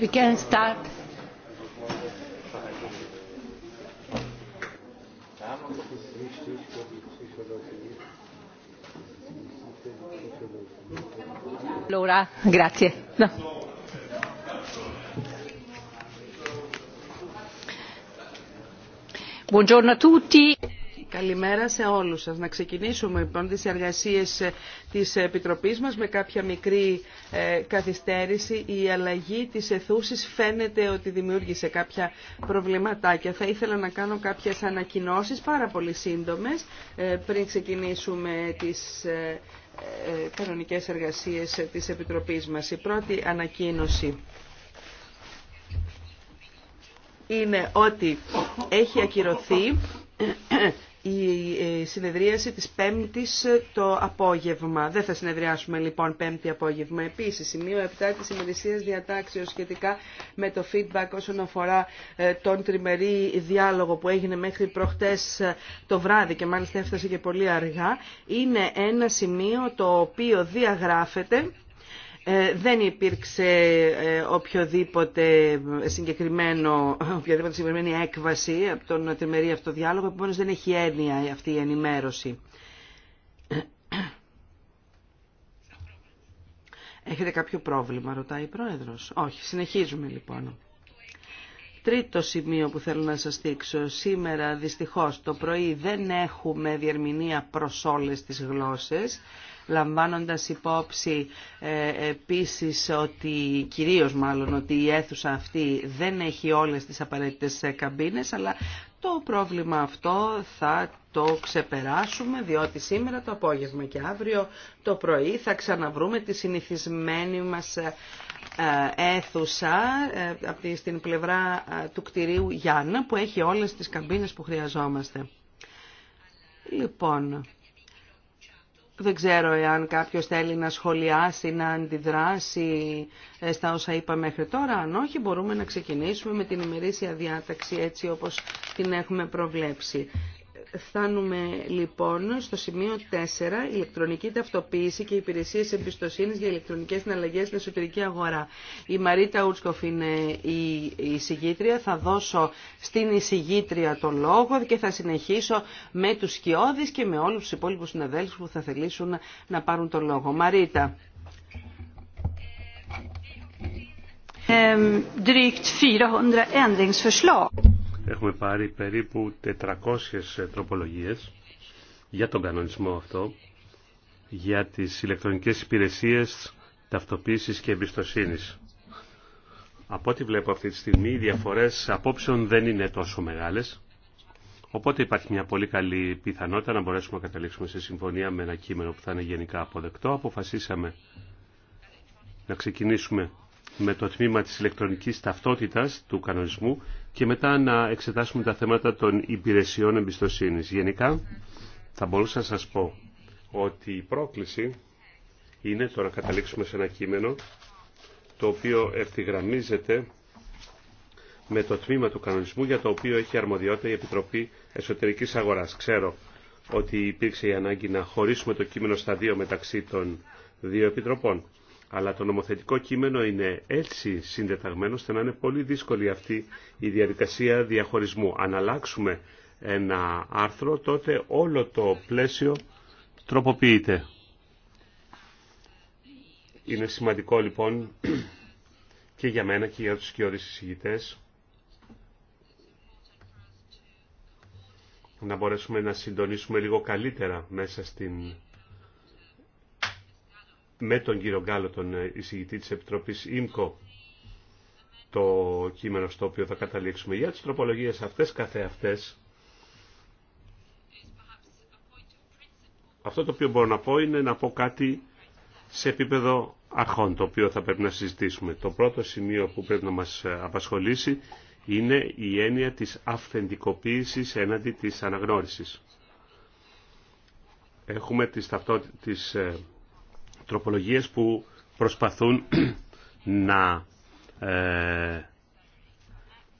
We can start. Laura, grazie. No. Buongiorno a tutti. Καλημέρα σε όλους σας. Να ξεκινήσουμε λοιπόν τις εργασίες ε, της Επιτροπής μας με κάποια μικρή ε, καθυστέρηση. Η αλλαγή της εθούσης φαίνεται ότι δημιούργησε κάποια προβληματάκια. Θα ήθελα να κάνω κάποιες ανακοινώσεις πάρα πολύ σύντομες ε, πριν ξεκινήσουμε τις κανονικές εργασίες της Επιτροπής μας. Η πρώτη ανακοίνωση είναι ότι έχει ακυρωθεί η ε, συνεδρίαση της Πέμπτης το απόγευμα. Δεν θα συνεδριάσουμε λοιπόν Πέμπτη απόγευμα. Επίσης, σημείο 7 της ημερησίας διατάξεως σχετικά με το feedback όσον αφορά ε, τον τριμερή διάλογο που έγινε μέχρι προχτές ε, το βράδυ και μάλιστα έφτασε και πολύ αργά, είναι ένα σημείο το οποίο διαγράφεται ε, δεν υπήρξε ε, οποιοδήποτε συγκεκριμένο, οποιαδήποτε συγκεκριμένη έκβαση από τον τριμερή αυτό διάλογο, επομένως δεν έχει έννοια αυτή η ενημέρωση. Έχετε κάποιο πρόβλημα, ρωτάει η Πρόεδρος. Όχι, συνεχίζουμε λοιπόν. Τρίτο σημείο που θέλω να σας δείξω. Σήμερα δυστυχώς το πρωί δεν έχουμε διερμηνία προς όλες τις γλώσσες λαμβάνοντας υπόψη ε, επίσης ότι, κυρίως μάλλον, ότι η αίθουσα αυτή δεν έχει όλες τις απαραίτητες ε, καμπίνες, αλλά το πρόβλημα αυτό θα το ξεπεράσουμε διότι σήμερα το απόγευμα και αύριο το πρωί θα ξαναβρούμε τη συνηθισμένη μας ε, αίθουσα στην πλευρά του κτηρίου Γιάννα που έχει όλες τις καμπίνες που χρειαζόμαστε. Λοιπόν, δεν ξέρω εάν κάποιος θέλει να σχολιάσει, να αντιδράσει ε, στα όσα είπα μέχρι τώρα. Αν όχι, μπορούμε να ξεκινήσουμε με την ημερήσια διάταξη έτσι όπως την έχουμε προβλέψει. Φτάνουμε λοιπόν στο σημείο 4, ηλεκτρονική ταυτοποίηση και υπηρεσίες εμπιστοσύνης για ηλεκτρονικές συναλλαγές στην εσωτερική αγορά. Η Μαρίτα Ούτσκοφ είναι η εισηγήτρια. Θα δώσω στην εισηγήτρια το λόγο και θα συνεχίσω με τους σκιώδεις και με όλους τους υπόλοιπους συναδέλφους που θα θελήσουν να πάρουν το λόγο. Μαρίτα. 400 ehm, Έχουμε πάρει περίπου 400 τροπολογίες για τον κανονισμό αυτό, για τις ηλεκτρονικές υπηρεσίες ταυτοποίησης και εμπιστοσύνη. Από ό,τι βλέπω αυτή τη στιγμή, οι διαφορές απόψεων δεν είναι τόσο μεγάλες. Οπότε υπάρχει μια πολύ καλή πιθανότητα να μπορέσουμε να καταλήξουμε σε συμφωνία με ένα κείμενο που θα είναι γενικά αποδεκτό. Αποφασίσαμε να ξεκινήσουμε με το τμήμα της ηλεκτρονικής ταυτότητας του κανονισμού και μετά να εξετάσουμε τα θέματα των υπηρεσιών εμπιστοσύνης. Γενικά θα μπορούσα να σας πω ότι η πρόκληση είναι τώρα να καταλήξουμε σε ένα κείμενο το οποίο ευθυγραμμίζεται με το τμήμα του κανονισμού για το οποίο έχει αρμοδιότητα η Επιτροπή Εσωτερικής Αγοράς. Ξέρω ότι υπήρξε η ανάγκη να χωρίσουμε το κείμενο στα δύο μεταξύ των δύο επιτροπών. Αλλά το νομοθετικό κείμενο είναι έτσι συντεταγμένο ώστε να είναι πολύ δύσκολη αυτή η διαδικασία διαχωρισμού. Αν αλλάξουμε ένα άρθρο, τότε όλο το πλαίσιο τροποποιείται. Είναι σημαντικό λοιπόν και για μένα και για τους κοιόδης εισηγητές να μπορέσουμε να συντονίσουμε λίγο καλύτερα μέσα στην με τον κύριο Γκάλο, τον ε, εισηγητή της Επιτροπής ΙΜΚΟ, το κείμενο στο οποίο θα καταλήξουμε. Για τις τροπολογίες αυτές καθεαυτές, αυτό το οποίο μπορώ να πω είναι να πω κάτι σε επίπεδο αρχών, το οποίο θα πρέπει να συζητήσουμε. Το πρώτο σημείο που πρέπει να μας ε, απασχολήσει είναι η έννοια της αυθεντικοποίησης έναντι της αναγνώρισης. Έχουμε τις, ταυτότητες, ε, τροπολογίες που προσπαθούν να ε,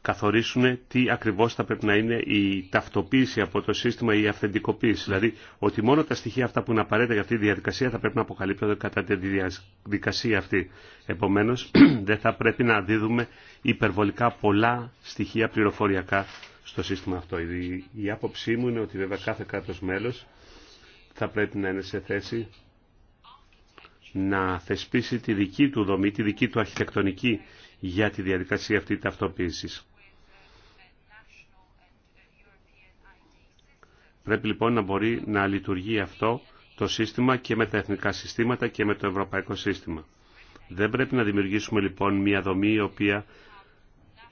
καθορίσουν τι ακριβώς θα πρέπει να είναι η ταυτοποίηση από το σύστημα ή η αυθεντικοποίηση. Δηλαδή ότι μόνο τα στοιχεία αυτά που είναι απαραίτητα για αυτή τη διαδικασία θα πρέπει να αποκαλύπτονται κατά τη διαδικασία αυτή. Επομένως δεν θα πρέπει να δίδουμε υπερβολικά πολλά στοιχεία πληροφοριακά στο σύστημα αυτό. Η, η άποψή μου είναι ότι βέβαια κάθε κράτος μέλος θα πρέπει να αποκαλυπτονται κατα τη διαδικασια αυτη επομενως δεν θα πρεπει να διδουμε υπερβολικα πολλα στοιχεια πληροφοριακα στο συστημα αυτο η αποψη μου ειναι οτι βεβαια καθε κρατος μελος θα πρεπει να ειναι σε θέση να θεσπίσει τη δική του δομή, τη δική του αρχιτεκτονική για τη διαδικασία αυτή ταυτοποίησης. Πρέπει λοιπόν να μπορεί να λειτουργεί αυτό το σύστημα και με τα εθνικά συστήματα και με το ευρωπαϊκό σύστημα. Δεν πρέπει να δημιουργήσουμε λοιπόν μια δομή η οποία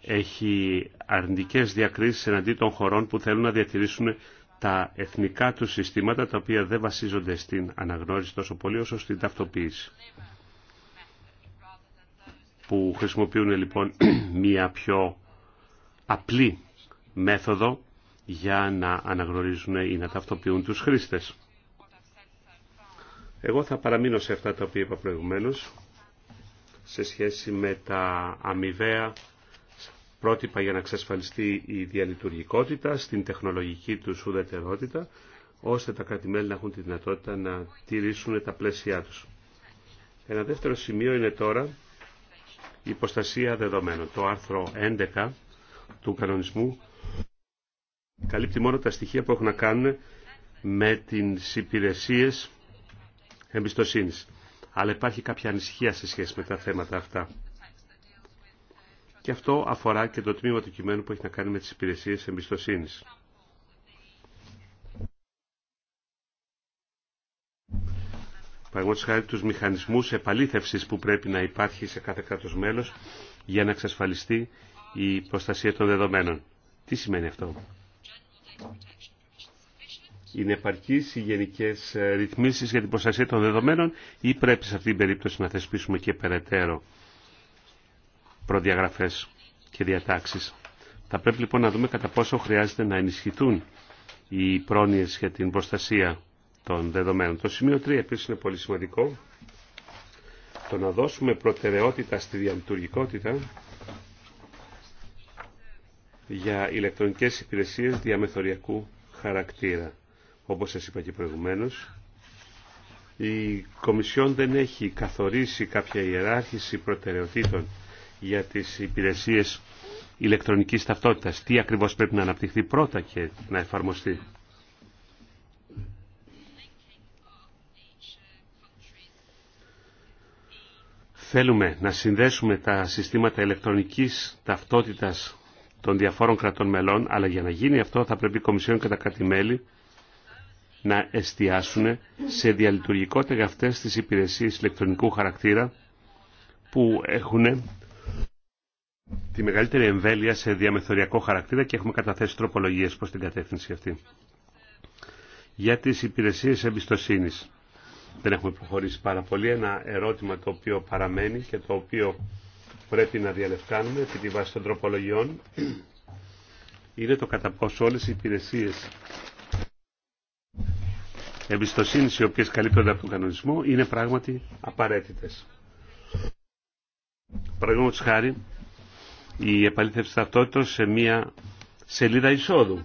έχει αρνητικές διακρίσεις εναντί των χωρών που θέλουν να διατηρήσουν τα εθνικά του συστήματα τα οποία δεν βασίζονται στην αναγνώριση τόσο πολύ όσο στην ταυτοποίηση. Που χρησιμοποιούν λοιπόν μία πιο απλή μέθοδο για να αναγνωρίζουν ή να ταυτοποιούν τους χρήστες. Εγώ θα παραμείνω σε αυτά τα οποία είπα προηγουμένως σε σχέση με τα αμοιβαία πρότυπα για να εξασφαλιστεί η διαλειτουργικότητα στην τεχνολογική του ουδετερότητα, ώστε τα κρατημέλη να έχουν τη δυνατότητα να τηρήσουν τα πλαίσια τους. Ένα δεύτερο σημείο είναι τώρα η υποστασία δεδομένων. Το άρθρο 11 του κανονισμού καλύπτει μόνο τα στοιχεία που έχουν να κάνουν με τις υπηρεσίες εμπιστοσύνης. Αλλά υπάρχει κάποια ανησυχία σε σχέση με τα θέματα αυτά. Και αυτό αφορά και το τμήμα του κειμένου που έχει να κάνει με τις υπηρεσίες εμπιστοσύνης. Παραγωγή χάρη τους μηχανισμούς επαλήθευσης που πρέπει να υπάρχει σε κάθε κράτος μέλος για να εξασφαλιστεί η προστασία των δεδομένων. Τι σημαίνει αυτό. Είναι επαρκή οι γενικέ ε, ρυθμίσει για την προστασία των δεδομένων ή πρέπει σε αυτή την περίπτωση να θεσπίσουμε και περαιτέρω προδιαγραφές και διατάξεις. Θα πρέπει λοιπόν να δούμε κατά πόσο χρειάζεται να ενισχυθούν οι πρόνοιες για την προστασία των δεδομένων. Το σημείο 3 επίσης είναι πολύ σημαντικό. Το να δώσουμε προτεραιότητα στη διαλειτουργικότητα για ηλεκτρονικές υπηρεσίες διαμεθοριακού χαρακτήρα. Όπως σας είπα και προηγουμένως, η Κομισιόν δεν έχει καθορίσει κάποια ιεράρχηση προτεραιοτήτων για τις υπηρεσίες ηλεκτρονικής ταυτότητας. Τι ακριβώς πρέπει να αναπτυχθεί πρώτα και να εφαρμοστεί. Θέλουμε να συνδέσουμε τα συστήματα ηλεκτρονικής ταυτότητας των διαφόρων κρατών μελών, αλλά για να γίνει αυτό θα πρέπει η Κομισιόν και τα κατημέλη να εστιάσουν σε διαλειτουργικότητα για αυτές τις υπηρεσίες ηλεκτρονικού χαρακτήρα που έχουν τη μεγαλύτερη εμβέλεια σε διαμεθοριακό χαρακτήρα και έχουμε καταθέσει τροπολογίες προς την κατεύθυνση αυτή. Για τις υπηρεσίες εμπιστοσύνης. Δεν έχουμε προχωρήσει πάρα πολύ. Ένα ερώτημα το οποίο παραμένει και το οποίο πρέπει να διαλευκάνουμε επί τη βάση των τροπολογιών είναι το κατά πόσο όλες οι υπηρεσίες εμπιστοσύνης οι οποίες καλύπτονται από τον κανονισμό είναι πράγματι απαραίτητες. Παραδείγματος χάρη, η επαλήθευση ταυτότητας σε μία σελίδα εισόδου.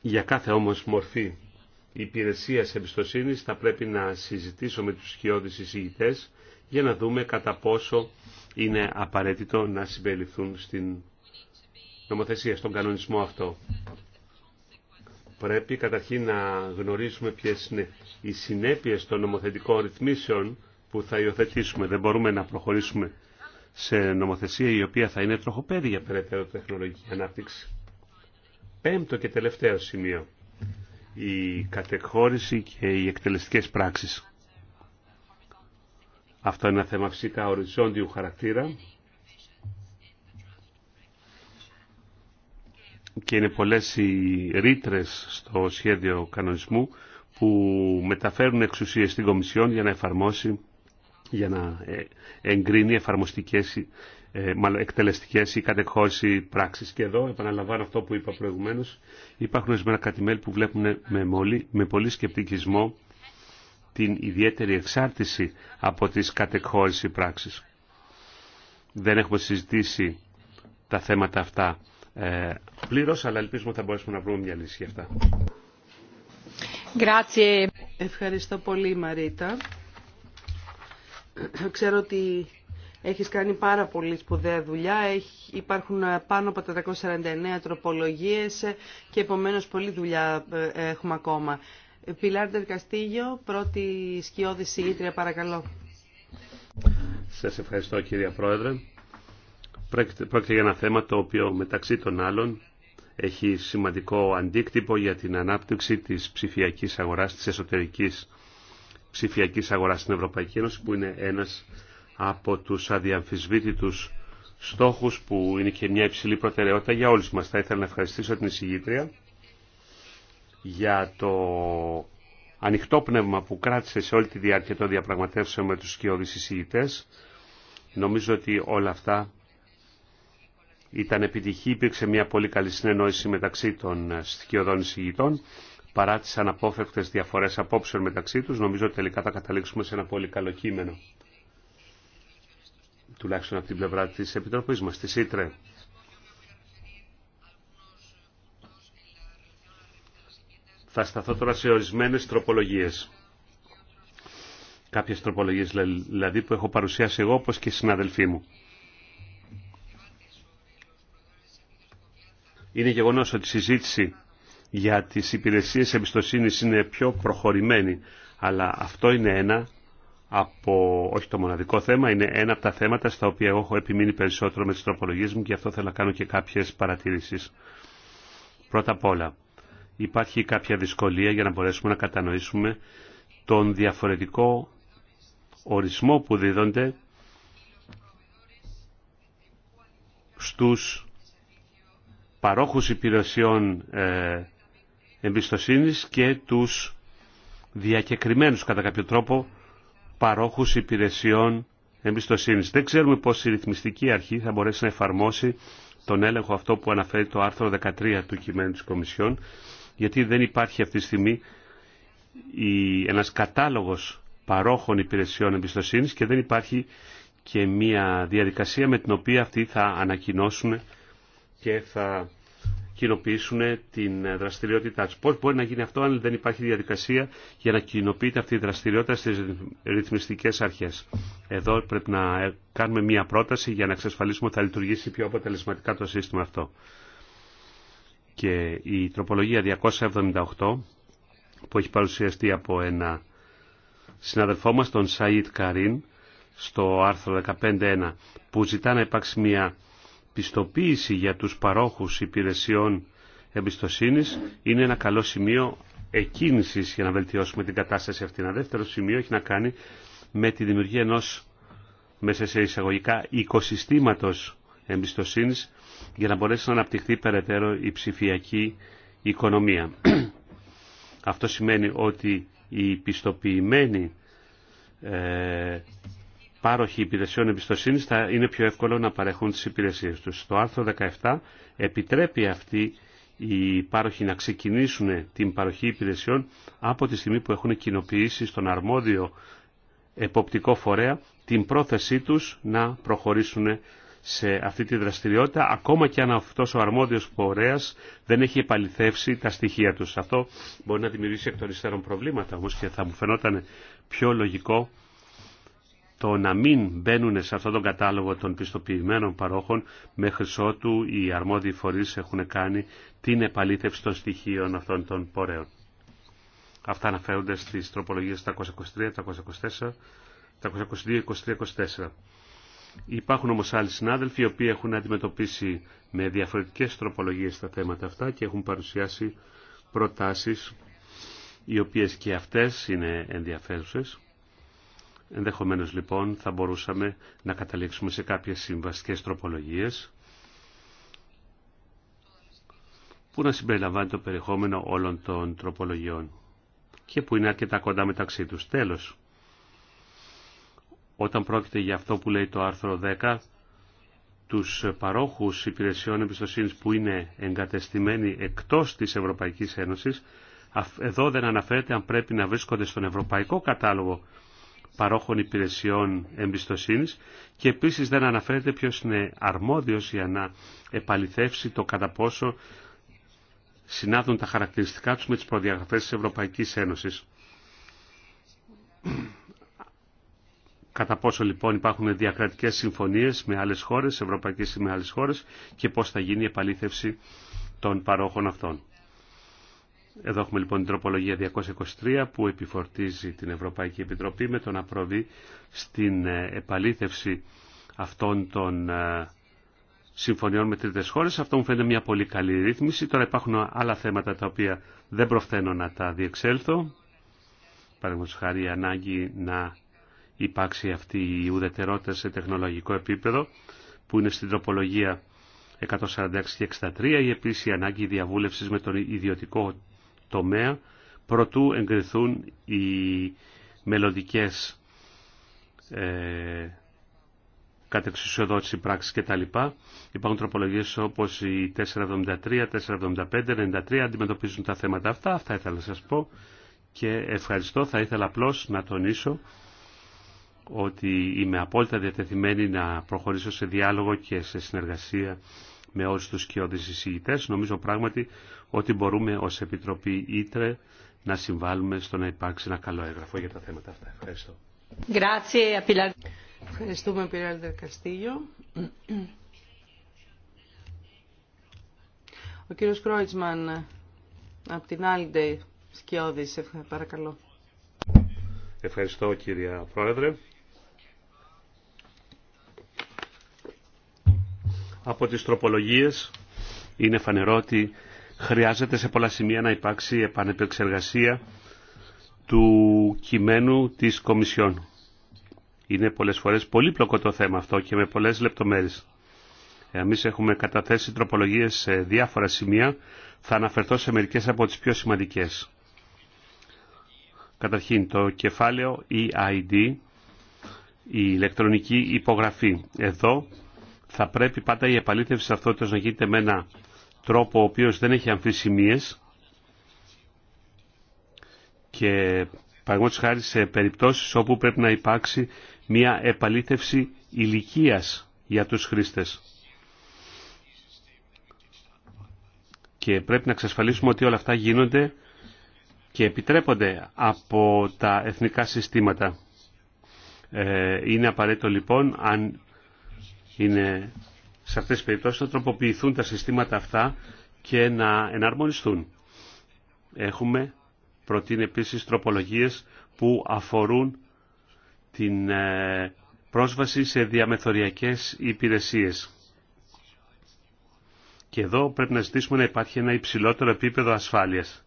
Για κάθε όμως μορφή υπηρεσίας εμπιστοσύνης θα πρέπει να συζητήσω με τους σκιώδεις εισηγητές για να δούμε κατά πόσο είναι απαραίτητο να συμπεριληφθούν στην νομοθεσία, στον κανονισμό αυτό. Πρέπει καταρχήν να γνωρίσουμε ποιες είναι οι συνέπειες των νομοθετικών ρυθμίσεων που θα υιοθετήσουμε. Δεν μπορούμε να προχωρήσουμε σε νομοθεσία η οποία θα είναι τροχοπέδη για περαιτέρω τεχνολογική ανάπτυξη. Πέμπτο και τελευταίο σημείο. Η κατεχώρηση και οι εκτελεστικές πράξεις. Αυτό είναι ένα θέμα φυσικά οριζόντιου χαρακτήρα και είναι πολλές οι ρήτρε στο σχέδιο κανονισμού που μεταφέρουν εξουσίες στην Κομισιόν για να εφαρμόσει για να ε, εγκρίνει εφαρμοστικές, ε, μάλλον εκτελεστικές ή κατεχώρηση πράξεις. Και εδώ επαναλαμβάνω αυτό που είπα προηγουμένως. Υπάρχουν ορισμένα μέλη που βλέπουν με, με πολύ σκεπτικισμό την ιδιαίτερη εξάρτηση από τις κατεχώρηση πράξεις. Δεν έχουμε συζητήσει τα θέματα αυτά ε, πλήρως, αλλά ελπίζουμε ότι θα μπορέσουμε να βρούμε μια λύση για αυτά. Ευχαριστώ πολύ Μαρίτα. Ξέρω ότι έχεις κάνει πάρα πολύ σπουδαία δουλειά. Υπάρχουν ε, πάνω από 449 τροπολογίες ε, και επομένως πολλή δουλειά ε, έχουμε ακόμα. Πιλάρντερ Καστίγιο, πρώτη σκιώδη συγγήτρια, παρακαλώ. Σας ευχαριστώ κύριε Πρόεδρε. Πρόκειται για ένα θέμα το οποίο μεταξύ των άλλων έχει σημαντικό αντίκτυπο για την ανάπτυξη της ψηφιακής αγοράς της εσωτερικής ψηφιακή αγορά στην Ευρωπαϊκή Ένωση που είναι ένας από τους αδιαμφισβήτητους στόχους που είναι και μια υψηλή προτεραιότητα για όλους μας. Θα ήθελα να ευχαριστήσω την εισηγήτρια για το ανοιχτό πνεύμα που κράτησε σε όλη τη διάρκεια των διαπραγματεύσεων με τους σκιώδεις εισηγητές. Νομίζω ότι όλα αυτά ήταν επιτυχή, υπήρξε μια πολύ καλή συνεννόηση μεταξύ των στοιχειωδών εισηγητών παρά τις αναπόφευκτες διαφορές απόψεων μεταξύ τους, νομίζω ότι τελικά θα καταλήξουμε σε ένα πολύ καλό κείμενο. Τουλάχιστον από την πλευρά της Επιτροπής μας, τη ΣΥΤΡΕ. Θα σταθώ τώρα σε ορισμένες τροπολογίες. Κάποιες τροπολογίες δηλαδή που έχω παρουσιάσει εγώ όπως και οι συναδελφοί μου. Είναι γεγονός ότι η συζήτηση για τις υπηρεσίες εμπιστοσύνης είναι πιο προχωρημένη. Αλλά αυτό είναι ένα από, όχι το μοναδικό θέμα, είναι ένα από τα θέματα στα οποία έχω επιμείνει περισσότερο με τις τροπολογίες μου και αυτό θέλω να κάνω και κάποιες παρατηρήσεις. Πρώτα απ' όλα, υπάρχει κάποια δυσκολία για να μπορέσουμε να κατανοήσουμε τον διαφορετικό ορισμό που δίδονται στους παρόχους υπηρεσιών ε, εμπιστοσύνης και τους διακεκριμένους κατά κάποιο τρόπο παρόχους υπηρεσιών εμπιστοσύνης. Δεν ξέρουμε πώς η ρυθμιστική αρχή θα μπορέσει να εφαρμόσει τον έλεγχο αυτό που αναφέρει το άρθρο 13 του κειμένου της Κομισιόν, γιατί δεν υπάρχει αυτή τη στιγμή η, ένας κατάλογος παρόχων υπηρεσιών εμπιστοσύνης και δεν υπάρχει και μια διαδικασία με την οποία αυτοί θα ανακοινώσουν και θα κοινοποιήσουν την δραστηριότητά του. Πώ μπορεί να γίνει αυτό αν δεν υπάρχει διαδικασία για να κοινοποιείται αυτή η δραστηριότητα στι ρυθμιστικέ αρχέ. Εδώ πρέπει να κάνουμε μία πρόταση για να εξασφαλίσουμε ότι θα λειτουργήσει πιο αποτελεσματικά το σύστημα αυτό. Και η τροπολογία 278 που έχει παρουσιαστεί από ένα συναδελφό μας, τον Σαΐτ Καρίν, στο άρθρο 15.1, που ζητά να υπάρξει μια πιστοποίηση για τους παρόχους υπηρεσιών εμπιστοσύνης είναι ένα καλό σημείο εκκίνησης για να βελτιώσουμε την κατάσταση αυτή. Ένα δεύτερο σημείο έχει να κάνει με τη δημιουργία ενός μέσα σε εισαγωγικά οικοσυστήματος εμπιστοσύνης για να μπορέσει να αναπτυχθεί περαιτέρω η ψηφιακή οικονομία. Αυτό σημαίνει ότι η πιστοποιημένοι ε, πάροχοι υπηρεσιών εμπιστοσύνη θα είναι πιο εύκολο να παρέχουν τι υπηρεσίε του. Το άρθρο 17 επιτρέπει αυτοί οι πάροχοι να ξεκινήσουν την παροχή υπηρεσιών από τη στιγμή που έχουν κοινοποιήσει στον αρμόδιο εποπτικό φορέα την πρόθεσή τους να προχωρήσουν σε αυτή τη δραστηριότητα ακόμα και αν αυτός ο αρμόδιος φορέας δεν έχει επαληθεύσει τα στοιχεία τους. Αυτό μπορεί να δημιουργήσει εκ των υστέρων προβλήματα όμως και θα μου φαινόταν πιο λογικό το να μην μπαίνουν σε αυτόν τον κατάλογο των πιστοποιημένων παρόχων μέχρι ότου οι αρμόδιοι φορείς έχουν κάνει την επαλήθευση των στοιχείων αυτών των πορέων. Αυτά αναφέρονται στις τροπολογίες 323, 324, 322, 23, 24. Υπάρχουν όμως άλλοι συνάδελφοι οι οποίοι έχουν αντιμετωπίσει με διαφορετικές τροπολογίες τα θέματα αυτά και έχουν παρουσιάσει προτάσεις οι οποίες και αυτές είναι ενδιαφέρουσες. Ενδεχομένως λοιπόν θα μπορούσαμε να καταλήξουμε σε κάποιες συμβαστικές τροπολογίες που να συμπεριλαμβάνει το περιεχόμενο όλων των τροπολογιών και που είναι αρκετά κοντά μεταξύ τους. Τέλος, όταν πρόκειται για αυτό που λέει το άρθρο 10, τους παρόχους υπηρεσιών εμπιστοσύνης που είναι εγκατεστημένοι εκτός της Ευρωπαϊκής Ένωσης, εδώ δεν αναφέρεται αν πρέπει να βρίσκονται στον Ευρωπαϊκό Κατάλογο παρόχων υπηρεσιών εμπιστοσύνης και επίσης δεν αναφέρεται ποιος είναι αρμόδιος για να επαληθεύσει το κατά πόσο συνάδουν τα χαρακτηριστικά τους με τις προδιαγραφές της Ευρωπαϊκής Ένωσης. Κατά πόσο λοιπόν υπάρχουν διακρατικές συμφωνίες με άλλες χώρες, ευρωπαϊκές ή με άλλες χώρες και πώς θα γίνει η επαλήθευση των παρόχων αυτών. Εδώ έχουμε λοιπόν την τροπολογία 223 που επιφορτίζει την Ευρωπαϊκή Επιτροπή με το να προβεί στην ε, επαλήθευση αυτών των ε, συμφωνιών με τρίτες χώρες. Αυτό μου φαίνεται μια πολύ καλή ρύθμιση. Τώρα υπάρχουν άλλα θέματα τα οποία δεν προφθαίνω να τα διεξέλθω. Παραδείγματο χάρη η ανάγκη να υπάρξει αυτή η ουδετερότητα σε τεχνολογικό επίπεδο που είναι στην τροπολογία 146 και 63 η επίση ανάγκη διαβούλευσης με τον ιδιωτικό τομέα προτού εγκριθούν οι μελλοντικέ ε, κατεξουσιοδότηση τα κτλ. Υπάρχουν τροπολογίε όπως οι 473, 475, 93 αντιμετωπίζουν τα θέματα αυτά. Αυτά ήθελα να σας πω και ευχαριστώ. Θα ήθελα απλώ να τονίσω ότι είμαι απόλυτα διατεθειμένη να προχωρήσω σε διάλογο και σε συνεργασία με όλους τους κοιόντες εισηγητές. Νομίζω πράγματι ότι μπορούμε ως Επιτροπή Ήτρε να συμβάλλουμε στο να υπάρξει ένα καλό έγγραφο για τα θέματα αυτά. Ευχαριστώ. Ευχαριστούμε, Πυράλντερ Καστίγιο. Ο κύριος Κρόιτσμαν από την Άλντε Σκιώδης, παρακαλώ. Ευχαριστώ, κυρία Πρόεδρε. από τις τροπολογίες είναι φανερό ότι χρειάζεται σε πολλά σημεία να υπάρξει επανεπεξεργασία του κειμένου της Κομισιόν. Είναι πολλές φορές πολύπλοκο το θέμα αυτό και με πολλές λεπτομέρειες. Εμείς έχουμε καταθέσει τροπολογίες σε διάφορα σημεία. Θα αναφερθώ σε μερικές από τις πιο σημαντικές. Καταρχήν το κεφάλαιο EID, η ηλεκτρονική υπογραφή. Εδώ θα πρέπει πάντα η επαλήθευση ταυτότητας να γίνεται με ένα τρόπο ο οποίος δεν έχει αμφισημίες και παραγωγός χάρη σε περιπτώσεις όπου πρέπει να υπάρξει μια επαλήθευση ηλικίας για τους χρήστες. Και πρέπει να εξασφαλίσουμε ότι όλα αυτά γίνονται και επιτρέπονται από τα εθνικά συστήματα. Ε, είναι απαραίτητο λοιπόν αν είναι σε αυτές τις περιπτώσεις να τροποποιηθούν τα συστήματα αυτά και να εναρμονιστούν. Έχουμε προτείνει επίσης τροπολογίες που αφορούν την ε, πρόσβαση σε διαμεθοριακές υπηρεσίες. Και εδώ πρέπει να ζητήσουμε να υπάρχει ένα υψηλότερο επίπεδο ασφάλειας.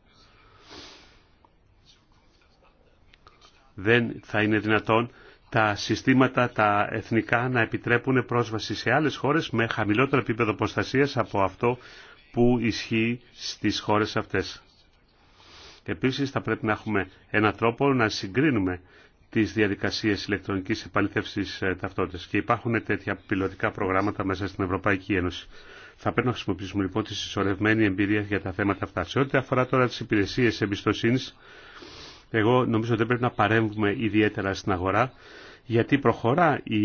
Δεν θα είναι δυνατόν τα συστήματα τα εθνικά να επιτρέπουν πρόσβαση σε άλλες χώρες με χαμηλότερο επίπεδο προστασίας από αυτό που ισχύει στις χώρες αυτές. Επίσης θα πρέπει να έχουμε έναν τρόπο να συγκρίνουμε τις διαδικασίες ηλεκτρονικής επαλήθευσης ε, ταυτότητας και υπάρχουν τέτοια πιλωτικά προγράμματα μέσα στην Ευρωπαϊκή Ένωση. Θα πρέπει να χρησιμοποιήσουμε λοιπόν τη συσσωρευμένη εμπειρία για τα θέματα αυτά. Σε ό,τι αφορά τώρα τις υπηρεσίες εμπιστοσύνης, εγώ νομίζω ότι δεν πρέπει να παρέμβουμε ιδιαίτερα στην αγορά γιατί προχωρά η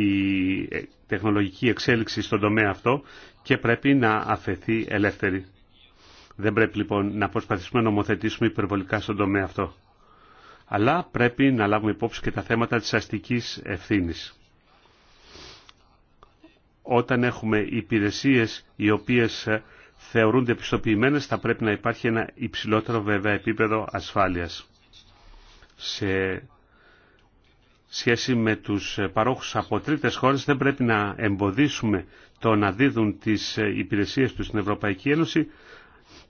τεχνολογική εξέλιξη στον τομέα αυτό και πρέπει να αφαιθεί ελεύθερη. Δεν πρέπει λοιπόν να προσπαθήσουμε να νομοθετήσουμε υπερβολικά στον τομέα αυτό. Αλλά πρέπει να λάβουμε υπόψη και τα θέματα της αστικής ευθύνης. Όταν έχουμε υπηρεσίες οι οποίες θεωρούνται επιστοποιημένες θα πρέπει να υπάρχει ένα υψηλότερο βέβαια επίπεδο ασφάλειας σε σχέση με τους παρόχους από τρίτες χώρες δεν πρέπει να εμποδίσουμε το να δίδουν τις υπηρεσίες τους στην Ευρωπαϊκή Ένωση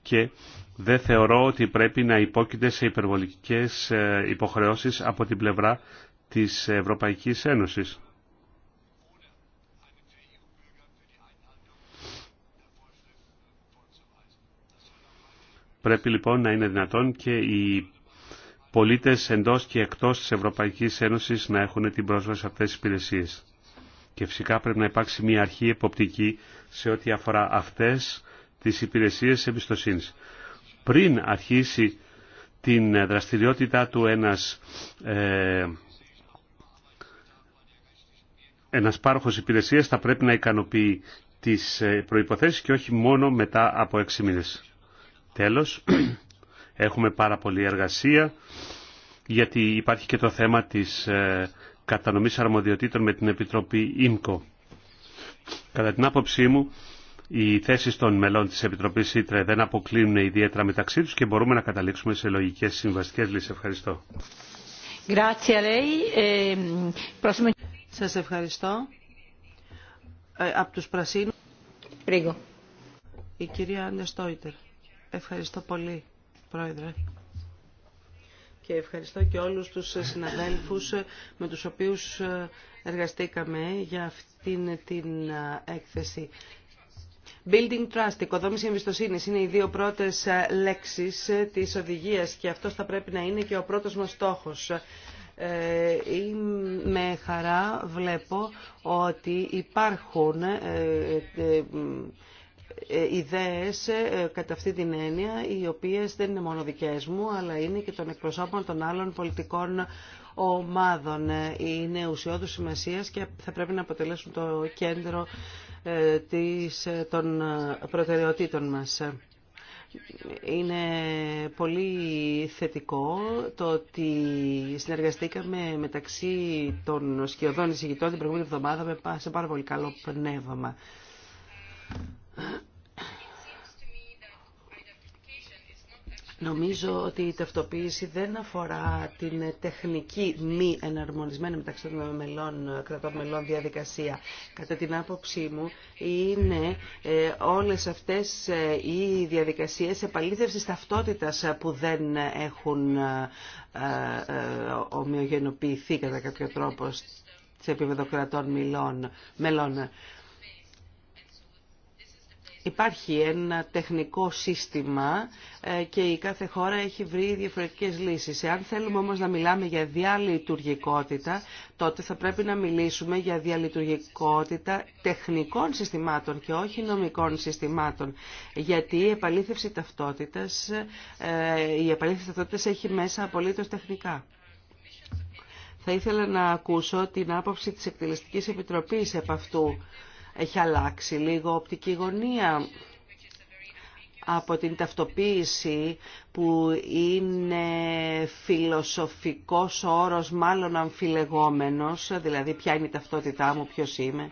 και δεν θεωρώ ότι πρέπει να υπόκειται σε υπερβολικές ε, υποχρεώσεις από την πλευρά της Ευρωπαϊκής Ένωσης. Πρέπει λοιπόν να είναι δυνατόν και οι πολίτες εντός και εκτός της Ευρωπαϊκής Ένωσης να έχουν την πρόσβαση σε αυτές τις υπηρεσίες. Και φυσικά πρέπει να υπάρξει μια αρχή εποπτική σε ό,τι αφορά αυτές τις υπηρεσίες εμπιστοσύνης. Πριν αρχίσει την ε, δραστηριότητά του ένας, ε, ένας πάροχος υπηρεσίας θα πρέπει να ικανοποιεί τις ε, προϋποθέσεις και όχι μόνο μετά από έξι μήνες. Τέλος, Έχουμε πάρα πολλή εργασία γιατί υπάρχει και το θέμα της ε, κατανομής αρμοδιοτήτων με την Επιτροπή ΙΜΚΟ. Κατά την άποψή μου, οι θέσεις των μελών της Επιτροπής ΙΤΡΕ δεν αποκλίνουν ιδιαίτερα μεταξύ τους και μπορούμε να καταλήξουμε σε λογικές συμβαστικές λύσεις. Ευχαριστώ. Ehm, Σας ευχαριστώ. Ε, από τους Πρασίνους. Η κυρία Νεστόιτερ. Ευχαριστώ πολύ. Πρόεδρε. Και ευχαριστώ και όλους τους συναδέλφους με τους οποίους εργαστήκαμε για αυτήν την έκθεση. Building trust, οικοδόμηση εμπιστοσύνη είναι οι δύο πρώτε λέξει τη οδηγία και αυτό θα πρέπει να είναι και ο πρώτο μα στόχο. Ε, με χαρά βλέπω ότι υπάρχουν ε, ε, ε, ιδέες ε, κατά αυτή την έννοια οι οποίες δεν είναι μόνο μου αλλά είναι και των εκπροσώπων των άλλων πολιτικών ομάδων. Ε, είναι ουσιώδου σημασίας και θα πρέπει να αποτελέσουν το κέντρο της, των προτεραιοτήτων μας. Είναι πολύ θετικό το ότι συνεργαστήκαμε μεταξύ των σκιωδών εισηγητών την προηγούμενη εβδομάδα σε πάρα πολύ καλό πνεύμα. Νομίζω ότι η ταυτοποίηση δεν αφορά την τεχνική μη εναρμονισμένη μεταξύ των μελών, κρατών μελών διαδικασία. Κατά την άποψή μου είναι ε, όλες αυτές ε, οι διαδικασίες επαλήθευσης ταυτότητας που δεν έχουν ε, ομοιογενοποιηθεί κατά κάποιο τρόπο σε επίπεδο κρατών μελών. Υπάρχει ένα τεχνικό σύστημα ε, και η κάθε χώρα έχει βρει διαφορετικές λύσεις. Εάν θέλουμε όμως να μιλάμε για διαλειτουργικότητα, τότε θα πρέπει να μιλήσουμε για διαλειτουργικότητα τεχνικών συστημάτων και όχι νομικών συστημάτων. Γιατί η επαλήθευση ταυτότητας, ε, η επαλήθευση ταυτότητας έχει μέσα απολύτως τεχνικά. Θα ήθελα να ακούσω την άποψη της Εκτελεστικής Επιτροπής επ' αυτού. Έχει αλλάξει λίγο οπτική γωνία από την ταυτοποίηση που είναι φιλοσοφικός όρος μάλλον αμφιλεγόμενος, δηλαδή ποια είναι η ταυτότητά μου, ποιος είμαι.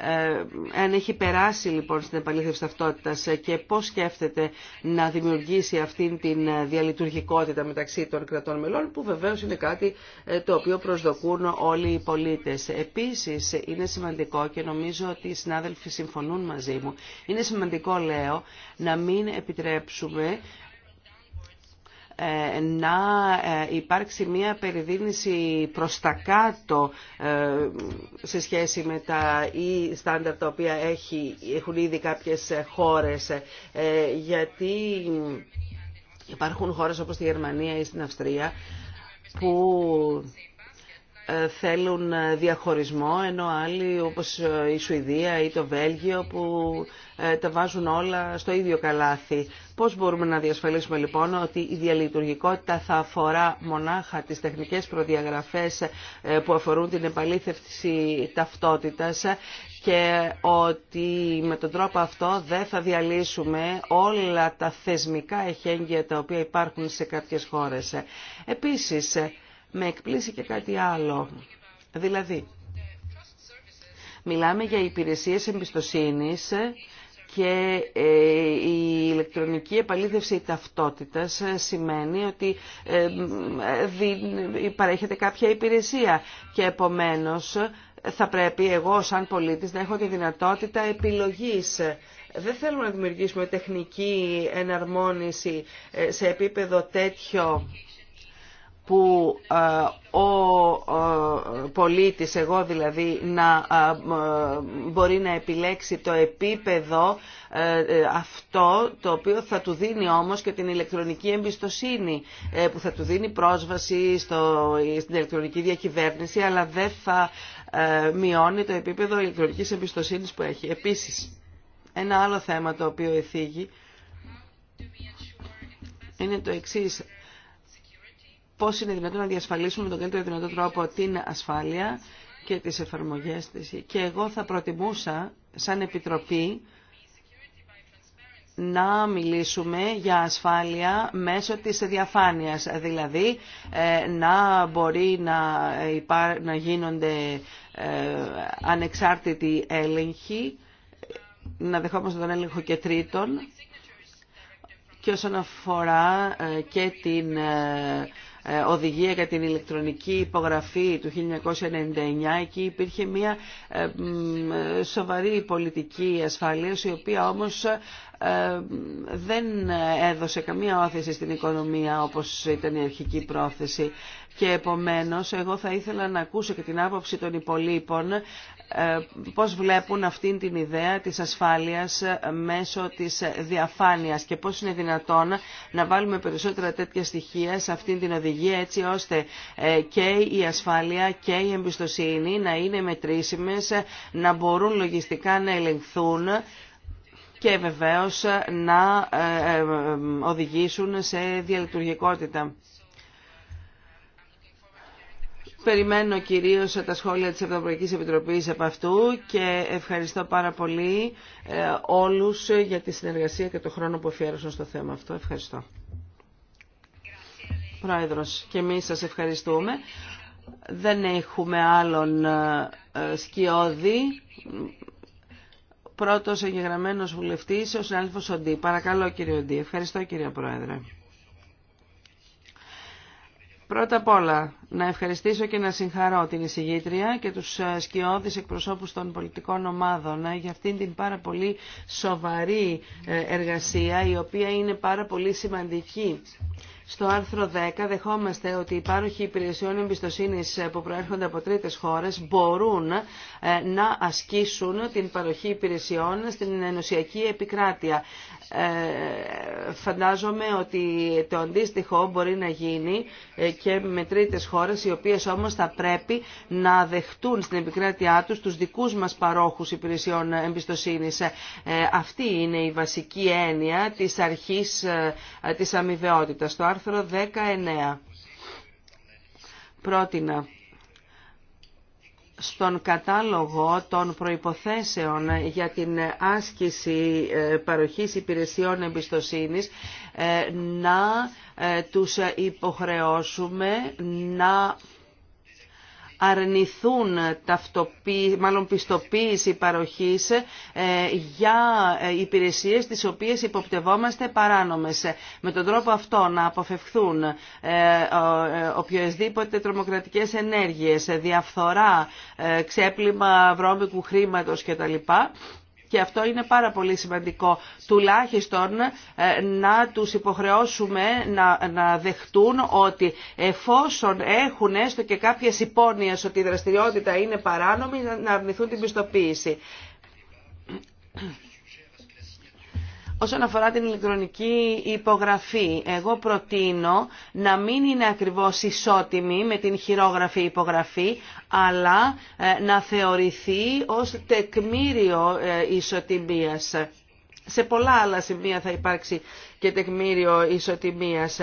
Ε, αν έχει περάσει λοιπόν στην επαλήθευση ταυτότητας ε, και πώς σκέφτεται να δημιουργήσει αυτήν την ε, διαλειτουργικότητα μεταξύ των κρατών μελών που βεβαίως είναι κάτι το οποίο προσδοκούν όλοι οι πολίτες. Επίσης είναι σημαντικό και νομίζω ότι οι συνάδελφοι συμφωνούν μαζί μου. Είναι σημαντικό λέω να μην επιτρέψουμε ε, να ε, υπάρξει μια περιδίνηση προς τα κάτω ε, σε σχέση με τα ή e στάνταρ τα οποία έχει, έχουν ήδη κάποιες χώρες γιατί υπάρχουν χώρες όπως τη Γερμανία ή στην Αυστρία που ε, θέλουν ε, διαχωρισμό, ενώ άλλοι όπως ε, η Σουηδία ή το Βέλγιο που τα βάζουν όλα στο ίδιο καλάθι. Πώς μπορούμε να διασφαλίσουμε λοιπόν ότι η διαλειτουργικότητα θα αφορά μονάχα τις τεχνικές προδιαγραφές που αφορούν την επαλήθευση ταυτότητας και ότι με τον τρόπο αυτό δεν θα διαλύσουμε όλα τα θεσμικά εχέγγυα τα οποία υπάρχουν σε κάποιες χώρες. Επίσης, με εκπλήσει και κάτι άλλο. Δηλαδή, μιλάμε για υπηρεσίες εμπιστοσύνης και ε, η ηλεκτρονική επαλήθευση ταυτότητας σημαίνει ότι ε, παρέχεται κάποια υπηρεσία και επομένως θα πρέπει εγώ σαν πολίτης να έχω τη δυνατότητα επιλογής. Δεν θέλουμε να δημιουργήσουμε τεχνική εναρμόνιση ε, σε επίπεδο τέτοιο που ο πολίτης, εγώ δηλαδή, να μπορεί να επιλέξει το επίπεδο ε, αυτό το οποίο θα του δίνει όμως και την ηλεκτρονική εμπιστοσύνη ε, που θα του δίνει πρόσβαση στο, στην ηλεκτρονική διακυβέρνηση αλλά δεν θα ε, μειώνει το επίπεδο ηλεκτρονικής εμπιστοσύνης που έχει. Επίσης, ένα άλλο θέμα το οποίο εθίγει είναι το εξής πώς είναι δυνατόν να διασφαλίσουμε με τον καλύτερο δυνατό τρόπο την ασφάλεια και τις εφαρμογές της. Και εγώ θα προτιμούσα, σαν Επιτροπή, να μιλήσουμε για ασφάλεια μέσω της διαφάνειας, δηλαδή ε, να μπορεί να, να γίνονται ε, ανεξάρτητοι έλεγχοι, να δεχόμαστε τον έλεγχο και τρίτον και όσον αφορά ε, και την ε, οδηγία για την ηλεκτρονική υπογραφή του 1999 εκεί υπήρχε μια ε, ε, σοβαρή πολιτική ασφάλεια, η οποία όμως δεν έδωσε καμία όθηση στην οικονομία όπως ήταν η αρχική πρόθεση και επομένως εγώ θα ήθελα να ακούσω και την άποψη των υπολείπων ε, πώς βλέπουν αυτήν την ιδέα της ασφάλειας ε, μέσω της διαφάνειας και πώς είναι δυνατόν να βάλουμε περισσότερα τέτοια στοιχεία σε αυτήν την οδηγία έτσι ώστε ε, και η ασφάλεια και η εμπιστοσύνη να είναι μετρήσιμες, να μπορούν λογιστικά να ελεγχθούν και βεβαίως να οδηγήσουν σε διαλειτουργικότητα. Περιμένω κυρίως τα σχόλια της Ευρωπαϊκής Επιτροπής από αυτού και ευχαριστώ πάρα πολύ ε, όλους για τη συνεργασία και το χρόνο που αφιέρωσαν στο θέμα αυτό. Ευχαριστώ. Πρόεδρος, και εμείς σας ευχαριστούμε. Δεν έχουμε άλλον ε, ε, σκιώδη. Πρώτος εγγεγραμμένος βουλευτής, ο συνάδελφος Οντή. Παρακαλώ κύριε Οντή. Ευχαριστώ κύριε Πρόεδρε. Πρώτα απ' όλα, να ευχαριστήσω και να συγχαρώ την εισηγήτρια και τους ε, σκιώδεις εκπροσώπους των πολιτικών ομάδων ε, για αυτήν την πάρα πολύ σοβαρή ε, εργασία, η οποία είναι πάρα πολύ σημαντική στο άρθρο 10 δεχόμαστε ότι οι πάροχοι υπηρεσιών εμπιστοσύνη που προέρχονται από τρίτε χώρε μπορούν ε, να ασκήσουν την παροχή υπηρεσιών στην ενωσιακή επικράτεια. Ε, φαντάζομαι ότι το αντίστοιχο μπορεί να γίνει ε, και με τρίτες χώρες οι οποίες όμως θα πρέπει να δεχτούν στην επικράτειά τους τους δικού μας παρόχους υπηρεσιών εμπιστοσύνη. Αυτή είναι η βασική έννοια της αρχής της αμοιβαιότητας άρθρο 19. Πρότεινα στον κατάλογο των προϋποθέσεων για την άσκηση ε, παροχής υπηρεσιών εμπιστοσύνης ε, να ε, τους υποχρεώσουμε να αρνηθούν ταυτοποίηση, μάλλον πιστοποίηση παροχής ε, για ε, υπηρεσίες τις οποίες υποπτευόμαστε παράνομες. Με τον τρόπο αυτό να αποφευχθούν ε, οποιοσδήποτε τρομοκρατικές ενέργειες, διαφθορά, ξέπλυμα βρώμικου χρήματος κτλ και αυτό είναι πάρα πολύ σημαντικό. Τουλάχιστον ε, να τους υποχρεώσουμε να, δεχτούν ότι εφόσον έχουν έστω και κάποιες υπόνοιες ότι η δραστηριότητα είναι παράνομη να αρνηθούν την πιστοποίηση. Όσον αφορά την ηλεκτρονική υπογραφή, εγώ προτείνω να μην είναι ακριβώς ισότιμη με την χειρόγραφη υπογραφή, αλλά ε, να θεωρηθεί ως τεκμήριο ε, ισοτιμίας. Σε πολλά άλλα σημεία θα υπάρξει και τεκμήριο ισοτιμίας.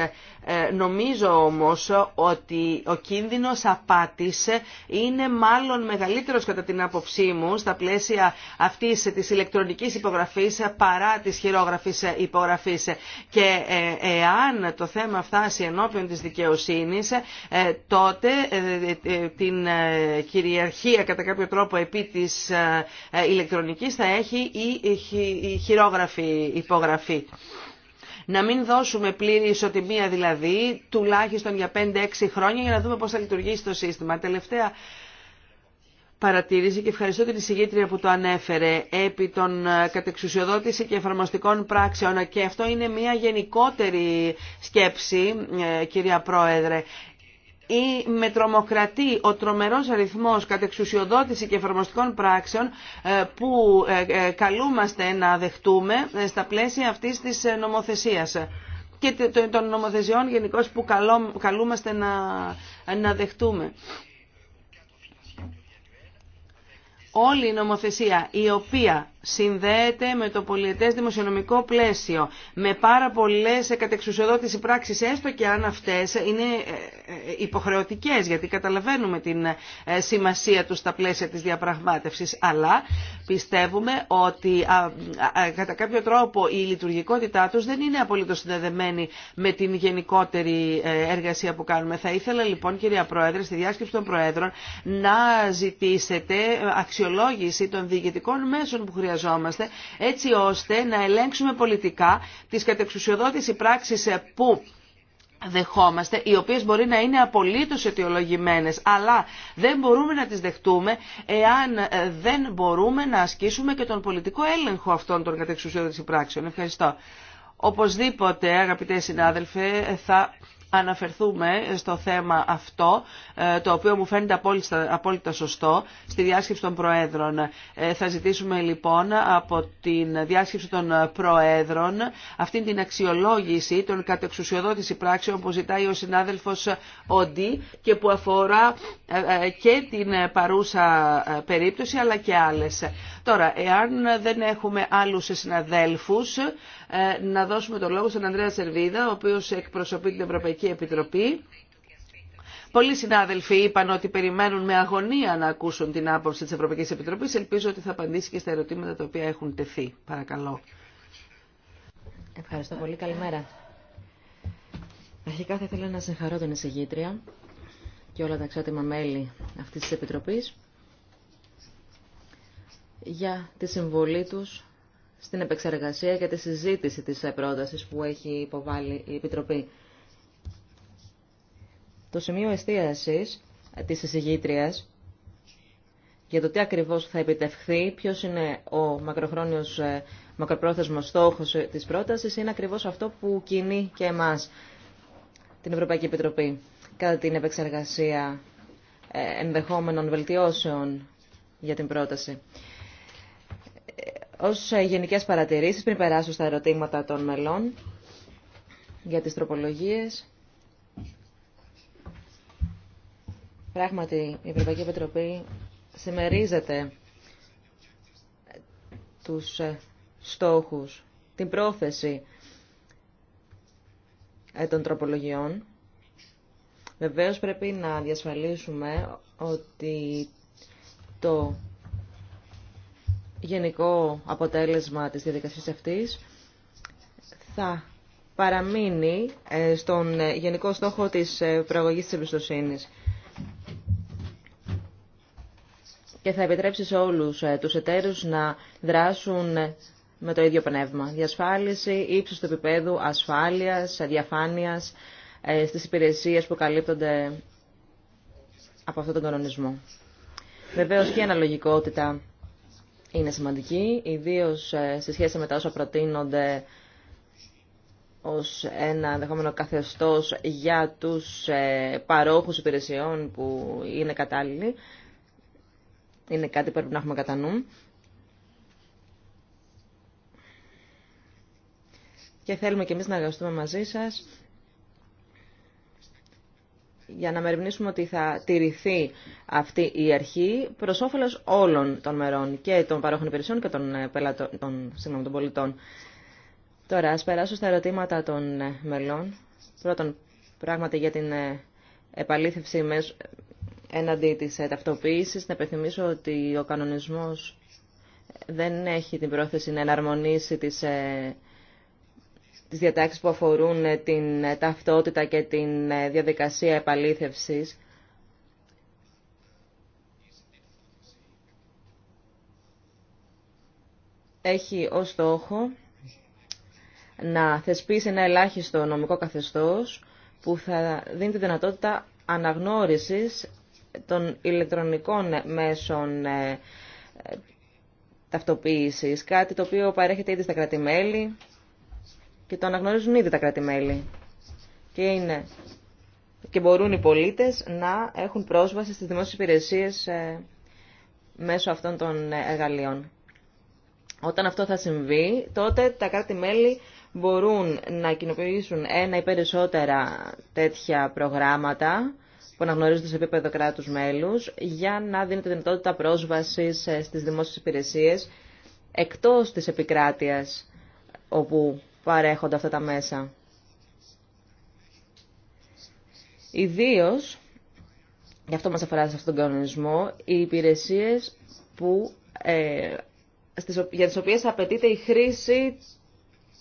Ε, νομίζω όμως ότι ο κίνδυνος απάτης είναι μάλλον μεγαλύτερος κατά την άποψή μου στα πλαίσια αυτής της ηλεκτρονικής υπογραφής παρά της χειρόγραφης υπογραφής. Και ε, εάν το θέμα φτάσει ενώπιον της δικαιοσύνης, ε, τότε την κυριαρχία κατά κάποιο τρόπο επί της ηλεκτρονικής θα έχει η χειρόγραφη υπογραφή. Να μην δώσουμε πλήρη ισοτιμία δηλαδή, τουλάχιστον για 5-6 χρόνια για να δούμε πώς θα λειτουργήσει το σύστημα. Τελευταία παρατήρηση και ευχαριστώ την συγγήτρια που το ανέφερε επί των ε, κατεξουσιοδότηση και εφαρμοστικών πράξεων και αυτό είναι μια γενικότερη σκέψη ε, κυρία Πρόεδρε ή με τρομοκρατεί ο τρομερός αριθμός κατεξουσιοδότηση και εφαρμοστικών πράξεων ε, που ε, ε, καλούμαστε να δεχτούμε στα πλαίσια αυτής της νομοθεσίας και των νομοθεσιών γενικώ που καλούμαστε να, να δεχτούμε. Όλη η νομοθεσία η οποία συνδέεται με το πολιετές δημοσιονομικό πλαίσιο, με πάρα πολλές κατεξουσιοδότηση πράξεις, έστω και αν αυτές είναι ε, ε, υποχρεωτικές, γιατί καταλαβαίνουμε την ε, σημασία τους στα πλαίσια της διαπραγμάτευσης, αλλά πιστεύουμε ότι κατά κάποιο τρόπο η λειτουργικότητά τους δεν είναι απολύτως συνδεδεμένη με την γενικότερη εργασία που κάνουμε. Θα ήθελα λοιπόν κυρία Πρόεδρε, στη διάσκεψη των Προέδρων, να ζητήσετε αξιολόγηση των διοικητικών μέσων που χρειαζόμαστε έτσι ώστε να ελέγξουμε πολιτικά τις κατεξουσιοδότηση πράξεις ε, που δεχόμαστε, οι οποίες μπορεί να είναι απολύτως αιτιολογημένες, αλλά δεν μπορούμε να τις δεχτούμε εάν ε, δεν μπορούμε να ασκήσουμε και τον πολιτικό έλεγχο αυτών των κατεξουσιοδότηση πράξεων. Ευχαριστώ. Οπωσδήποτε, αγαπητέ συνάδελφε, θα αναφερθούμε στο θέμα αυτό, ε, το οποίο μου φαίνεται απόλυτα, σωστό, στη διάσκεψη των Προέδρων. Ε, θα ζητήσουμε λοιπόν από την διάσκεψη των Προέδρων αυτή την αξιολόγηση των κατεξουσιοδότηση πράξεων που ζητάει ο συνάδελφος Όντι και που αφορά ε, και την παρούσα περίπτωση αλλά και άλλες. Τώρα, εάν δεν έχουμε άλλους συναδέλφους, ε, να δώσουμε το λόγο στον Ανδρέα Σερβίδα, ο οποίος εκπροσωπεί την Ευρωπαϊκή Επιτροπή. Πολλοί συνάδελφοι είπαν ότι περιμένουν με αγωνία να ακούσουν την άποψη της Ευρωπαϊκής Επιτροπής. Ελπίζω ότι θα απαντήσει και στα ερωτήματα τα οποία έχουν τεθεί. Παρακαλώ. Ευχαριστώ πολύ. Καλημέρα. Αρχικά θα ήθελα να συγχαρώ την εισηγήτρια και όλα τα εξάτιμα μέλη αυτής της Επιτροπής για τη συμβολή τους στην επεξεργασία και τη συζήτηση της πρόταση που έχει υποβάλει η Επιτροπή. Το σημείο εστίασης της εισηγήτριας για το τι ακριβώς θα επιτευχθεί, ποιος είναι ο μακροχρόνιος, ε, μακροπρόθεσμος στόχος της πρότασης, είναι ακριβώς αυτό που κινεί και εμάς, την Ευρωπαϊκή Επιτροπή, κατά την επεξεργασία ε, ενδεχόμενων βελτιώσεων για την πρόταση. Ως ε, γενικές παρατηρήσεις, πριν περάσω στα ερωτήματα των μελών για τις τροπολογίες, πράγματι η Ευρωπαϊκή Επιτροπή συμμερίζεται τους ε, στόχους, την πρόθεση ε, των τροπολογιών. Βεβαίως πρέπει να διασφαλίσουμε ότι το γενικό αποτέλεσμα της διαδικασίας αυτής θα παραμείνει ε, στον ε, γενικό στόχο της ε, προαγωγής της εμπιστοσύνης και θα επιτρέψει σε όλους τους εταίρους να δράσουν με το ίδιο πνεύμα. Διασφάλιση ύψος του επίπεδου ασφάλειας, διαφάνειας στις υπηρεσίες που καλύπτονται από αυτόν τον κανονισμό. Βεβαίως και αναλογικότητα είναι σημαντική, ιδίω ε, σε σχέση με τα όσα προτείνονται ως ένα δεχόμενο καθεστώς για τους ε, παρόχους υπηρεσιών που είναι κατάλληλοι. Είναι κάτι που πρέπει να έχουμε κατά νου. Και θέλουμε και εμείς να εργαστούμε μαζί σας για να μεριμνήσουμε ότι θα τηρηθεί αυτή η αρχή προ όφελο όλων των μερών και των παρόχων υπηρεσιών και των, ε, πελατών, των, συγγνώμη, των πολιτών. Τώρα, α περάσω στα ερωτήματα των ε, μελών. Πρώτον, πράγματι για την ε, επαλήθευση έναντι της ταυτοποίηση, Να υπενθυμίσω ότι ο κανονισμός δεν έχει την πρόθεση να εναρμονίσει τις τις διατάξεις που αφορούν ε, την ε, ταυτότητα και την ε, διαδικασία επαλήθευσης. Έχει ως στόχο να θεσπίσει ένα ελάχιστο νομικό καθεστώς που θα δίνει τη δυνατότητα αναγνώρισης των ηλεκτρονικών μέσων ταυτοποίησης, κάτι το οποίο παρέχεται ήδη στα κρατημέλη και το αναγνωρίζουν ήδη τα κράτη-μέλη. Και, είναι... και μπορούν οι πολίτες να έχουν πρόσβαση στις δημόσιες υπηρεσίες ε, μέσω αυτών των ε, εργαλείων. Όταν αυτό θα συμβεί, τότε τα κράτη-μέλη μπορούν να κοινοποιήσουν ένα ή περισσότερα τέτοια προγράμματα που αναγνωρίζονται σε επίπεδο κράτους μέλους για να δίνεται δυνατότητα πρόσβαση ε, στις δημόσιες υπηρεσίες εκτός της επικράτειας όπου παρέχονται αυτά τα μέσα. Ιδίω, γι' αυτό μας αφορά σε αυτόν τον κανονισμό, οι υπηρεσίες που, ε, στις, για τις οποίες απαιτείται η χρήση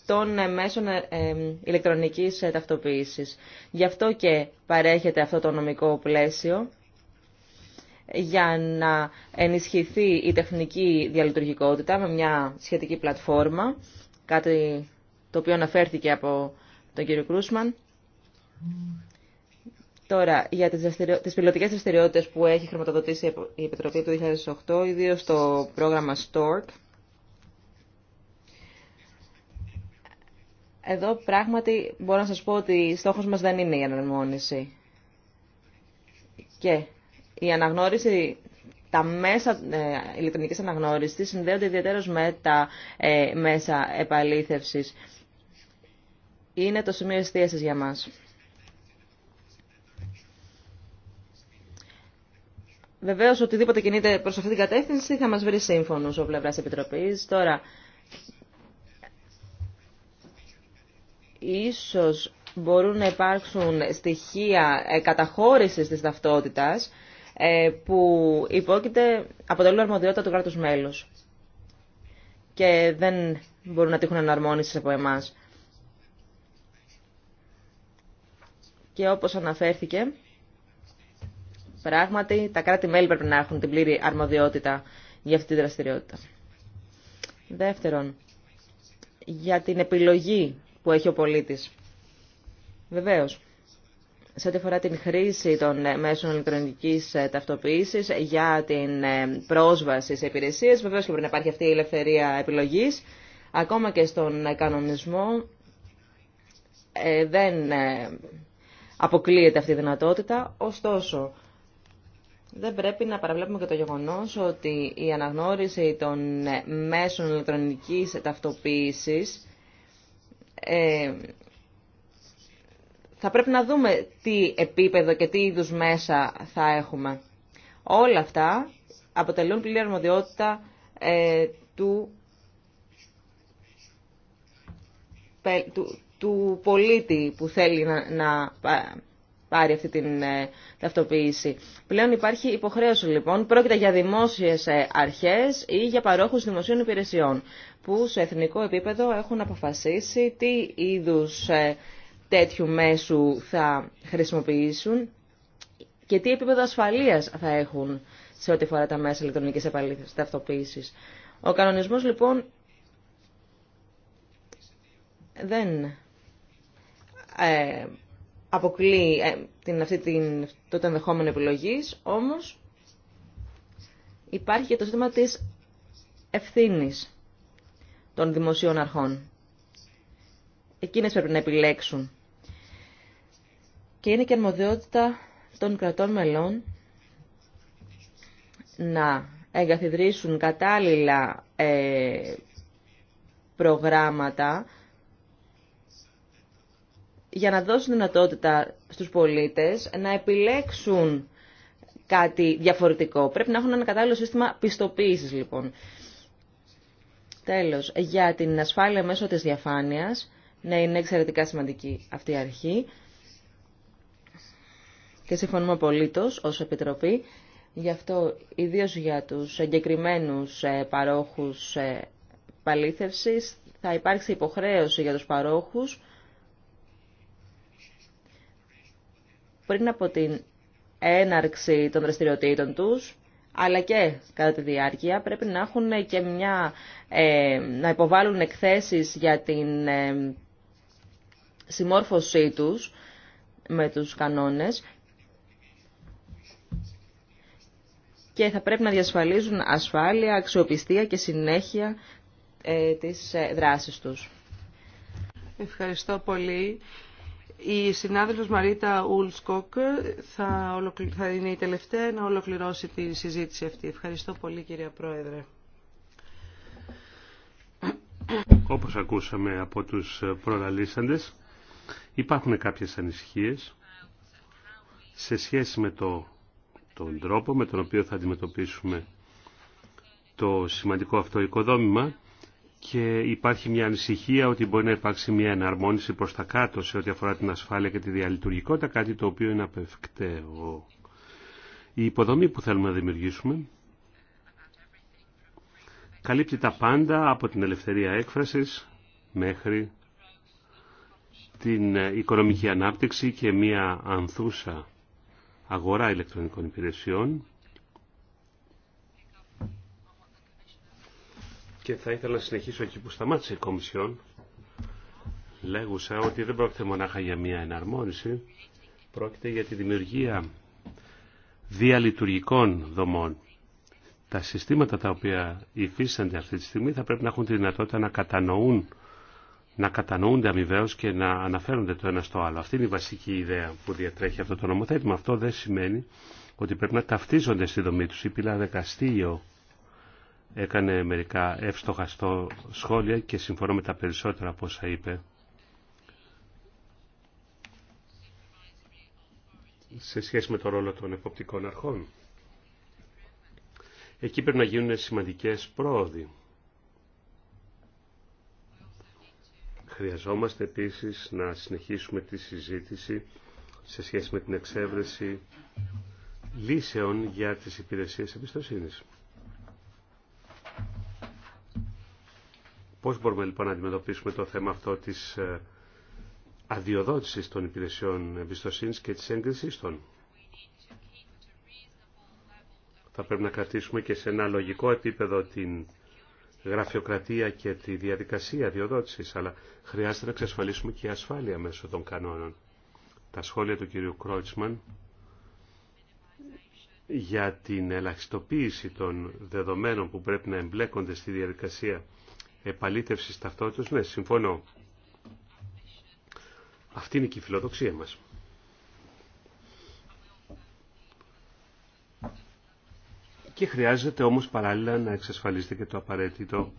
των ε, μέσων ε, ε, ηλεκτρονικής ταυτοποίησης. Γι' αυτό και παρέχεται αυτό το νομικό πλαίσιο για να ενισχυθεί η τεχνική διαλειτουργικότητα με μια σχετική πλατφόρμα, κάτι το οποίο αναφέρθηκε από τον κύριο Κρούσμαν. Τώρα, για τις, δραστηριο... τις πιλωτικές δραστηριότητε που έχει χρηματοδοτήσει η Επιτροπή του 2008, ιδίως το πρόγραμμα STORK, Εδώ πράγματι μπορώ να σας πω ότι στόχος μας δεν είναι η αναμόνηση. Και η αναγνώριση, τα μέσα ε, ηλεκτρονικής αναγνώρισης συνδέονται ιδιαίτερα με τα ε, μέσα επαλήθευσης είναι το σημείο εστίασης για μας. Βεβαίως, οτιδήποτε κινείται προς αυτή την κατεύθυνση θα μας βρει σύμφωνος ο πλευράς Επιτροπής. Τώρα, ίσως μπορούν να υπάρξουν στοιχεία ε, καταχώρησης της ταυτότητας ε, που υπόκειται αποτελούν αρμοδιότητα του κράτους μέλους και δεν μπορούν να τύχουν εναρμόνισης από εμάς. Και όπως αναφέρθηκε, πράγματι τα κράτη-μέλη πρέπει να έχουν την πλήρη αρμοδιότητα για αυτή τη δραστηριότητα. Δεύτερον, για την επιλογή που έχει ο πολίτης. Βεβαίως, σε ό,τι αφορά την χρήση των ε, μέσων ηλεκτρονικής ε, ταυτοποίησης για την ε, πρόσβαση σε υπηρεσίες, βεβαίως και πρέπει να υπάρχει αυτή η ελευθερία επιλογής. Ακόμα και στον κανονισμό δεν αποκλείεται αυτή η δυνατότητα. Ωστόσο, δεν πρέπει να παραβλέπουμε και το γεγονός ότι η αναγνώριση των μέσων ηλεκτρονικής ταυτοποίησης ε, θα πρέπει να δούμε τι επίπεδο και τι είδους μέσα θα έχουμε. Όλα αυτά αποτελούν πλήρη αρμοδιότητα ε, του, του, του πολίτη που θέλει να, να πάρει αυτή την ε, ταυτοποίηση. Πλέον υπάρχει υποχρέωση λοιπόν, πρόκειται για δημόσιες ε, αρχές ή για παρόχους δημοσίων υπηρεσιών που σε εθνικό επίπεδο έχουν αποφασίσει τι είδους ε, τέτοιου μέσου θα χρησιμοποιήσουν και τι επίπεδο ασφαλείας θα έχουν σε ό,τι φορά τα μέσα ηλεκτρονικής ταυτοποίησης. Ο κανονισμός λοιπόν δεν ε, αποκλεί ε, την, αυτή την, το ενδεχόμενο επιλογής, όμως υπάρχει και το ζήτημα τη ευθύνη των δημοσίων αρχών. Εκείνε πρέπει να επιλέξουν. Και είναι και αρμοδιότητα των κρατών μελών να εγκαθιδρύσουν κατάλληλα ε, προγράμματα για να δώσουν δυνατότητα στους πολίτες να επιλέξουν κάτι διαφορετικό. Πρέπει να έχουν ένα κατάλληλο σύστημα πιστοποίησης λοιπόν. Τέλος, για την ασφάλεια μέσω της διαφάνειας, να είναι εξαιρετικά σημαντική αυτή η αρχή και συμφωνούμε απολύτως ως Επιτροπή. Γι' αυτό, ιδίως για τους εγκεκριμένου ε, παρόχους ε, παλήθευσης, θα υπάρξει υποχρέωση για τους παρόχους πριν από την έναρξη των δραστηριοτήτων τους, αλλά και κατά τη διάρκεια πρέπει να έχουν και μια, ε, να υποβάλουν εκθέσεις για την ε, συμμόρφωσή τους με τους κανόνες και θα πρέπει να διασφαλίζουν ασφάλεια, αξιοπιστία και συνέχεια ε, της ε, δράσης τους. Ευχαριστώ πολύ. Η συνάδελφος Μαρίτα Ουλσκοκ θα, ολοκλη... θα είναι η τελευταία να ολοκληρώσει τη συζήτηση αυτή. Ευχαριστώ πολύ κυρία Πρόεδρε. Όπως ακούσαμε από τους προλαλήσαντες, υπάρχουν κάποιες ανησυχίες σε σχέση με το, τον τρόπο με τον οποίο θα αντιμετωπίσουμε το σημαντικό αυτό οικοδόμημα και υπάρχει μια ανησυχία ότι μπορεί να υπάρξει μια εναρμόνιση προς τα κάτω σε ό,τι αφορά την ασφάλεια και τη διαλειτουργικότητα, κάτι το οποίο είναι απευκταίο. Η υποδομή που θέλουμε να δημιουργήσουμε καλύπτει τα πάντα από την ελευθερία έκφρασης μέχρι την οικονομική ανάπτυξη και μια ανθούσα αγορά ηλεκτρονικών υπηρεσιών Και θα ήθελα να συνεχίσω εκεί που σταμάτησε η Κομισιόν. Λέγουσα ότι δεν πρόκειται μονάχα για μια εναρμόνιση, πρόκειται για τη δημιουργία διαλειτουργικών δομών. Τα συστήματα τα οποία υφίστανται αυτή τη στιγμή θα πρέπει να έχουν τη δυνατότητα να κατανοούν να κατανοούνται αμοιβαίω και να αναφέρονται το ένα στο άλλο. Αυτή είναι η βασική ιδέα που διατρέχει αυτό το νομοθέτημα. Αυτό δεν σημαίνει ότι πρέπει να ταυτίζονται στη δομή του Η πύλα έκανε μερικά εύστοχα στο σχόλια και συμφωνώ με τα περισσότερα από όσα είπε. σε σχέση με το ρόλο των εποπτικών αρχών. Εκεί πρέπει να γίνουν σημαντικές πρόοδοι. Χρειαζόμαστε επίσης να συνεχίσουμε τη συζήτηση σε σχέση με την εξέβρεση λύσεων για τις υπηρεσίες εμπιστοσύνης. Πώς μπορούμε λοιπόν να αντιμετωπίσουμε το θέμα αυτό της ε, αδειοδότησης των υπηρεσιών εμπιστοσύνη και της έγκρισης των. Θα πρέπει να κρατήσουμε και σε ένα λογικό επίπεδο την γραφειοκρατία και τη διαδικασία αδειοδότησης, αλλά χρειάζεται να εξασφαλίσουμε και η ασφάλεια μέσω των κανόνων. Τα σχόλια του κυρίου Κρότσμαν για την ελαχιστοποίηση των δεδομένων που πρέπει να εμπλέκονται στη διαδικασία επαλήτευση ταυτότητας, ναι, συμφωνώ. Αυτή είναι και η φιλοδοξία μας. Και χρειάζεται όμως παράλληλα να εξασφαλίσετε και το απαραίτητο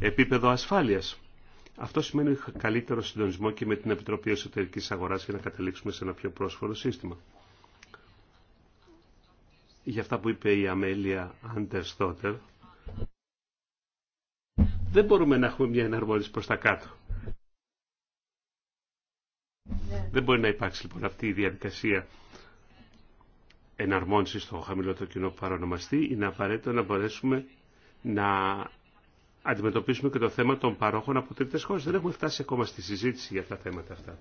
επίπεδο ασφάλειας. Αυτό σημαίνει καλύτερο συντονισμό και με την Επιτροπή Εσωτερικής Αγοράς για να καταλήξουμε σε ένα πιο πρόσφορο σύστημα. Για αυτά που είπε η Αμέλεια Άντερστότερ, δεν μπορούμε να έχουμε μια εναρμόνιση προς τα κάτω. Ναι. Δεν μπορεί να υπάρξει λοιπόν αυτή η διαδικασία εναρμόνιση στο χαμηλό το κοινό παρονομαστεί. Είναι απαραίτητο να μπορέσουμε να αντιμετωπίσουμε και το θέμα των παρόχων από τρίτες χώρες. Δεν έχουμε φτάσει ακόμα στη συζήτηση για τα θέματα αυτά.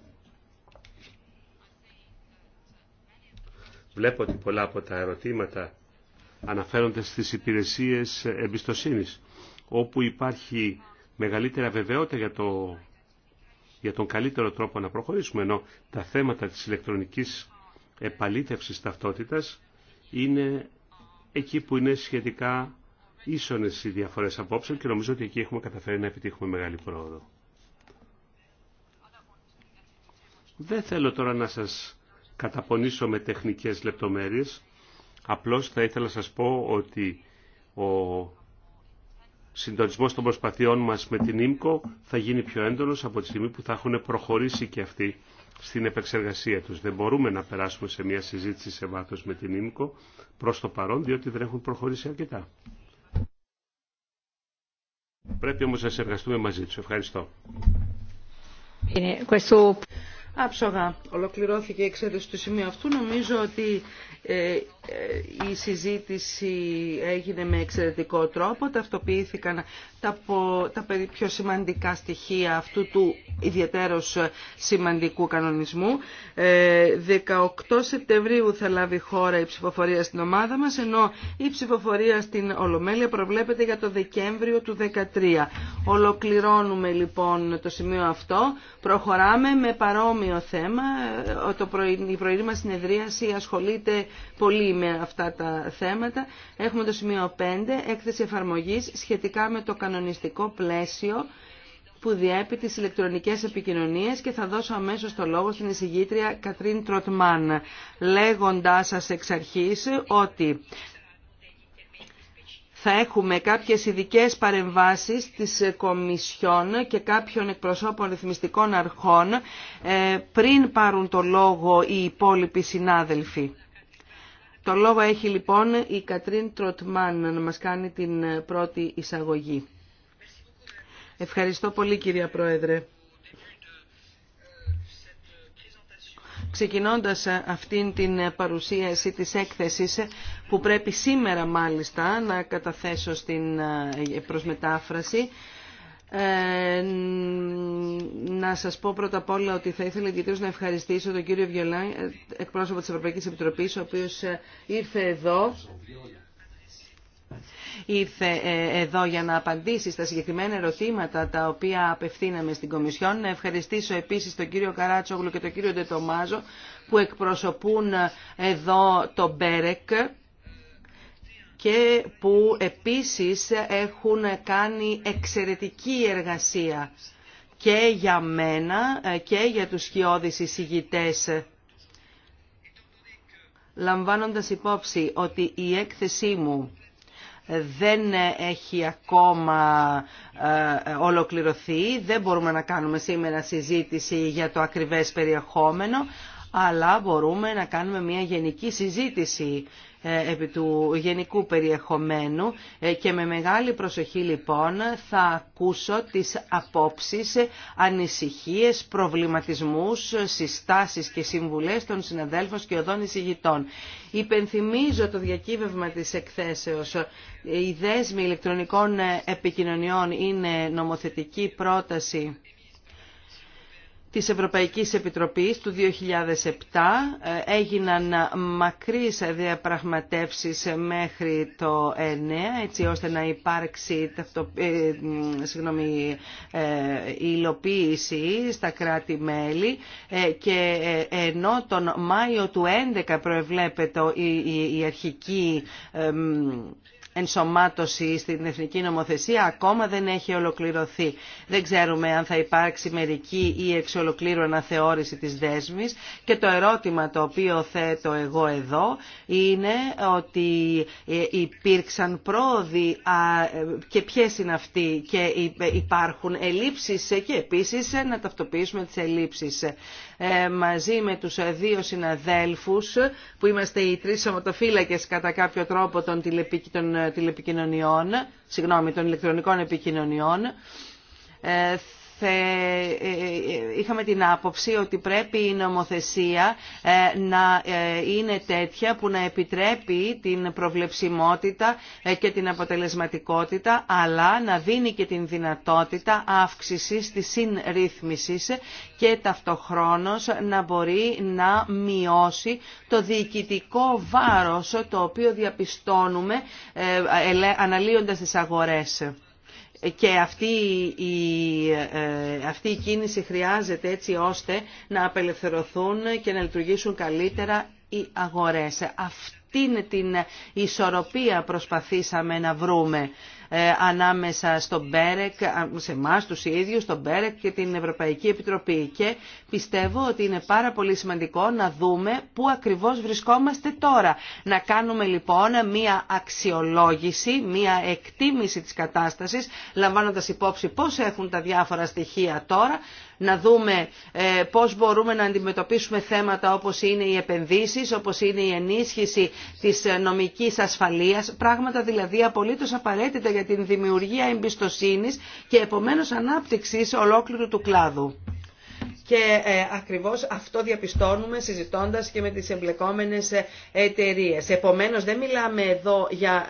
Βλέπω ότι πολλά από τα ερωτήματα αναφέρονται στις υπηρεσίες εμπιστοσύνης όπου υπάρχει μεγαλύτερα βεβαιότητα για, το, για τον καλύτερο τρόπο να προχωρήσουμε, ενώ τα θέματα της ηλεκτρονικής επαλήθευσης ταυτότητας είναι εκεί που είναι σχετικά ίσονες οι διαφορές απόψεων και νομίζω ότι εκεί έχουμε καταφέρει να επιτύχουμε μεγάλη πρόοδο. Δεν θέλω τώρα να σας καταπονήσω με τεχνικές λεπτομέρειες, απλώς θα ήθελα να σας πω ότι ο συντονισμός των προσπαθειών μας με την ΙΜΚΟ θα γίνει πιο έντονος από τη στιγμή που θα έχουν προχωρήσει και αυτοί στην επεξεργασία τους. Δεν μπορούμε να περάσουμε σε μια συζήτηση σε βάθος με την ΙΜΚΟ προς το παρόν, διότι δεν έχουν προχωρήσει αρκετά. Πρέπει όμως να συνεργαστούμε μαζί τους. Ευχαριστώ. Άψογα ολοκληρώθηκε η εξέλιξη του σημείου αυτού. Νομίζω ότι ε, ε, η συζήτηση έγινε με εξαιρετικό τρόπο, ταυτοποιήθηκαν τα, τα πιο σημαντικά στοιχεία αυτού του ιδιαίτερος σημαντικού κανονισμού. 18 ε, Σεπτεμβρίου θα λάβει χώρα η ψηφοφορία στην ομάδα μας, ενώ η ψηφοφορία στην Ολομέλεια προβλέπεται για το Δεκέμβριο του 2013. Ολοκληρώνουμε λοιπόν το σημείο αυτό, προχωράμε με παρόμοιο θέμα. Ε, το η πρωινή μας συνεδρίαση ασχολείται πολύ με αυτά τα θέματα. Έχουμε το σημείο 5, έκθεση εφαρμογής σχετικά με το κανονιστικό πλαίσιο που διέπει τις ηλεκτρονικές επικοινωνίες και θα δώσω αμέσως το λόγο στην εισηγήτρια Κατρίν Τροτμάν, λέγοντάς σας εξ αρχής ότι θα έχουμε κάποιες ειδικέ παρεμβάσεις της Κομισιόν και κάποιων εκπροσώπων ρυθμιστικών αρχών ε, πριν πάρουν το λόγο οι υπόλοιποι συνάδελφοι. Το λόγο έχει λοιπόν η Κατρίν Τροτμάν να μας κάνει την πρώτη εισαγωγή. Ευχαριστώ πολύ κυρία Πρόεδρε. Ξεκινώντας αυτήν την παρουσίαση της έκθεσης που πρέπει σήμερα μάλιστα να καταθέσω στην ε, προσμετάφραση, ε, να σας πω πρώτα απ' όλα ότι θα ήθελα ιδιαίτερω να ευχαριστήσω τον κύριο Βιολάν, ε, εκπρόσωπο της Ευρωπαϊκής Επιτροπής, ο οποίος ε, ήρθε εδώ ήρθε εδώ για να απαντήσει στα συγκεκριμένα ερωτήματα τα οποία απευθύναμε στην Κομισιόν. Να ευχαριστήσω επίσης τον κύριο Καράτσογλου και τον κύριο Ντετομάζο που εκπροσωπούν εδώ το Μπέρεκ και που επίσης έχουν κάνει εξαιρετική εργασία και για μένα ε, και για τους σκιώδεις εισηγητές. Λαμβάνοντας υπόψη ότι η έκθεσή μου δεν έχει ακόμα ε, ολοκληρωθεί, δεν μπορούμε να κάνουμε σήμερα συζήτηση για το ακριβές περιεχόμενο, αλλά μπορούμε να κάνουμε μια γενική συζήτηση ε, επί του γενικού περιεχομένου ε, και με μεγάλη προσοχή λοιπόν θα ακούσω τις απόψεις, ανησυχίες, προβληματισμούς, συστάσεις και συμβουλές των συναδέλφων και οδών εισηγητών. Υπενθυμίζω το διακύβευμα της εκθέσεως. Οι δέσμοι ηλεκτρονικών επικοινωνιών είναι νομοθετική πρόταση της Ευρωπαϊκής Επιτροπής του 2007 ε, έγιναν μακρύς διαπραγματεύσεις μέχρι το 9 έτσι ώστε να υπάρξει ταυτο, ε, συγγνώμη, ε, υλοποίηση στα κράτη-μέλη ε, και ενώ τον Μάιο του 11 προεβλέπεται η, η αρχική ενσωμάτωση στην εθνική νομοθεσία ακόμα δεν έχει ολοκληρωθεί. Δεν ξέρουμε αν θα υπάρξει μερική ή εξολοκλήρωνα θεώρηση αναθεώρηση της δέσμης και το ερώτημα το οποίο θέτω εγώ εδώ είναι ότι ε, υπήρξαν πρόοδοι και ποιες είναι αυτοί και ε, υπάρχουν ελλείψεις ε, και επίσης να ταυτοποιήσουμε τις ελλείψεις. Ε, μαζί με τους δύο συναδέλφους που είμαστε οι τρεις σωματοφύλακες κατά κάποιο τρόπο των ε, τηλεπικοινωνιών, συγγνώμη, των ηλεκτρονικών επικοινωνιών ε, ε, ε, ε, είχαμε την άποψη ότι πρέπει η νομοθεσία να είναι τέτοια που να επιτρέπει την προβλεψιμότητα και την αποτελεσματικότητα αλλά να δίνει και την δυνατότητα αύξησης της συνρύθμισης και ταυτοχρόνως να μπορεί να μειώσει το διοικητικό βάρος το οποίο διαπιστώνουμε αναλύοντας τις αγορές και αυτή η, ε, αυτή η κίνηση χρειάζεται έτσι ώστε να απελευθερωθούν και να λειτουργήσουν καλύτερα οι αγορές. Αυτή την ισορροπία προσπαθήσαμε να βρούμε ε, ανάμεσα στον Μπέρεκ, σε εμά τους ίδιους, στον Μπέρεκ και την Ευρωπαϊκή Επιτροπή. Και πιστεύω ότι είναι πάρα πολύ σημαντικό να δούμε πού ακριβώς βρισκόμαστε τώρα. Να κάνουμε λοιπόν μία αξιολόγηση, μία εκτίμηση της κατάστασης, λαμβάνοντας υπόψη πώς έχουν τα διάφορα στοιχεία τώρα, να δούμε ε, πώς μπορούμε να αντιμετωπίσουμε θέματα όπως είναι οι επενδύσεις, όπως είναι η ενίσχυση της νομικής ασφαλείας, πράγματα δηλαδή απολύτως απαραίτητα για την δημιουργία εμπιστοσύνης και επομένως ανάπτυξης ολόκληρου του κλάδου και ε, ακριβώς αυτό διαπιστώνουμε συζητώντας και με τις εμπλεκόμενες ε, εταιρείε. Επομένως δεν μιλάμε εδώ για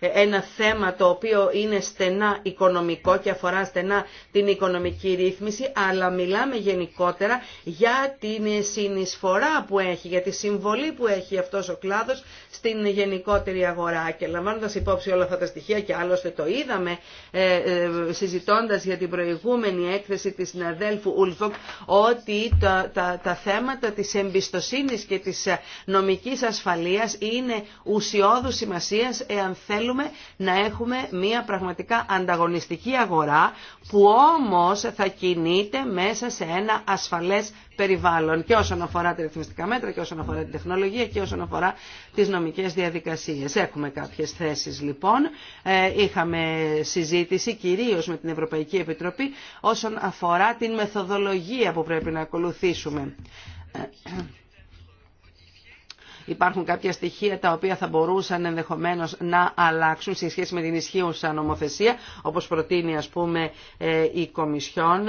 ε, ένα θέμα το οποίο είναι στενά οικονομικό και αφορά στενά την οικονομική ρύθμιση, αλλά μιλάμε γενικότερα για την συνεισφορά που έχει, για τη συμβολή που έχει αυτός ο κλάδος στην γενικότερη αγορά. Και λαμβάνοντας υπόψη όλα αυτά τα στοιχεία και άλλωστε το είδαμε συζητώντας για την προηγούμενη έκθεση της συναδέλφου Ουλφοκ, ότι τα, θέματα της εμπιστοσύνης και της ε, νομικής ασφαλείας είναι ουσιώδου σημασίας εάν θέλουμε να έχουμε μια πραγματικά ανταγωνιστική αγορά που όμως θα κινείται μέσα σε ένα ασφαλές περιβάλλον και όσον αφορά τα ρυθμιστικά μέτρα και όσον αφορά την τεχνολογία και όσον αφορά τις νομικές διαδικασίες. Έχουμε κάποιες θέσεις λοιπόν. Ε, είχαμε συζήτηση κυρίως με την Ευρωπαϊκή Επιτροπή όσον αφορά την μεθοδολογία που πρέπει να ακολουθήσουμε. Ε, υπάρχουν κάποια στοιχεία τα οποία θα μπορούσαν ενδεχομένως να αλλάξουν σε σχέση με την ισχύουσα νομοθεσία, όπως προτείνει ας πούμε ε, η Κομισιόν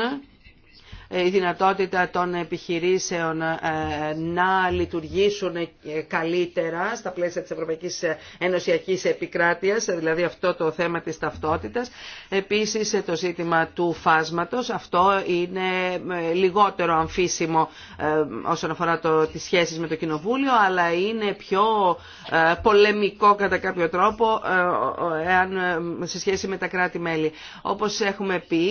ε, η δυνατότητα των επιχειρήσεων ε, να λειτουργήσουν ε, καλύτερα στα πλαίσια της Ευρωπαϊκής Ενωσιακής Επικράτειας, δηλαδή αυτό το θέμα της ταυτότητας. Επίσης το ζήτημα του φάσματος, αυτό είναι λιγότερο αμφίσιμο όσον αφορά το, τις σχέσεις με το Κοινοβούλιο, αλλά είναι πιο πολεμικό κατά κάποιο τρόπο εάν, σε σχέση με τα κράτη-μέλη. Όπως έχουμε πει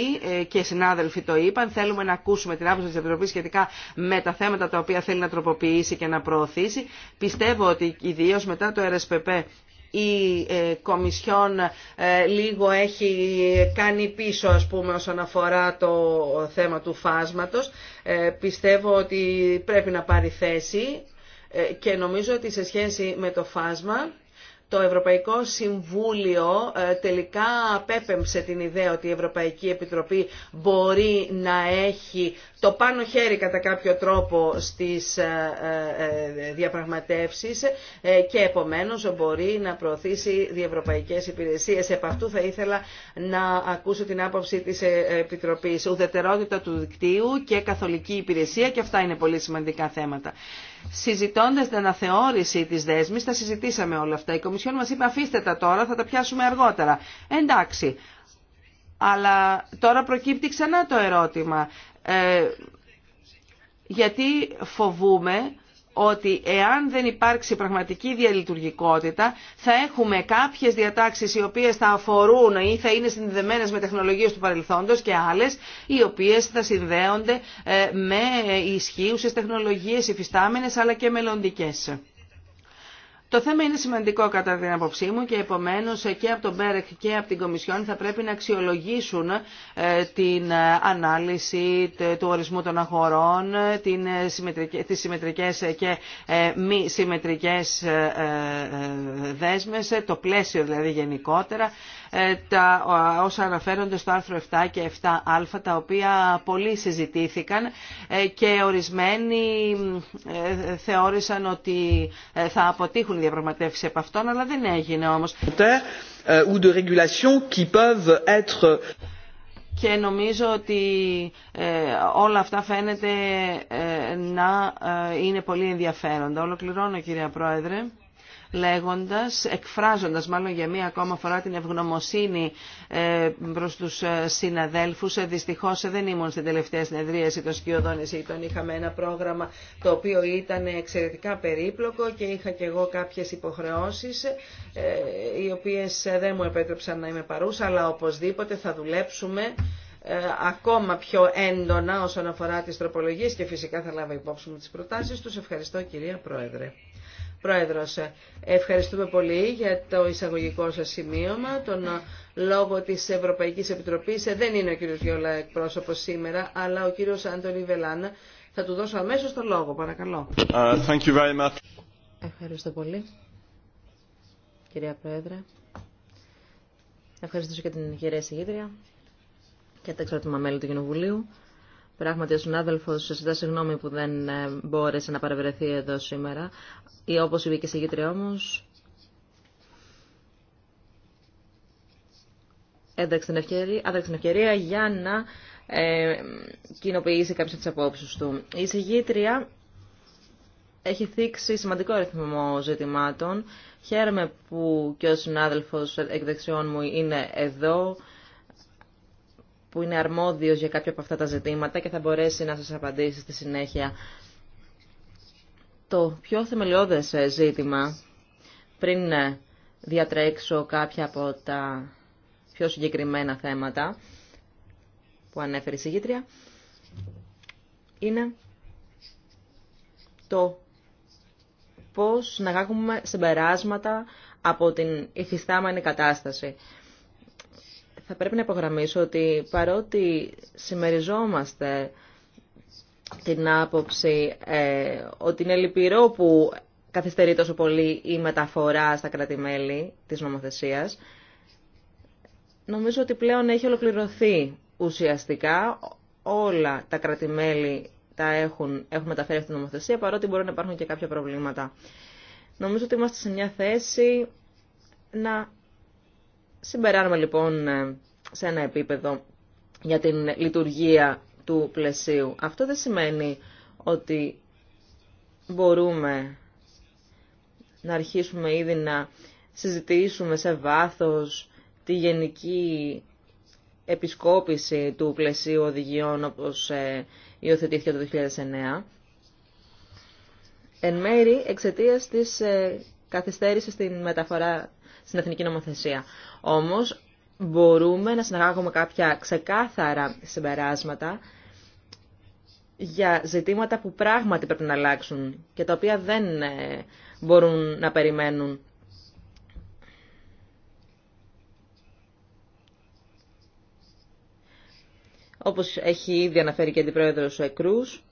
και συνάδελφοι το είπαν, θέλουμε να ακούσουμε την άποψη της Επιτροπής σχετικά με τα θέματα τα οποία θέλει να τροποποιήσει και να προωθήσει. Πιστεύω ότι ιδίω μετά το RSPP η ε, Κομισιόν ε, λίγο έχει κάνει πίσω ας πούμε όσον αφορά το θέμα του φάσματος. Ε, πιστεύω ότι πρέπει να πάρει θέση και νομίζω ότι σε σχέση με το φάσμα το Ευρωπαϊκό Συμβούλιο ε, τελικά απέπεμψε την ιδέα ότι η Ευρωπαϊκή Επιτροπή μπορεί να έχει το πάνω χέρι κατά κάποιο τρόπο στις ε, ε, διαπραγματεύσεις και επομένως μπορεί να προωθήσει διευρωπαϊκές υπηρεσίες. Επ' αυτού θα ήθελα να ακούσω την άποψη της Επιτροπής. Ουδετερότητα του δικτύου και καθολική υπηρεσία και αυτά είναι πολύ σημαντικά θέματα. Συζητώντα την αναθεώρηση τη δέσμης, τα συζητήσαμε όλα αυτά. Η Κομισιόν μας είπε αφήστε τα τώρα, θα τα πιάσουμε αργότερα. Εντάξει, αλλά τώρα προκύπτει ξανά το ερώτημα. Ε, γιατί φοβούμε ότι εάν δεν υπάρξει πραγματική διαλειτουργικότητα θα έχουμε κάποιες διατάξεις οι οποίες θα αφορούν ή θα είναι συνδεμένες με τεχνολογίες του παρελθόντος και άλλες οι οποίες θα συνδέονται ε, με ισχύουσες τεχνολογίες υφιστάμενες αλλά και μελλοντικές. Το θέμα είναι σημαντικό κατά την άποψή μου και επομένως και από τον Μπέρεκ και από την Κομισιόν θα πρέπει να αξιολογήσουν ε, την ε, ανάλυση του ορισμού των αγορών, ε, τις συμμετρικές και μη συμμετρικές δέσμες, το πλαίσιο δηλαδή γενικότερα ε, όσα αναφέρονται στο άρθρο 7 και 7α, τα οποία πολύ συζητήθηκαν ε, και ορισμένοι ε, θεώρησαν ότι θα αποτύχουν οι διαπραγματεύσει από αυτόν, αλλά δεν έγινε όμως. Και νομίζω ότι όλα αυτά φαίνεται να είναι πολύ ενδιαφέροντα. Ολοκληρώνω, κυρία Πρόεδρε λέγοντας, εκφράζοντας μάλλον για μία ακόμα φορά την ευγνωμοσύνη ε, προς τους ε, συναδέλφους. Ε, δυστυχώς δεν ήμουν στην τελευταία συνεδρίαση των σκιωδών εισηγητών. Είχαμε ένα πρόγραμμα το οποίο ήταν εξαιρετικά περίπλοκο και είχα και εγώ κάποιες υποχρεώσεις οι οποίες δεν μου επέτρεψαν να είμαι παρούσα, αλλά οπωσδήποτε θα δουλέψουμε ακόμα πιο έντονα όσον αφορά τις τροπολογίες και φυσικά θα λάβω υπόψη μου τις προτάσεις τους. Ευχαριστώ κυρία Πρόεδρε. Πρόεδρος, ε, ευχαριστούμε πολύ για το εισαγωγικό σας σημείωμα. Τον ε, λόγο της Ευρωπαϊκής Επιτροπής ε, δεν είναι ο κύριος Γιώλα εκπρόσωπο σήμερα, αλλά ο κύριος Άντωνη Βελάνα. Θα του δώσω αμέσως τον λόγο, παρακαλώ. Uh, thank you very much. Ευχαριστώ πολύ, κυρία Πρόεδρε. Ευχαριστώ και την κυρία Συγήτρια και τα εξαρτημα μέλη του Κοινοβουλίου. Πράγματι, ο συνάδελφο ζητά συγγνώμη που δεν ε, μπόρεσε να παρευρεθεί εδώ σήμερα. Ή όπω είπε και η συγγήτρια όμω, ένταξε την ευκαιρία, την ευκαιρία για να ε, κοινοποιήσει κάποιε από τι απόψει του. Η συγγήτρια έχει θίξει σημαντικό αριθμό ζητημάτων. Χαίρομαι που και ο συνάδελφο εκ δεξιών μου είναι εδώ που είναι αρμόδιος για κάποια από αυτά τα ζητήματα και θα μπορέσει να σας απαντήσει στη συνέχεια. Το πιο θεμελιώδες ε, ζήτημα, πριν ε, διατρέξω κάποια από τα πιο συγκεκριμένα θέματα που ανέφερε η συγκήτρια, είναι το πώς να κάνουμε συμπεράσματα από την υφιστάμενη κατάσταση θα πρέπει να υπογραμμίσω ότι παρότι συμμεριζόμαστε την άποψη ε, ότι είναι λυπηρό που καθυστερεί τόσο πολύ η μεταφορά στα κράτη-μέλη της νομοθεσίας, νομίζω ότι πλέον έχει ολοκληρωθεί ουσιαστικά όλα τα κράτη-μέλη τα έχουν, έχουν μεταφέρει στη την νομοθεσία, παρότι μπορεί να υπάρχουν και κάποια προβλήματα. Νομίζω ότι είμαστε σε μια θέση να Συμπεράνουμε λοιπόν ε, σε ένα επίπεδο για την λειτουργία του πλαισίου. Αυτό δεν σημαίνει ότι μπορούμε να αρχίσουμε ήδη να συζητήσουμε σε βάθος τη γενική επισκόπηση του πλαισίου οδηγιών όπως ε, υιοθετήθηκε το 2009, εν μέρη εξαιτίας της ε, καθυστέρησης στην μεταφορά στην εθνική νομοθεσία. Όμως μπορούμε να συναγάγουμε κάποια ξεκάθαρα συμπεράσματα για ζητήματα που πράγματι πρέπει να αλλάξουν και τα οποία δεν ε, μπορούν να περιμένουν. Όπως έχει ήδη αναφέρει και η Αντιπρόεδρος Εκρούς...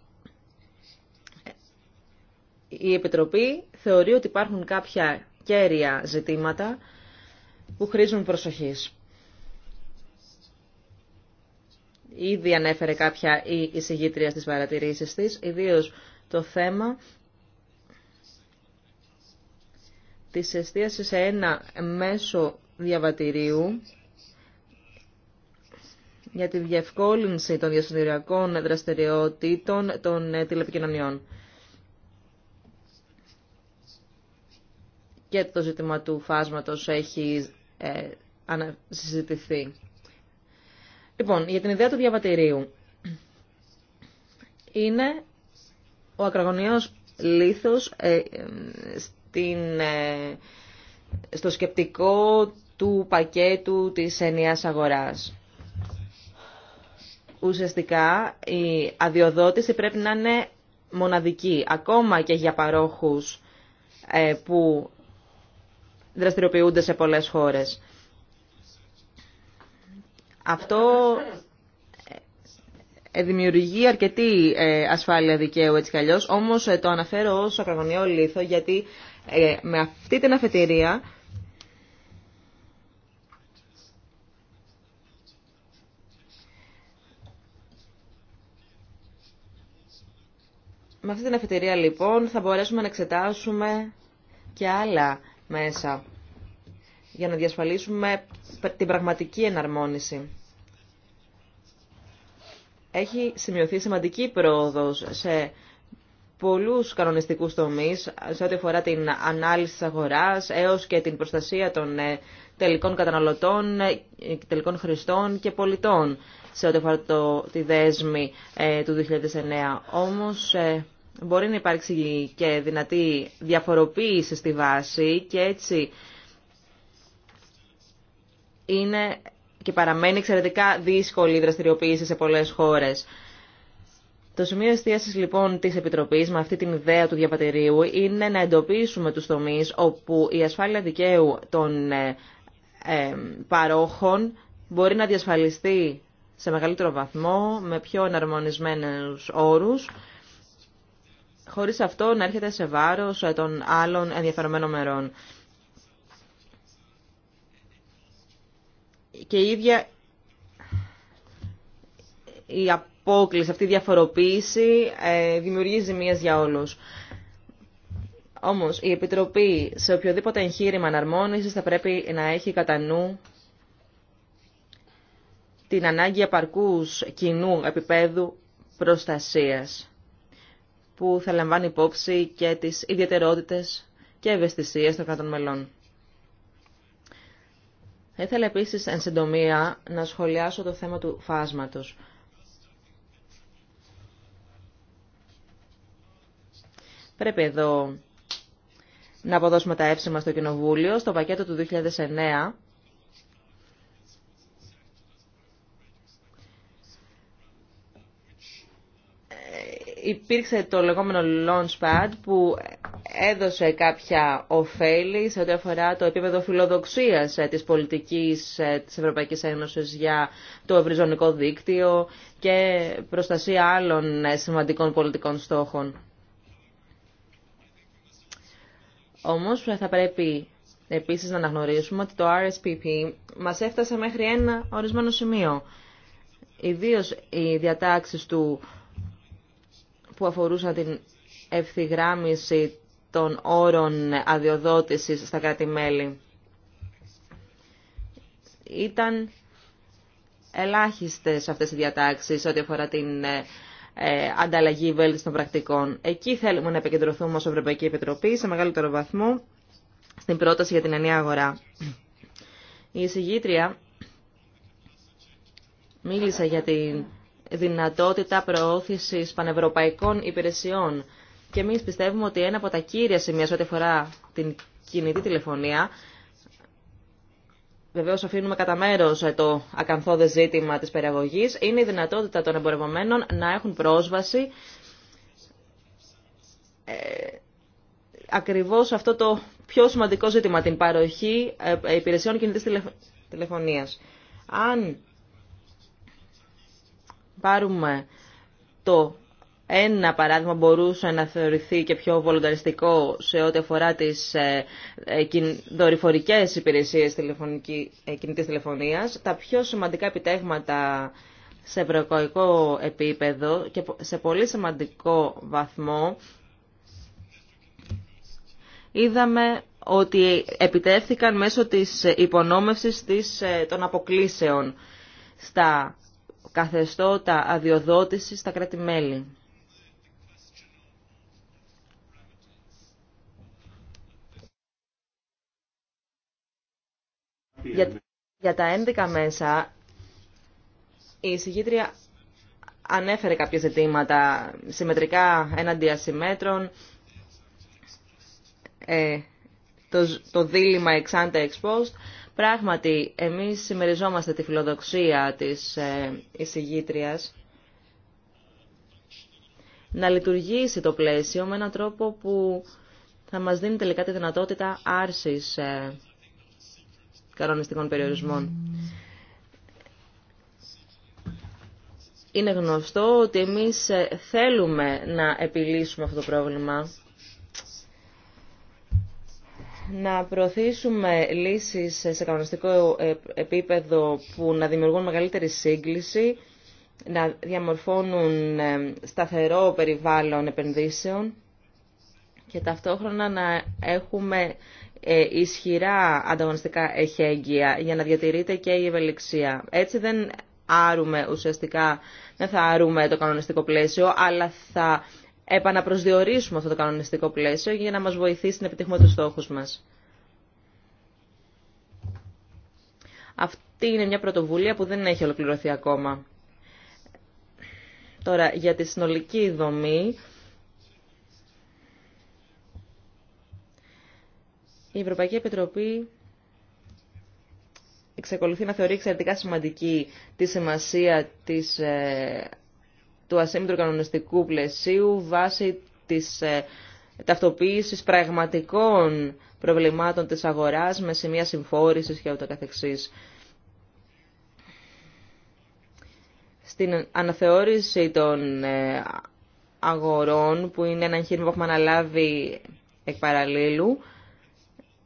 η Επιτροπή θεωρεί ότι υπάρχουν κάποια κέρια ζητήματα που χρήζουν προσοχής. Ήδη ανέφερε κάποια η εισηγήτρια στις παρατηρήσεις της, ιδίως το θέμα της εστίασης σε ένα μέσο διαβατηρίου για τη διευκόλυνση των διασυντηριακών δραστηριοτήτων των ε, τηλεπικοινωνιών. Και το ζήτημα του φάσματος έχει ε, αναζητηθεί. Λοιπόν, για την ιδέα του διαβατηρίου. Είναι ο ακρογωνιαίος λήθος ε, ε, στην, στο σκεπτικό του πακέτου της ενιαίας αγοράς. Ουσιαστικά η αδειοδότηση πρέπει να είναι μοναδική, ακόμα και για παρόχους που δραστηριοποιούνται σε πολλές χώρες. Αυτό ε, ε, δημιουργεί αρκετή ε, ασφάλεια δικαίου έτσι κι όμως το αναφέρω ως ακραγωνιό λίθο γιατί με αυτή την αφετηρία Με αυτή την αφετηρία λοιπόν θα μπορέσουμε να εξετάσουμε και άλλα μέσα για να διασφαλίσουμε την πραγματική εναρμόνιση. Έχει σημειωθεί σημαντική πρόοδος σε πολλούς κανονιστικούς τομείς σε ό,τι αφορά την ανάλυση της αγοράς έως και την προστασία των ε, τελικών καταναλωτών, ε, τελικών χρηστών και πολιτών σε ό,τι αφορά το, τη δέσμη ε, του 2009. Όμως Μπορεί να υπάρξει και δυνατή διαφοροποίηση στη βάση και έτσι είναι και παραμένει εξαιρετικά δύσκολη η δραστηριοποίηση σε πολλές χώρες. Το σημείο εστίαση λοιπόν τη Επιτροπής με αυτή την ιδέα του διαπατηρίου είναι να εντοπίσουμε του τομεί όπου η ασφάλεια δικαίου των ε, ε, παρόχων μπορεί να διασφαλιστεί σε μεγαλύτερο βαθμό με πιο εναρμονισμένους όρους χωρίς αυτό να έρχεται σε βάρος ε, των άλλων ενδιαφερομένων μερών. Και η ίδια η απόκληση, αυτή η διαφοροποίηση ε, δημιουργεί ζημίες για όλους. Όμως η Επιτροπή σε οποιοδήποτε εγχείρημα αναρμόνισης θα πρέπει να έχει κατά νου την ανάγκη επαρκούς κοινού επίπεδου προστασίας που θα λαμβάνει υπόψη και τις ιδιαιτερότητες και ευαισθησίες των κρατών μελών. Θα ήθελα επίσης εν συντομία να σχολιάσω το θέμα του φάσματος. Πρέπει εδώ να αποδώσουμε τα έψημα στο Κοινοβούλιο, στο πακέτο του 2009, υπήρξε το λεγόμενο launchpad που έδωσε κάποια ωφέλη σε ό,τι αφορά το επίπεδο φιλοδοξίας ε, της πολιτικής ε, της Ευρωπαϊκής Ένωσης για το ευρυζωνικό δίκτυο και προστασία άλλων ε, σημαντικών πολιτικών στόχων. Όμως θα πρέπει επίσης να αναγνωρίσουμε ότι το RSPP μας έφτασε μέχρι ένα ορισμένο σημείο. Ιδίως οι διατάξεις του που αφορούσαν την ευθυγράμμιση των όρων αδειοδότησης στα κράτη-μέλη. Ήταν ελάχιστες αυτές οι διατάξεις ό,τι αφορά την ε, ε, ανταλλαγή βέλτιστων πρακτικών. Εκεί θέλουμε να επικεντρωθούμε ως Ευρωπαϊκή Επιτροπή σε μεγαλύτερο βαθμό στην πρόταση για την ενιαία αγορά. Η εισηγήτρια μίλησε για την δυνατότητα προώθησης πανευρωπαϊκών υπηρεσιών. Και εμεί πιστεύουμε ότι ένα από τα κύρια σημεία σε ό,τι αφορά την κινητή τηλεφωνία, βεβαίω αφήνουμε κατά μέρο το ακαθόδε ζήτημα τη περιαγωγή, είναι η δυνατότητα των εμπορευομένων να έχουν πρόσβαση ε, ακριβώ αυτό το πιο σημαντικό ζήτημα, την παροχή ε, υπηρεσιών κινητή τηλεφωνία. Αν πάρουμε το ένα παράδειγμα μπορούσε να θεωρηθεί και πιο βολονταριστικό σε ό,τι αφορά τις ε, ε, δορυφορικές υπηρεσίες ε, κινητής τηλεφωνίας. Τα πιο σημαντικά επιτέγματα σε ευρωπαϊκό επίπεδο και σε πολύ σημαντικό βαθμό είδαμε ότι επιτέθηκαν μέσω της υπονόμευσης των αποκλήσεων στα καθεστώτα αδειοδότησης στα κράτη-μέλη. Για, για τα ένδικα μέσα, η εισηγήτρια ανέφερε κάποια ζητήματα συμμετρικά έναντι ασημέτρων, ε, το, το δίλημα εξάντα Πράγματι, εμείς συμμεριζόμαστε τη φιλοδοξία της ε, εισηγήτριας να λειτουργήσει το πλαίσιο με έναν τρόπο που θα μας δίνει τελικά τη δυνατότητα άρσης ε, κανονιστικών περιορισμών. Είναι γνωστό ότι εμείς ε, θέλουμε να επιλύσουμε αυτό το πρόβλημα να προωθήσουμε λύσεις σε κανονιστικό επίπεδο που να δημιουργούν μεγαλύτερη σύγκληση, να διαμορφώνουν ε, σταθερό περιβάλλον επενδύσεων και ταυτόχρονα να έχουμε ε, ισχυρά ανταγωνιστικά εχέγγυα για να διατηρείται και η ευελιξία. Έτσι δεν άρουμε ουσιαστικά, δεν θα άρουμε το κανονιστικό πλαίσιο, αλλά θα επαναπροσδιορίσουμε αυτό το κανονιστικό πλαίσιο για να μας βοηθήσει να επιτύχουμε τους στόχους μας. Αυτή είναι μια πρωτοβουλία που δεν έχει ολοκληρωθεί ακόμα. Τώρα, για τη συνολική δομή, η Ευρωπαϊκή Επιτροπή εξακολουθεί να θεωρεί εξαιρετικά σημαντική τη σημασία της ε, του ασύμμετρου κανονιστικού πλαισίου βάσει της ε, ταυτοποίησης πραγματικών προβλημάτων της αγοράς με σημεία συμφόρησης και ούτω καθεξής. Στην αναθεώρηση των ε, αγορών, που είναι ένα εγχείρημα που έχουμε αναλάβει εκ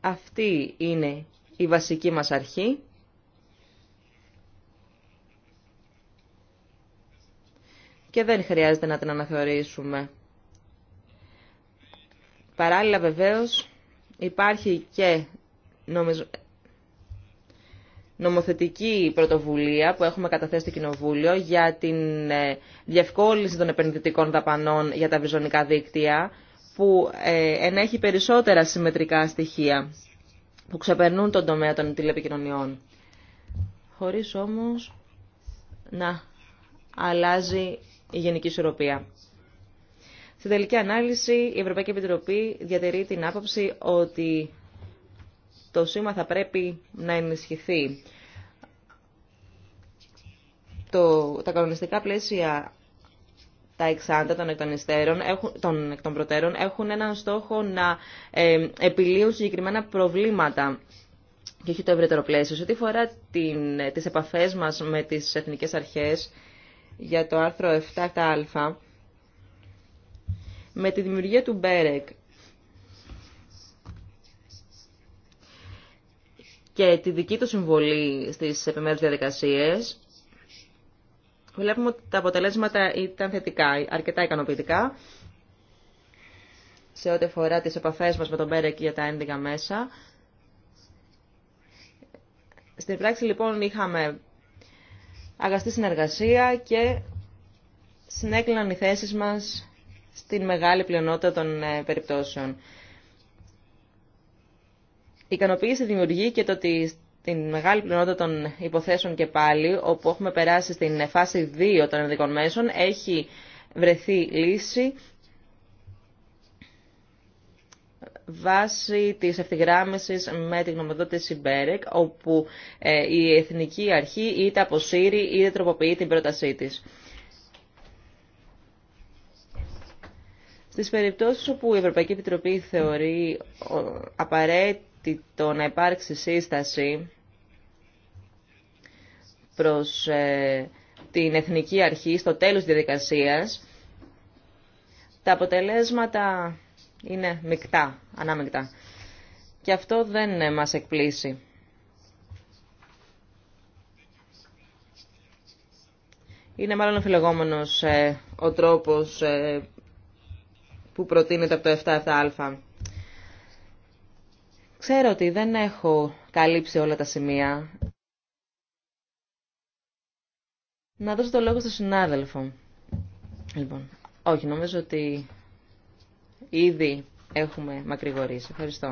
αυτή είναι η βασική μας αρχή και δεν χρειάζεται να την αναθεωρήσουμε. Παράλληλα βεβαίως υπάρχει και νομοθετική πρωτοβουλία που έχουμε καταθέσει στο Κοινοβούλιο για την ε, διευκόλυνση των επενδυτικών δαπανών για τα βιζωνικά δίκτυα που ε, ενέχει περισσότερα συμμετρικά στοιχεία που ξεπερνούν τον τομέα των τηλεπικοινωνιών. Χωρίς όμως να αλλάζει η γενική ισορροπία. Στην τελική ανάλυση, η Ευρωπαϊκή Επιτροπή διατηρεί την άποψη ότι το σήμα θα πρέπει να ενισχυθεί. Το, τα κανονιστικά πλαίσια τα εξάντα των εκ των, υστέρων, έχουν, των, εκ προτέρων έχουν έναν στόχο να ε, επιλύουν συγκεκριμένα προβλήματα και όχι το ευρύτερο πλαίσιο. Σε ό,τι φορά την, τις επαφές με τις εθνικές αρχές, για το άρθρο 7α με τη δημιουργία του Μπέρεκ και τη δική του συμβολή στις επιμέρους διαδικασίες, βλέπουμε ότι τα αποτελέσματα ήταν θετικά, αρκετά ικανοποιητικά, σε ό,τι αφορά τις επαφές μας με τον Μπέρεκ για τα ένδυγα μέσα. Στην πράξη λοιπόν είχαμε αγαστή συνεργασία και συνέκλυναν οι θέσεις μας στην μεγάλη πλειονότητα των ε, περιπτώσεων. Η ικανοποίηση δημιουργεί και το ότι στην μεγάλη πλειονότητα των υποθέσεων και πάλι, όπου έχουμε περάσει στην φάση 2 των ενδικών μέσων, έχει βρεθεί λύση βάσει της ευθυγράμμισης με την γνωμοδότηση Μπέρεκ, όπου ε, η Εθνική Αρχή είτε αποσύρει είτε τροποποιεί την πρότασή της. Στις περιπτώσεις όπου η Ευρωπαϊκή Επιτροπή θεωρεί απαραίτητο να υπάρξει σύσταση προς ε, την Εθνική Αρχή στο τέλος της διαδικασίας, τα αποτελέσματα είναι μεικτά, ανάμεικτα. Και αυτό δεν ε, μας εκπλήσει. Είναι μάλλον αφιλεγόμενος ε, ο τρόπος ε, που προτείνεται από το 7-7α. Ξέρω ότι δεν έχω καλύψει όλα τα σημεία. Να δώσω το λόγο στον συνάδελφο. Λοιπόν, όχι, νομίζω ότι Ήδη έχουμε μακρηγορήσει. Ευχαριστώ.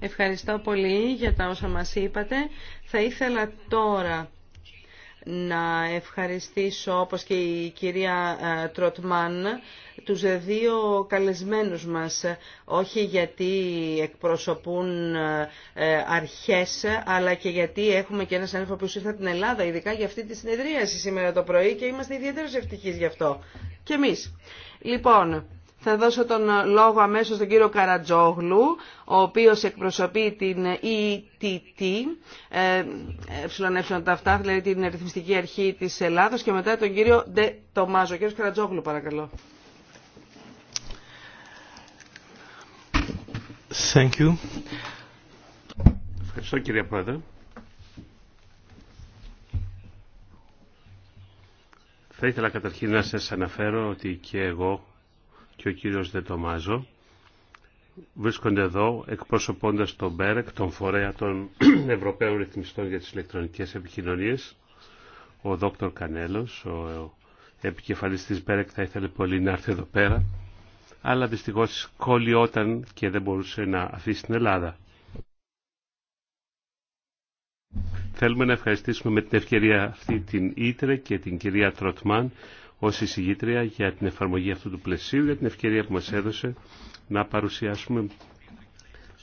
Ευχαριστώ πολύ για τα όσα μας είπατε. Θα ήθελα τώρα να ευχαριστήσω, όπως και η κυρία ε, Τροτμάν, τους δύο καλεσμένους μας, όχι γιατί εκπροσωπούν ε, αρχές, αλλά και γιατί έχουμε και ένα άνθρωπο που ήρθε την Ελλάδα, ειδικά για αυτή τη συνεδρίαση σήμερα το πρωί και είμαστε ιδιαίτερα ευτυχείς γι' αυτό. Και εμείς. Λοιπόν, θα δώσω τον λόγο αμέσως στον κύριο Καρατζόγλου, ο οποίος εκπροσωπεί την ETT, τα δηλαδή την Ρυθμιστική Αρχή της Ελλάδος, και μετά τον κύριο Ντε Τομάζο. Κύριος Καρατζόγλου, παρακαλώ. Thank you. Ευχαριστώ κύριε Πρόεδρε. Θα ήθελα καταρχήν να σας αναφέρω ότι και εγώ και ο κύριος Δετομάζο βρίσκονται εδώ εκπροσωπώντας τον ΜΠΕΡΕΚ, τον Φορέα των Ευρωπαίων Ρυθμιστών για τις ηλεκτρονικές επικοινωνίες. Ο Δόκτωρ Κανέλος, ο επικεφαλής της ΜΠΕΡΕΚ θα ήθελε πολύ να έρθει εδώ πέρα, αλλά δυστυχώς κολλιόταν και δεν μπορούσε να αφήσει την Ελλάδα. Θέλουμε να ευχαριστήσουμε με την ευκαιρία αυτή την Ήτρε και την κυρία Τροτμάν ως εισηγήτρια για την εφαρμογή αυτού του πλαισίου, για την ευκαιρία που μας έδωσε να παρουσιάσουμε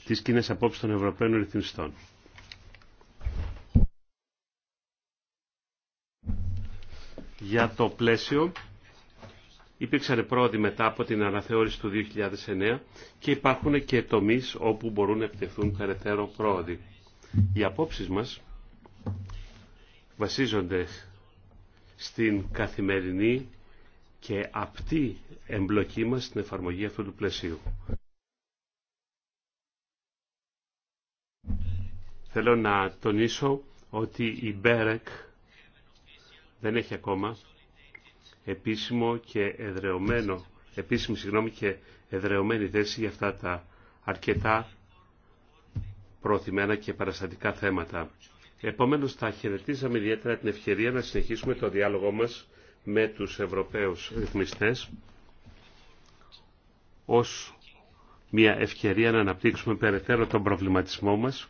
τις κοινέ απόψεις των Ευρωπαίων Ρυθμιστών. Για το πλαίσιο υπήρξαν πρόοδοι μετά από την αναθεώρηση του 2009 και υπάρχουν και τομείς όπου μπορούν να επιτευχθούν περαιτέρω πρόοδοι. Οι απόψεις μας βασίζονται στην καθημερινή και απτή εμπλοκή μας στην εφαρμογή αυτού του πλαισίου. Θέλω να τονίσω ότι η Μπέρεκ δεν έχει ακόμα επίσημο και εδρεωμένο, επίσημη συγγνώμη και εδρεωμένη θέση για αυτά τα αρκετά προωθημένα και παραστατικά θέματα. Επομένως θα χαιρετίζαμε ιδιαίτερα την ευκαιρία να συνεχίσουμε το διάλογο μας με τους Ευρωπαίους ρυθμιστές ως μια ευκαιρία να αναπτύξουμε περαιτέρω τον προβληματισμό μας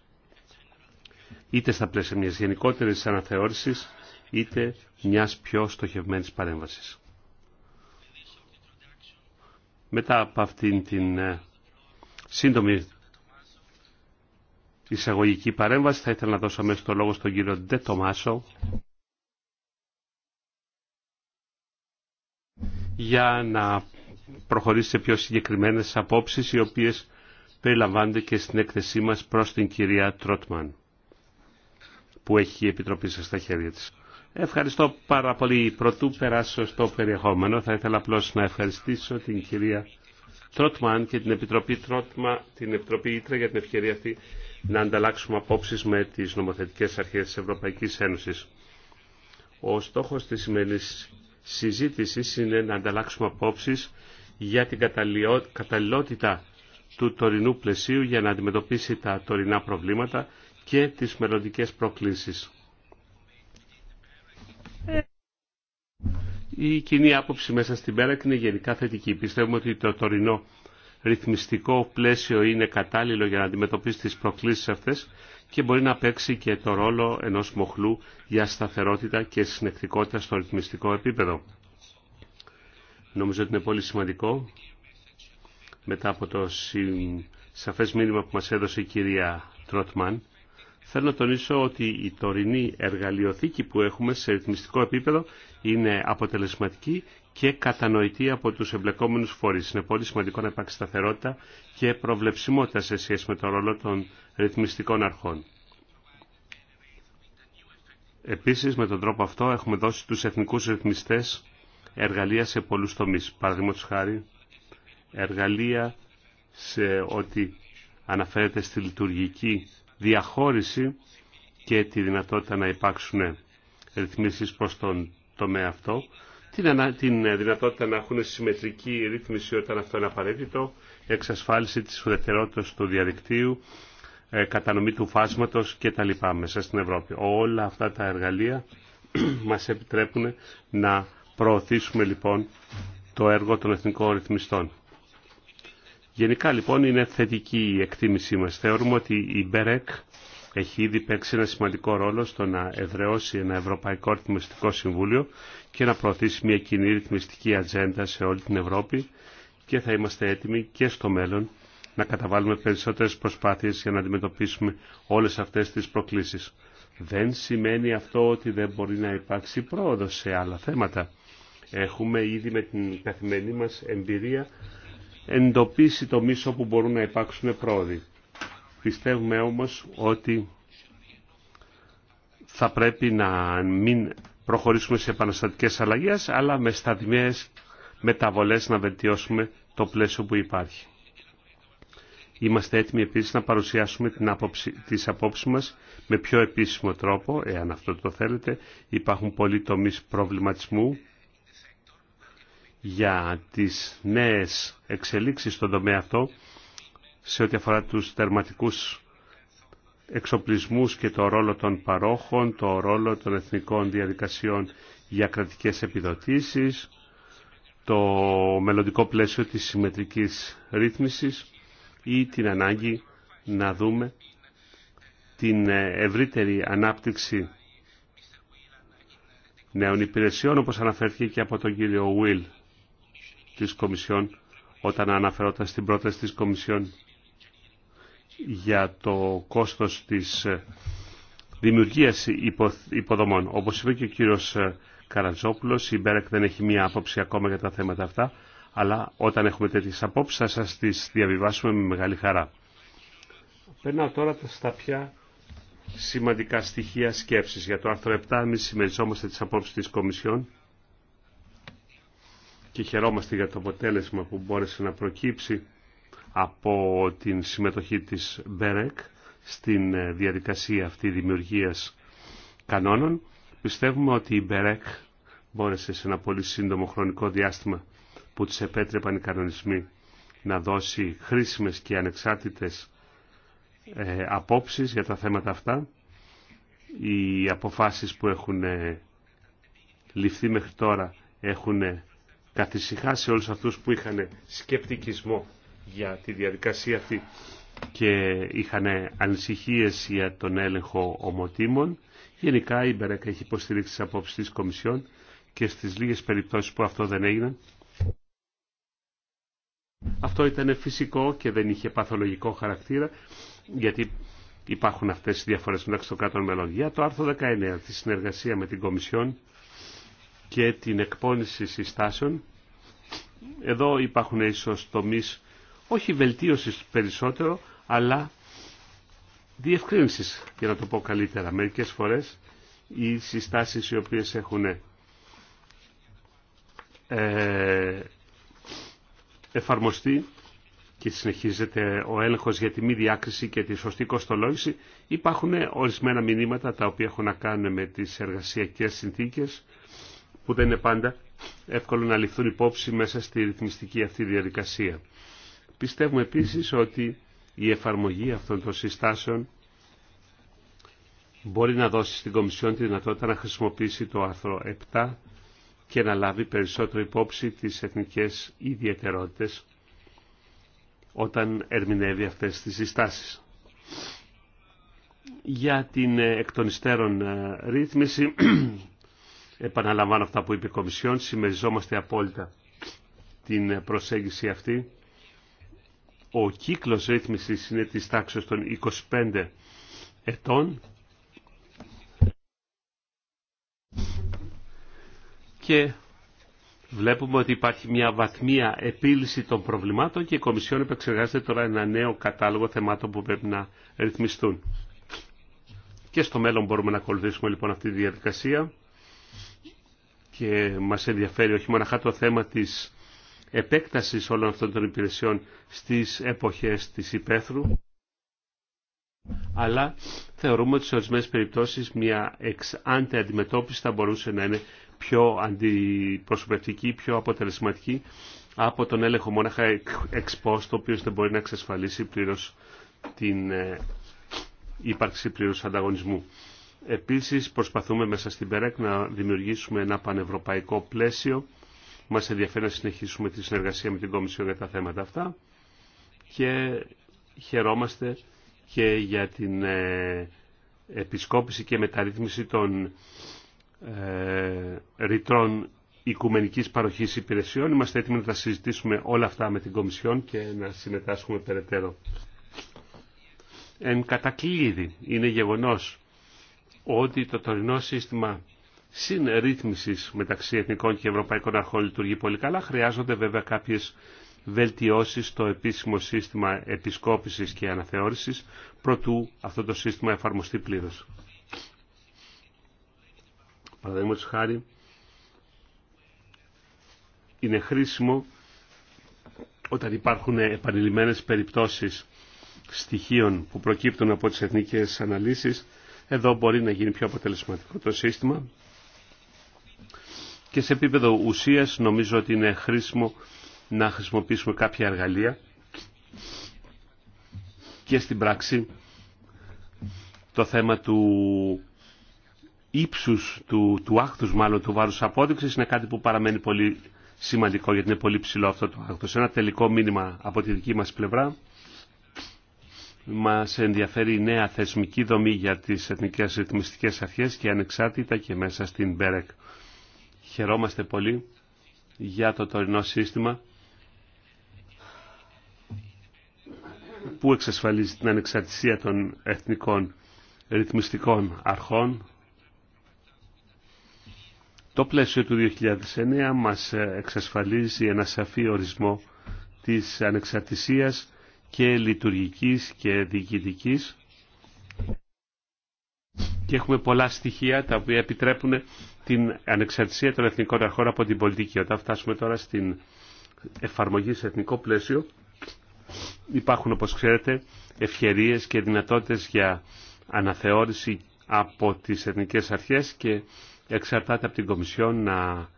είτε στα πλαίσια μιας γενικότερης αναθεώρησης είτε μιας πιο στοχευμένης παρέμβασης. Μετά από αυτήν την ε, σύντομη εισαγωγική παρέμβαση. Θα ήθελα να δώσω αμέσως το λόγο στον κύριο Ντε Τομάσο για να προχωρήσει σε πιο συγκεκριμένες απόψεις οι οποίες περιλαμβάνονται και στην έκθεσή μας προς την κυρία Τρότμαν που έχει η Επιτροπή σας στα χέρια της. Ευχαριστώ πάρα πολύ. Πρωτού περάσω στο περιεχόμενο, θα ήθελα απλώ να ευχαριστήσω την κυρία Τρότμαν και την Επιτροπή Τρότμα, την Επιτροπή Ήτρα για την ευκαιρία αυτή να ανταλλάξουμε απόψεις με τις νομοθετικές αρχές της Ευρωπαϊκής Ένωσης. Ο στόχος της σημερινής συζήτησης είναι να ανταλλάξουμε απόψεις για την καταλληλότητα του τωρινού πλαισίου για να αντιμετωπίσει τα τωρινά προβλήματα και τις μελλοντικέ προκλήσεις. Η κοινή άποψη μέσα στην ΠΕΡΑΚ είναι γενικά θετική. Πιστεύουμε ότι το τωρινό ρυθμιστικό πλαίσιο είναι κατάλληλο για να αντιμετωπίσει τις προκλήσεις αυτές και μπορεί να παίξει και το ρόλο ενός μοχλού για σταθερότητα και συνεκτικότητα στο ρυθμιστικό επίπεδο. Νομίζω ότι είναι πολύ σημαντικό μετά από το σαφές μήνυμα που μας έδωσε η κυρία Τρότμαν Θέλω να τονίσω ότι η τωρινή εργαλειοθήκη που έχουμε σε ρυθμιστικό επίπεδο είναι αποτελεσματική και κατανοητή από τους εμπλεκόμενους φορείς. Είναι πολύ σημαντικό να υπάρξει σταθερότητα και προβλεψιμότητα σε σχέση με τον ρόλο των ρυθμιστικών αρχών. Επίσης, με τον τρόπο αυτό έχουμε δώσει τους εθνικούς ρυθμιστές εργαλεία σε πολλούς τομείς. Παραδείγματος χάρη, εργαλεία σε ό,τι αναφέρεται στη λειτουργική διαχώρηση και τη δυνατότητα να υπάρξουν ρυθμίσεις προς τον τομέα αυτό, την, την δυνατότητα να έχουν συμμετρική ρύθμιση όταν αυτό είναι απαραίτητο, εξασφάλιση της ουδετερότητας του διαδικτύου, ε, κατανομή του φάσματος και τα λοιπά μέσα στην Ευρώπη. Όλα αυτά τα εργαλεία μας επιτρέπουν να προωθήσουμε λοιπόν το έργο των εθνικών ρυθμιστών. Γενικά λοιπόν είναι θετική η εκτίμησή μας. Θεωρούμε ότι η Μπερέκ έχει ήδη παίξει ένα σημαντικό ρόλο στο να εδραιώσει ένα Ευρωπαϊκό Ρυθμιστικό Συμβούλιο και να προωθήσει μια κοινή ρυθμιστική ατζέντα σε όλη την Ευρώπη και θα είμαστε έτοιμοι και στο μέλλον να καταβάλουμε περισσότερες προσπάθειες για να αντιμετωπίσουμε όλες αυτές τις προκλήσεις. Δεν σημαίνει αυτό ότι δεν μπορεί να υπάρξει πρόοδο σε άλλα θέματα. Έχουμε ήδη με την καθημερινή μας εμπειρία εντοπίσει το μίσο που μπορούν να υπάρξουν πρόοδοι. Πιστεύουμε όμως ότι θα πρέπει να μην προχωρήσουμε σε επαναστατικές αλλαγές, αλλά με σταθμιές μεταβολές να βελτιώσουμε το πλαίσιο που υπάρχει. Είμαστε έτοιμοι επίσης να παρουσιάσουμε την άποψη, τις απόψεις μας με πιο επίσημο τρόπο, εάν αυτό το θέλετε. Υπάρχουν πολλοί τομείς προβληματισμού για τις νέες εξελίξεις στον τομέα αυτό σε ό,τι αφορά τους τερματικούς εξοπλισμούς και το ρόλο των παρόχων, το ρόλο των εθνικών διαδικασιών για κρατικές επιδοτήσεις, το μελλοντικό πλαίσιο της συμμετρικής ρύθμισης ή την ανάγκη να δούμε την ευρύτερη ανάπτυξη νέων υπηρεσιών, όπως αναφέρθηκε και από τον κύριο Will της Κομισιόν όταν αναφερόταν στην πρόταση της Κομισιόν για το κόστος της ε, δημιουργίας υποδομών. Όπως είπε και ο κύριος ε, Καρατζόπουλος, η Μπέρεκ δεν έχει μία άποψη ακόμα για τα θέματα αυτά, αλλά όταν έχουμε τέτοιες απόψεις θα σας τις διαβιβάσουμε με μεγάλη χαρά. Περνάω τώρα στα πια σημαντικά στοιχεία σκέψης. Για το άρθρο 7 εμείς συμμεριζόμαστε τις απόψεις της Κομισιόν και χαιρόμαστε για το αποτέλεσμα που μπόρεσε να προκύψει από την συμμετοχή της Μπέρεκ στην ε, διαδικασία αυτή δημιουργίας κανόνων. Πιστεύουμε ότι η Μπέρεκ μπόρεσε σε ένα πολύ σύντομο χρονικό διάστημα που της επέτρεπαν οι κανονισμοί να δώσει χρήσιμες και ανεξάρτητες ε, απόψεις για τα θέματα αυτά. Οι αποφάσεις που έχουν ε, ληφθεί μέχρι τώρα έχουν ε, σε όλους αυτούς που είχαν σκεπτικισμό για τη διαδικασία αυτή και είχαν ανησυχίες για τον έλεγχο ομοτήμων. Γενικά η Μπερέκα έχει υποστηρίξει τις απόψεις της Κομισιόν και στις λίγες περιπτώσεις που αυτό δεν έγινε. Αυτό ήταν φυσικό και δεν είχε παθολογικό χαρακτήρα γιατί υπάρχουν αυτές οι διαφορές μεταξύ των κρατών μελών. Για το άρθρο 19, τη συνεργασία με την Κομισιόν και την εκπόνηση συστάσεων, εδώ υπάρχουν ίσως τομείς όχι βελτίωσης περισσότερο, αλλά διευκρίνησης, για να το πω καλύτερα. Μερικές φορές οι συστάσεις οι οποίες έχουν ε, εφαρμοστεί και συνεχίζεται ο έλεγχος για τη μη διάκριση και τη σωστή κοστολόγηση, υπάρχουν ορισμένα μηνύματα τα οποία έχουν να κάνουν με τις εργασιακές συνθήκες που δεν είναι πάντα εύκολο να ληφθούν υπόψη μέσα στη ρυθμιστική αυτή διαδικασία. Πιστεύουμε επίσης ότι η εφαρμογή αυτών των συστάσεων μπορεί να δώσει στην Κομισιόν τη δυνατότητα να χρησιμοποιήσει το άρθρο 7 και να λάβει περισσότερο υπόψη τις εθνικές ιδιαιτερότητες όταν ερμηνεύει αυτές τις συστάσεις. Για την ε, εκ των ε, ρύθμιση Επαναλαμβάνω αυτά που είπε η Κομισιόν, συμμεριζόμαστε απόλυτα την προσέγγιση αυτή. Ο κύκλος ρύθμισης είναι της τάξης των 25 ετών και βλέπουμε ότι υπάρχει μια βαθμία επίλυση των προβλημάτων και η Κομισιόν επεξεργάζεται τώρα ένα νέο κατάλογο θεμάτων που πρέπει να ρυθμιστούν. Και στο μέλλον μπορούμε να ακολουθήσουμε λοιπόν αυτή τη διαδικασία και μας ενδιαφέρει όχι μόνο το θέμα της επέκτασης όλων αυτών των υπηρεσιών στις εποχές της υπαίθρου, αλλά θεωρούμε ότι σε ορισμένες περιπτώσεις μια άντε αντιμετώπιση θα μπορούσε να είναι πιο αντιπροσωπευτική, πιο αποτελεσματική από τον έλεγχο μόναχα εξ το οποίο δεν μπορεί να εξασφαλίσει πλήρως την ε, ύπαρξη πλήρους ανταγωνισμού. Επίσης προσπαθούμε μέσα στην ΠΕΡΕΚ να δημιουργήσουμε ένα πανευρωπαϊκό πλαίσιο. Μας ενδιαφέρει να συνεχίσουμε τη συνεργασία με την Κομισιόν για τα θέματα αυτά και χαιρόμαστε και για την ε, επισκόπηση και μεταρρύθμιση των ε, ρητρών οικουμενικής παροχής υπηρεσιών. Είμαστε έτοιμοι να τα συζητήσουμε όλα αυτά με την Κομισιόν και να συμμετάσχουμε περαιτέρω. Εν κατακλείδη είναι γεγονός ότι το τωρινό σύστημα συνρύθμισης μεταξύ εθνικών και ευρωπαϊκών αρχών λειτουργεί πολύ καλά. Χρειάζονται βέβαια κάποιες βελτιώσεις στο επίσημο σύστημα επισκόπησης και αναθεώρησης προτού αυτό το σύστημα εφαρμοστεί πλήρως. Παραδείγματος χάρη, είναι χρήσιμο όταν υπάρχουν επανειλημμένες περιπτώσεις στοιχείων που προκύπτουν από τις εθνικές αναλύσεις εδώ μπορεί να γίνει πιο αποτελεσματικό το σύστημα και σε επίπεδο ουσίας νομίζω ότι είναι χρήσιμο να χρησιμοποιήσουμε κάποια εργαλεία και στην πράξη το θέμα του ύψους, του, του άκτους μάλλον, του βάρους απόδειξης είναι κάτι που παραμένει πολύ σημαντικό γιατί είναι πολύ ψηλό αυτό το άκτος. Ένα τελικό μήνυμα από τη δική μας πλευρά μας ενδιαφέρει η νέα θεσμική δομή για τις εθνικές ρυθμιστικές αρχές και ανεξάρτητα και μέσα στην ΜΠΕΡΕΚ. Χαιρόμαστε πολύ για το τωρινό σύστημα που εξασφαλίζει την ανεξαρτησία των εθνικών ρυθμιστικών αρχών. Το πλαίσιο του 2009 μας εξασφαλίζει ένα σαφή ορισμό της ανεξαρτησίας και λειτουργικής και διοικητικής και έχουμε πολλά στοιχεία τα οποία επιτρέπουν την ανεξαρτησία των εθνικών αρχών από την πολιτική. Όταν φτάσουμε τώρα στην εφαρμογή σε εθνικό πλαίσιο υπάρχουν όπως ξέρετε ευκαιρίες και δυνατότητες για αναθεώρηση από τις εθνικές αρχές και εξαρτάται από την Κομισιόν να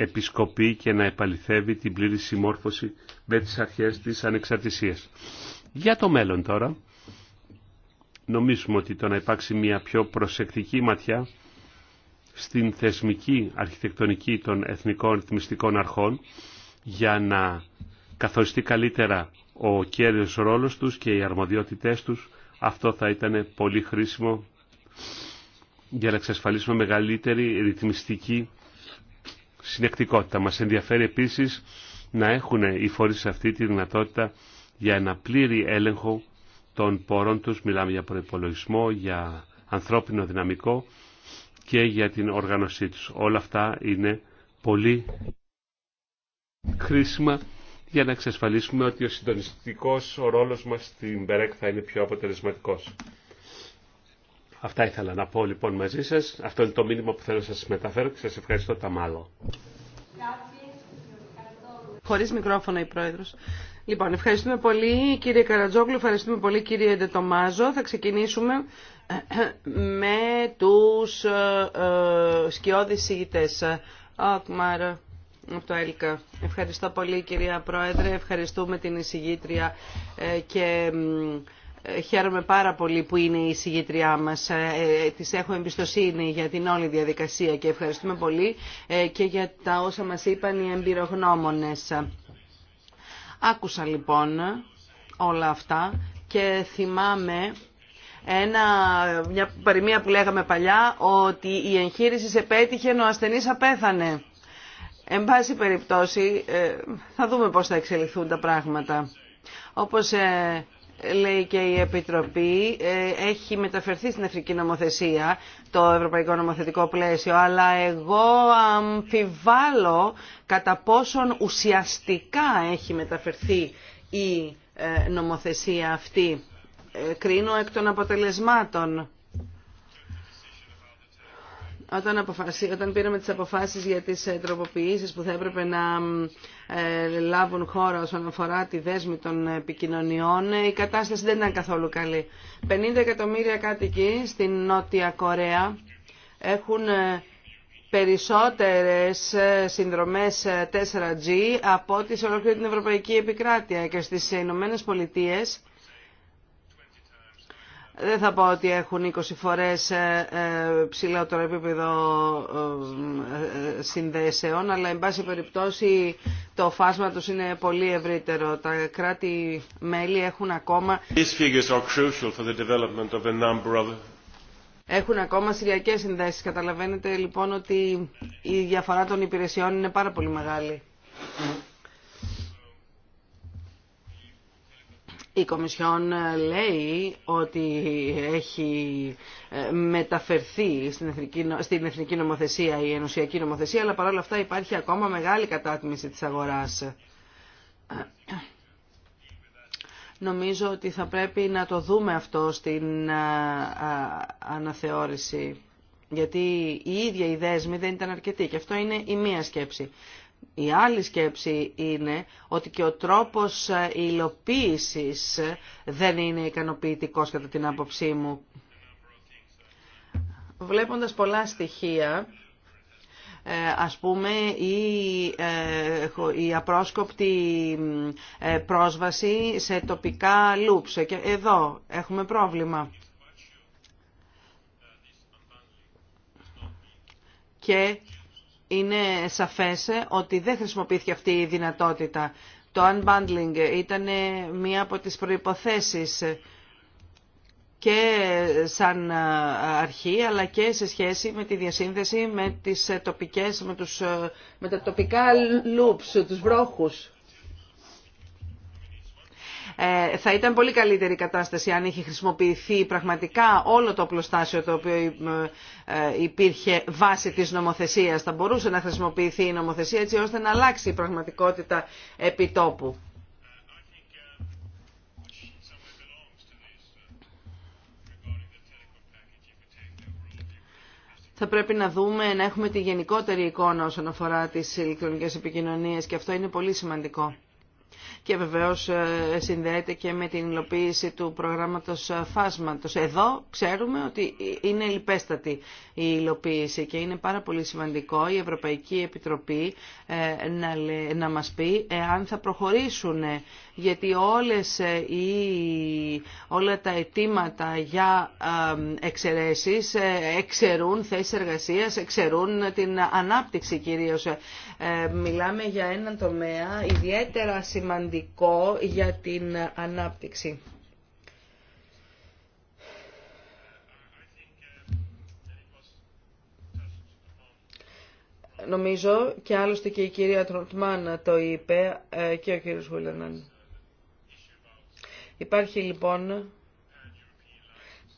επισκοπεί και να επαληθεύει την πλήρη συμμόρφωση με τις αρχές της ανεξαρτησίας. Για το μέλλον τώρα, νομίζουμε ότι το να υπάρξει μια πιο προσεκτική ματιά στην θεσμική αρχιτεκτονική των εθνικών ρυθμιστικών αρχών για να καθοριστεί καλύτερα ο κέριος ρόλος τους και οι αρμοδιότητές τους. Αυτό θα ήταν πολύ χρήσιμο για να εξασφαλίσουμε μεγαλύτερη ρυθμιστική συνεκτικότητα. Μας ενδιαφέρει επίσης να έχουν οι φορείς αυτή τη δυνατότητα για ένα πλήρη έλεγχο των πόρων τους. Μιλάμε για προπολογισμό, για ανθρώπινο δυναμικό και για την οργάνωσή τους. Όλα αυτά είναι πολύ χρήσιμα για να εξασφαλίσουμε ότι ο συντονιστικός ο ρόλος μας στην ΜΠΕΡΕΚ θα είναι πιο αποτελεσματικός. Αυτά ήθελα να πω λοιπόν μαζί σα. Αυτό είναι το μήνυμα που θέλω να σα μεταφέρω και σα ευχαριστώ τα μάλλον. Χωρί μικρόφωνο η πρόεδρο. Λοιπόν, ευχαριστούμε πολύ κύριε Καρατζόγλου, ευχαριστούμε πολύ κύριε Ντετομάζο. Θα ξεκινήσουμε με του ε, ε, ε, ε από το ΕΛΚΑ. Ευχαριστώ πολύ κυρία Πρόεδρε, ευχαριστούμε την εισηγήτρια ε, και... Ε, χαίρομαι πάρα πολύ που είναι η συγγετριά μας. Ε, ε, της έχω εμπιστοσύνη για την όλη διαδικασία και ευχαριστούμε πολύ και για τα όσα μας είπαν οι εμπειρογνώμονες. Άκουσα λοιπόν όλα αυτά και θυμάμαι ένα, μια παροιμία που λέγαμε παλιά ότι η εγχείρηση σε πέτυχε ενώ ο ασθενής απέθανε. Εν πάση περιπτώσει θα δούμε πώς θα εξελιχθούν τα πράγματα. Όπως λέει και η Επιτροπή, ε, έχει μεταφερθεί στην Εθνική Νομοθεσία το Ευρωπαϊκό Νομοθετικό Πλαίσιο, αλλά εγώ αμφιβάλλω κατά πόσον ουσιαστικά έχει μεταφερθεί η ε, νομοθεσία αυτή. Ε, κρίνω εκ των αποτελεσμάτων. Όταν, αποφασί, όταν πήραμε τις αποφάσεις για τις ε, τροποποιήσεις που θα έπρεπε να ε, λάβουν χώρα όσον αφορά τη δέσμη των επικοινωνιών, η κατάσταση δεν ήταν καθόλου καλή. 50 εκατομμύρια κάτοικοι στην Νότια Κορέα έχουν ε, περισσότερες συνδρομές 4G από ό,τι σε ολόκληρη την Ευρωπαϊκή Επικράτεια και στις Ηνωμένε Πολιτείες δεν θα πω ότι έχουν 20 φορές ε, ε, ψηλότερο επίπεδο ε, συνδέσεων, αλλά εν πάση περιπτώσει το φάσμα τους είναι πολύ ευρύτερο. Τα κράτη-μέλη έχουν ακόμα... Έχουν ακόμα συνδέσεις. Καταλαβαίνετε λοιπόν ότι η διαφορά των υπηρεσιών είναι πάρα πολύ μεγάλη. Η Κομισιόν ε, λέει ότι έχει ε, μεταφερθεί στην εθνική, στην εθνική νομοθεσία η ενωσιακή νομοθεσία, αλλά παρόλα αυτά υπάρχει ακόμα μεγάλη κατάτμιση της αγοράς. Νομίζω ότι θα πρέπει να το δούμε αυτό στην ε, αναθεώρηση, γιατί η ίδια η δέσμη δεν ήταν αρκετή και αυτό είναι η μία σκέψη. Η άλλη σκέψη είναι ότι και ο τρόπος ε, υλοποίησης δεν είναι ικανοποιητικός κατά την άποψή μου. Βλέποντας πολλά στοιχεία, ε, ας πούμε η ε, απρόσκοπτη πρόσβαση σε τοπικά loops. Και εδώ έχουμε πρόβλημα. Και είναι σαφές ε, ότι δεν χρησιμοποιήθηκε αυτή η δυνατότητα. Το unbundling ήταν μία από τις προϋποθέσεις και σαν αρχή αλλά και σε σχέση με τη διασύνδεση με, τις τοπικές, με, τους, ε, με τα τοπικά loops, τους βρόχους. Ε, θα ήταν πολύ καλύτερη η κατάσταση αν είχε χρησιμοποιηθεί πραγματικά όλο το οπλοστάσιο το οποίο ε, ε, υπήρχε βάση της νομοθεσίας. Θα μπορούσε να χρησιμοποιηθεί η νομοθεσία έτσι ώστε να αλλάξει η πραγματικότητα επιτόπου. θα πρέπει να δούμε, να έχουμε τη γενικότερη εικόνα όσον αφορά τις ηλεκτρονικές επικοινωνίες και αυτό είναι πολύ σημαντικό και βεβαίως ε, συνδέεται και με την υλοποίηση του προγράμματος ε, φάσματος. Εδώ ξέρουμε ότι είναι λιπέστατη η υλοποίηση και είναι πάρα πολύ σημαντικό η Ευρωπαϊκή Επιτροπή ε, να μας πει εάν θα προχωρήσουν γιατί όλες ε, οι, όλα τα αιτήματα για ε, εξαιρέσεις ε, εξαιρούν θέσεις εργασίας, εξαιρούν την ανάπτυξη κυρίως. Μιλάμε για έναν τομέα ιδιαίτερα σημαντικό για την ανάπτυξη. Νομίζω και άλλωστε και η κυρία Τροντμάν το είπε και ο κύριος Γουλενάνης. Υπάρχει λοιπόν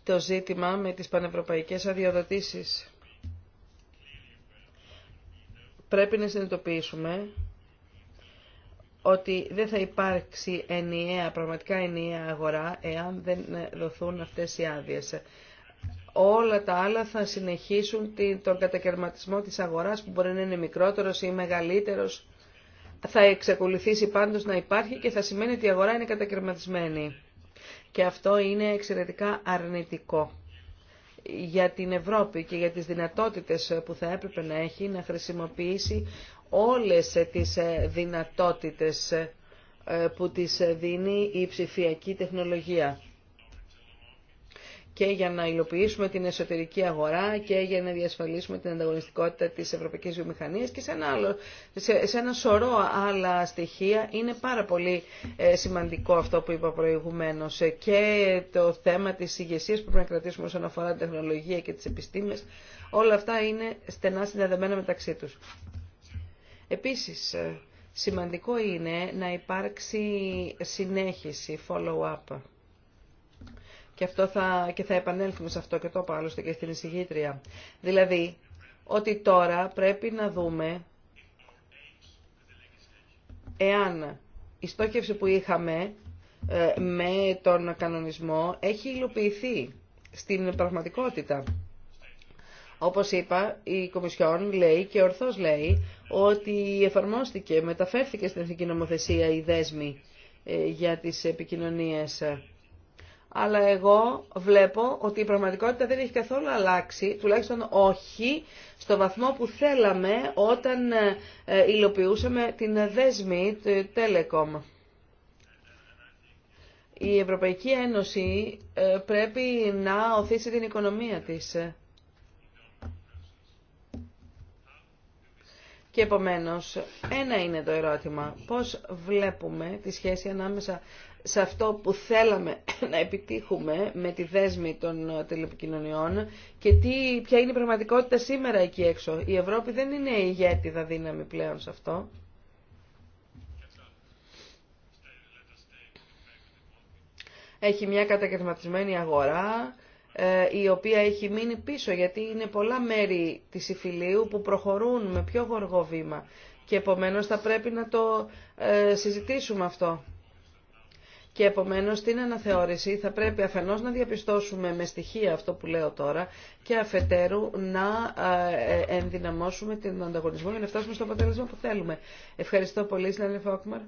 το ζήτημα με τις πανευρωπαϊκές αδειοδοτήσεις. Πρέπει να συνειδητοποιήσουμε ότι δεν θα υπάρξει ενιαία, πραγματικά ενιαία αγορά εάν δεν δοθούν αυτές οι άδειες. Όλα τα άλλα θα συνεχίσουν τον κατακαιρματισμό της αγοράς που μπορεί να είναι μικρότερος ή μεγαλύτερος θα εξακολουθήσει πάντως να υπάρχει και θα σημαίνει ότι η αγορά είναι κατακαιρματισμένη. Και αυτό είναι εξαιρετικά αρνητικό για την Ευρώπη και για τις δυνατότητες που θα έπρεπε να έχει να χρησιμοποιήσει όλες τις δυνατότητες που της δίνει η ψηφιακή τεχνολογία και για να υλοποιήσουμε την εσωτερική αγορά και για να διασφαλίσουμε την ανταγωνιστικότητα της ευρωπαϊκής βιομηχανίας και σε ένα, άλλο, σε, σε ένα σωρό άλλα στοιχεία είναι πάρα πολύ ε, σημαντικό αυτό που είπα προηγουμένως ε, και το θέμα της ηγεσία που πρέπει να κρατήσουμε όσον αφορά την τεχνολογία και τις επιστήμες όλα αυτά είναι στενά συνδεδεμένα μεταξύ τους. Επίσης, ε, σημαντικό είναι να υπάρξει συνέχιση, follow-up και, αυτό θα, και θα επανέλθουμε σε αυτό και το είπα άλλωστε και στην εισηγήτρια. Δηλαδή, ότι τώρα πρέπει να δούμε εάν η στόχευση που είχαμε ε, με τον κανονισμό έχει υλοποιηθεί στην πραγματικότητα. Όπως είπα, η Κομισιόν λέει και ορθώς λέει ότι εφαρμόστηκε, μεταφέρθηκε στην Εθνική Νομοθεσία η δέσμη ε, για τις επικοινωνίες αλλά εγώ βλέπω ότι η πραγματικότητα δεν έχει καθόλου αλλάξει, τουλάχιστον όχι στο βαθμό που θέλαμε όταν ε, ε, υλοποιούσαμε την δέσμη Telecom. Η Ευρωπαϊκή Ένωση ε, πρέπει να οθήσει την οικονομία της. Και επομένως, ένα είναι το ερώτημα. Πώς βλέπουμε τη σχέση ανάμεσα σε αυτό που θέλαμε να επιτύχουμε με τη δέσμη των ε, τηλεπικοινωνιών και τι, ποια είναι η πραγματικότητα σήμερα εκεί έξω. Η Ευρώπη δεν είναι ηγέτιδα δύναμη πλέον σε αυτό. Έχει μια κατακαιρματισμένη αγορά, ε, η οποία έχει μείνει πίσω, γιατί είναι πολλά μέρη της υφηλίου που προχωρούν με πιο γοργό βήμα. Και επομένως θα πρέπει να το ε, συζητήσουμε αυτό. Και επομένως στην αναθεώρηση θα πρέπει αφενός να διαπιστώσουμε με στοιχεία αυτό που λέω τώρα και αφετέρου να ε, ε, ενδυναμώσουμε την ανταγωνισμό για να φτάσουμε στο αποτέλεσμα που θέλουμε. Ευχαριστώ πολύ, συνάδελφο Φόκμαρ.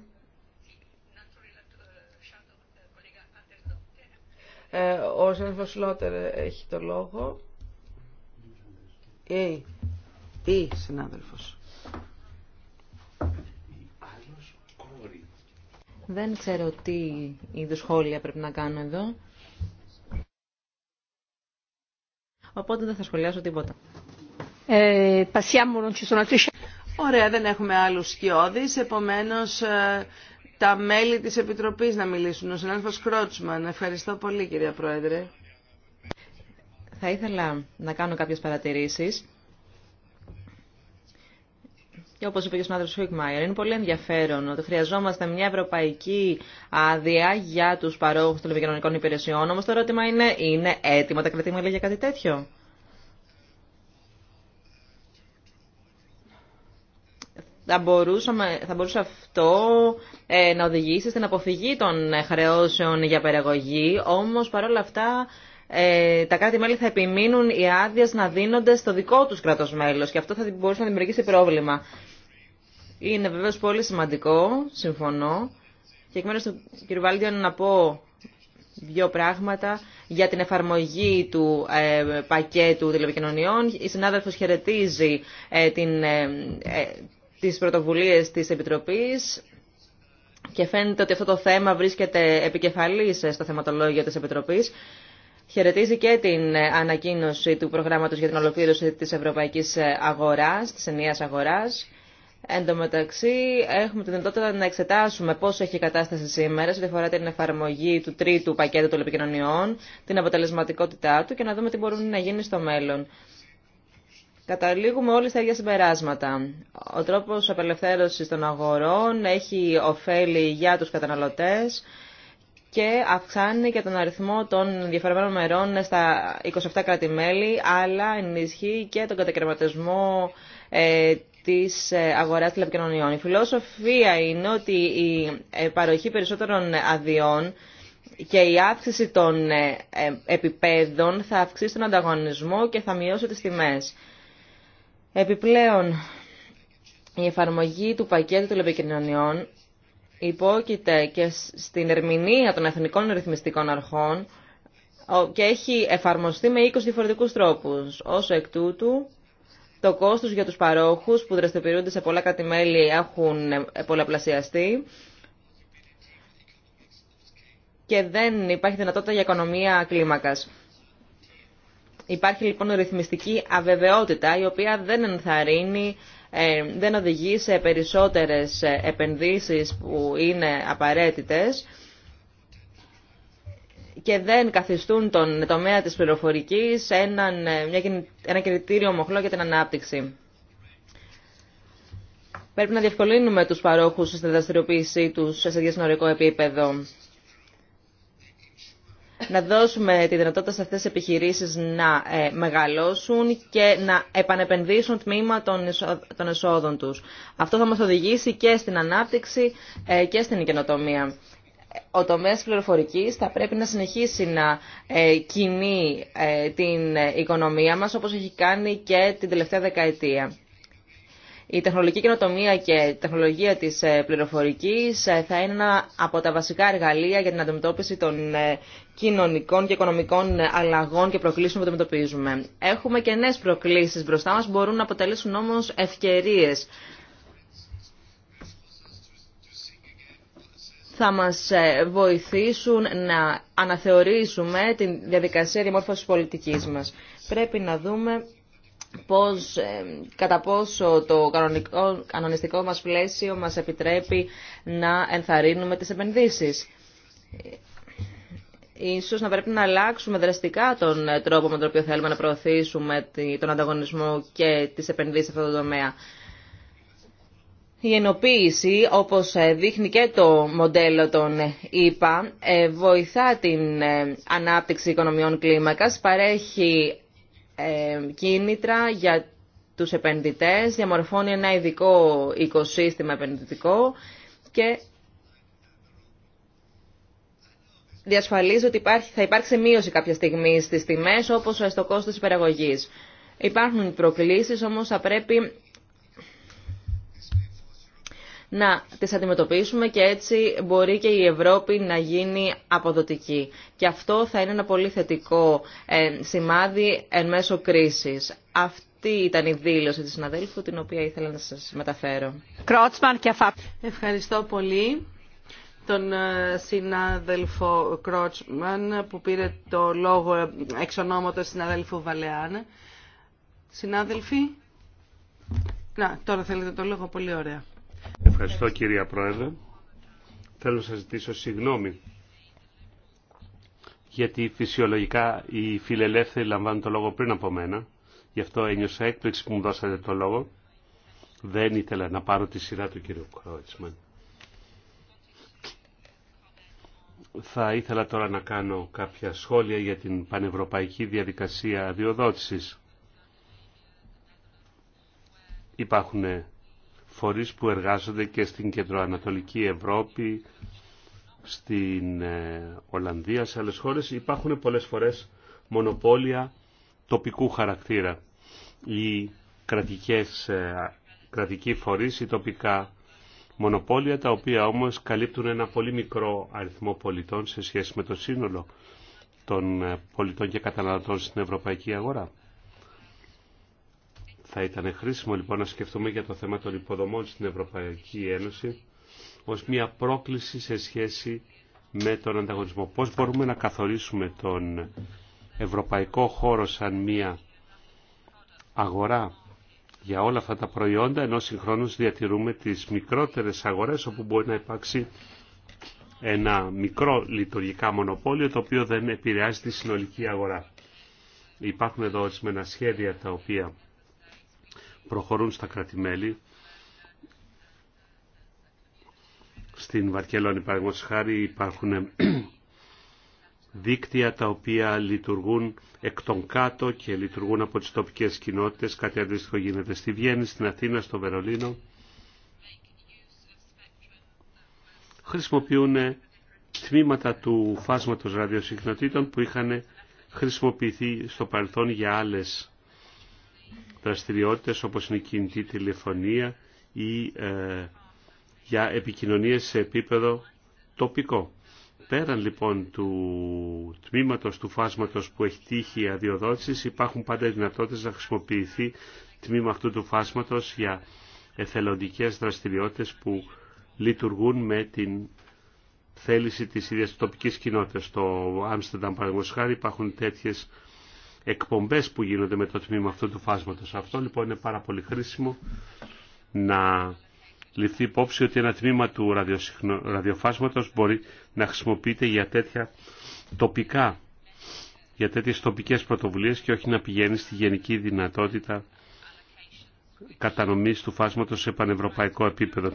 Ε, ο Σένφος Σλότερ έχει το λόγο. Ή, ή συνάδελφος. Δεν ξέρω τι είδου σχόλια πρέπει να κάνω εδώ. Οπότε δεν θα σχολιάσω τίποτα. Ε, Ωραία, δεν έχουμε άλλους σκιώδεις, επομένως ε, τα μέλη της Επιτροπής να μιλήσουν. Ο συνάδελφος Κρότσμαν, ευχαριστώ πολύ κυρία Πρόεδρε. Θα ήθελα να κάνω κάποιες παρατηρήσεις και όπως είπε και ο συνάδελφος Φίγμαϊρ, είναι πολύ ενδιαφέρον ότι χρειαζόμαστε μια ευρωπαϊκή άδεια για τους παρόχους των επικοινωνικών υπηρεσιών. Όμως το ερώτημα είναι, είναι έτοιμα τα κρατήματα για κάτι τέτοιο. θα, μπορούσαμε, θα μπορούσε αυτό ε, να οδηγήσει στην αποφυγή των χρεώσεων για περαγωγή, όμως παρόλα αυτά ε, τα κράτη-μέλη θα επιμείνουν οι άδειε να δίνονται στο δικό τους κράτος μέλος και αυτό θα μπορούσε να δημιουργήσει πρόβλημα. Είναι βεβαίως πολύ σημαντικό, συμφωνώ. Και εκ μέρους του κ. Βάλτιο να πω δύο πράγματα για την εφαρμογή του ε, πακέτου τηλεπικοινωνιών. Η συνάδελφος χαιρετίζει ε, την, ε, ε τις πρωτοβουλίες της Επιτροπής και φαίνεται ότι αυτό το θέμα βρίσκεται επικεφαλής ε, στο θεματολόγιο της Επιτροπής. Χαιρετίζει και την ε, ανακοίνωση του προγράμματος για την ολοκλήρωση της ευρωπαϊκής αγοράς, της ενιαίας αγοράς Εν τω μεταξύ, έχουμε τη δυνατότητα να εξετάσουμε πώ έχει η κατάσταση σήμερα σε αφορά την εφαρμογή του τρίτου πακέτου των επικοινωνιών, την αποτελεσματικότητά του και να δούμε τι μπορούν να γίνει στο μέλλον. Καταλήγουμε όλοι στα ίδια συμπεράσματα. Ο τρόπο απελευθέρωση των αγορών έχει ωφέλη για του καταναλωτέ και αυξάνει και τον αριθμό των διαφορεμένων μερών στα 27 κράτη-μέλη, αλλά ενισχύει και τον κατακαιρματισμό ε, της ε, αγοράς τηλεπικοινωνιών. Η φιλόσοφία είναι ότι η ε, παροχή περισσότερων αδειών και η αύξηση των ε, επιπέδων θα αυξήσει τον ανταγωνισμό και θα μειώσει τις τιμές. Επιπλέον, η εφαρμογή του πακέτου τηλεπικοινωνιών υπόκειται και στην ερμηνεία των εθνικών ρυθμιστικών αρχών και έχει εφαρμοστεί με 20 διαφορετικούς τρόπους. Όσο εκ τούτου, το κόστος για τους παρόχους που δραστηριοποιούνται σε πολλά κατημέλη έχουν πολλαπλασιαστεί και δεν υπάρχει δυνατότητα για οικονομία κλίμακας. Υπάρχει λοιπόν ρυθμιστική αβεβαιότητα η οποία δεν ενθαρρύνει, ε, δεν οδηγεί σε περισσότερες επενδύσεις που είναι απαραίτητες και δεν καθιστούν τον τομέα της πληροφορικής έναν, ε, μια, ένα κριτήριο μοχλό για την ανάπτυξη. Πρέπει να διευκολύνουμε τους παρόχους στη δραστηριοποίησή τους σε διασυνορικό επίπεδο. Να δώσουμε τη δυνατότητα σε αυτές τις επιχειρήσεις να ε, μεγαλώσουν και να επανεπενδύσουν τμήμα των εσόδων τους. Αυτό θα μας οδηγήσει και στην ανάπτυξη ε, και στην καινοτομία ο τομέας πληροφορικής θα πρέπει να συνεχίσει να ε, κινεί ε, την οικονομία μας όπως έχει κάνει και την τελευταία δεκαετία. Η τεχνολογική καινοτομία και η τεχνολογία της ε, πληροφορικής θα είναι ένα από τα βασικά εργαλεία για την αντιμετώπιση των κοινωνικών και οικονομικών αλλαγών και προκλήσεων που αντιμετωπίζουμε. Έχουμε και νέες προκλήσεις μπροστά μας, μπορούν να αποτελέσουν όμως ευκαιρίες θα μας ε, βοηθήσουν να αναθεωρήσουμε την διαδικασία διαμόρφωσης πολιτικής μας. Πρέπει να δούμε πώς, ε, κατά πόσο το κανονικό, κανονιστικό μας πλαίσιο μας επιτρέπει να ενθαρρύνουμε τις επενδύσεις. Ίσως να πρέπει να αλλάξουμε δραστικά τον τρόπο με τον οποίο θέλουμε να προωθήσουμε τον ανταγωνισμό και τις επενδύσεις σε αυτό το τομέα. Η ενοποίηση, όπως ε, δείχνει και το μοντέλο των ΙΠΑ, ε, βοηθά την ε, ανάπτυξη οικονομιών κλίμακας, παρέχει κίνητρα για τους επενδυτές, διαμορφώνει ένα ειδικό οικοσύστημα επενδυτικό και διασφαλίζει ότι υπάρχει, θα υπάρξει μείωση κάποια στιγμή στις τιμές, όπως στο κόστος της Υπάρχουν προκλήσεις, όμως θα πρέπει να τις αντιμετωπίσουμε και έτσι μπορεί και η Ευρώπη να γίνει αποδοτική. Και αυτό θα είναι ένα πολύ θετικό ε, σημάδι εν μέσω κρίσης. Αυτή ήταν η δήλωση της συναδέλφου την οποία ήθελα να σας μεταφέρω. Ευχαριστώ πολύ τον ε, συνάδελφο Κρότσμαν που πήρε το λόγο ε, εξ ονόματος συναδέλφου Βαλεάν. Συνάδελφοι, να, τώρα θέλετε το λόγο, πολύ ωραία. Ευχαριστώ κυρία Πρόεδρε. Θέλω να σας ζητήσω συγγνώμη γιατί φυσιολογικά οι φιλελεύθεροι λαμβάνουν το λόγο πριν από μένα. Γι' αυτό ένιωσα έκπληξη που μου δώσατε το λόγο. Δεν ήθελα να πάρω τη σειρά του κύριου Κρότσμαν. Θα ήθελα τώρα να κάνω κάποια σχόλια για την πανευρωπαϊκή διαδικασία αδειοδότησης. Υπάρχουν φορείς που εργάζονται και στην κεντροανατολική Ευρώπη, στην ε, Ολλανδία, σε άλλες χώρες. Υπάρχουν πολλές φορές μονοπόλια τοπικού χαρακτήρα. Οι κρατικές, ε, κρατικοί φορείς, οι τοπικά μονοπόλια, τα οποία όμως καλύπτουν ένα πολύ μικρό αριθμό πολιτών σε σχέση με το σύνολο των ε, πολιτών και καταναλωτών στην ευρωπαϊκή αγορά. Θα ήταν χρήσιμο λοιπόν να σκεφτούμε για το θέμα των υποδομών στην Ευρωπαϊκή Ένωση ως μια πρόκληση σε σχέση με τον ανταγωνισμό. Πώς μπορούμε να καθορίσουμε τον ευρωπαϊκό χώρο σαν μια αγορά για όλα αυτά τα προϊόντα, ενώ συγχρόνως διατηρούμε τις μικρότερες αγορές όπου μπορεί να υπάρξει ένα μικρό λειτουργικά μονοπόλιο το οποίο δεν επηρεάζει τη συνολική αγορά. Υπάρχουν εδώ ορισμένα σχέδια τα οποία προχωρούν στα κρατημέλη. Στην Βαρκελόνη, παραδείγματο χάρη, υπάρχουν δίκτυα τα οποία λειτουργούν εκ των κάτω και λειτουργούν από τις τοπικές κοινότητες. Κάτι αντίστοιχο γίνεται στη Βιέννη, στην Αθήνα, στο Βερολίνο. Χρησιμοποιούν τμήματα του φάσματος ραδιοσυχνοτήτων που είχαν χρησιμοποιηθεί στο παρελθόν για άλλες δραστηριότητες όπως είναι η κινητή τηλεφωνία ή ε, για επικοινωνίες σε επίπεδο τοπικό. Πέραν λοιπόν του τμήματος του φάσματος που έχει τύχει αδειοδότησης υπάρχουν πάντα δυνατότητες να χρησιμοποιηθεί τμήμα αυτού του φάσματος για εθελοντικές δραστηριότητες που λειτουργούν με την θέληση της ίδιας τοπικής κοινότητας. Στο Άμστερνταμ παραδείγματος υπάρχουν τέτοιες εκπομπές που γίνονται με το τμήμα αυτού του φάσματος. Αυτό λοιπόν είναι πάρα πολύ χρήσιμο να ληφθεί υπόψη ότι ένα τμήμα του ραδιοφάσματος μπορεί να χρησιμοποιείται για τέτοια τοπικά, για τέτοιες τοπικές πρωτοβουλίες και όχι να πηγαίνει στη γενική δυνατότητα κατανομής του φάσματος σε πανευρωπαϊκό επίπεδο.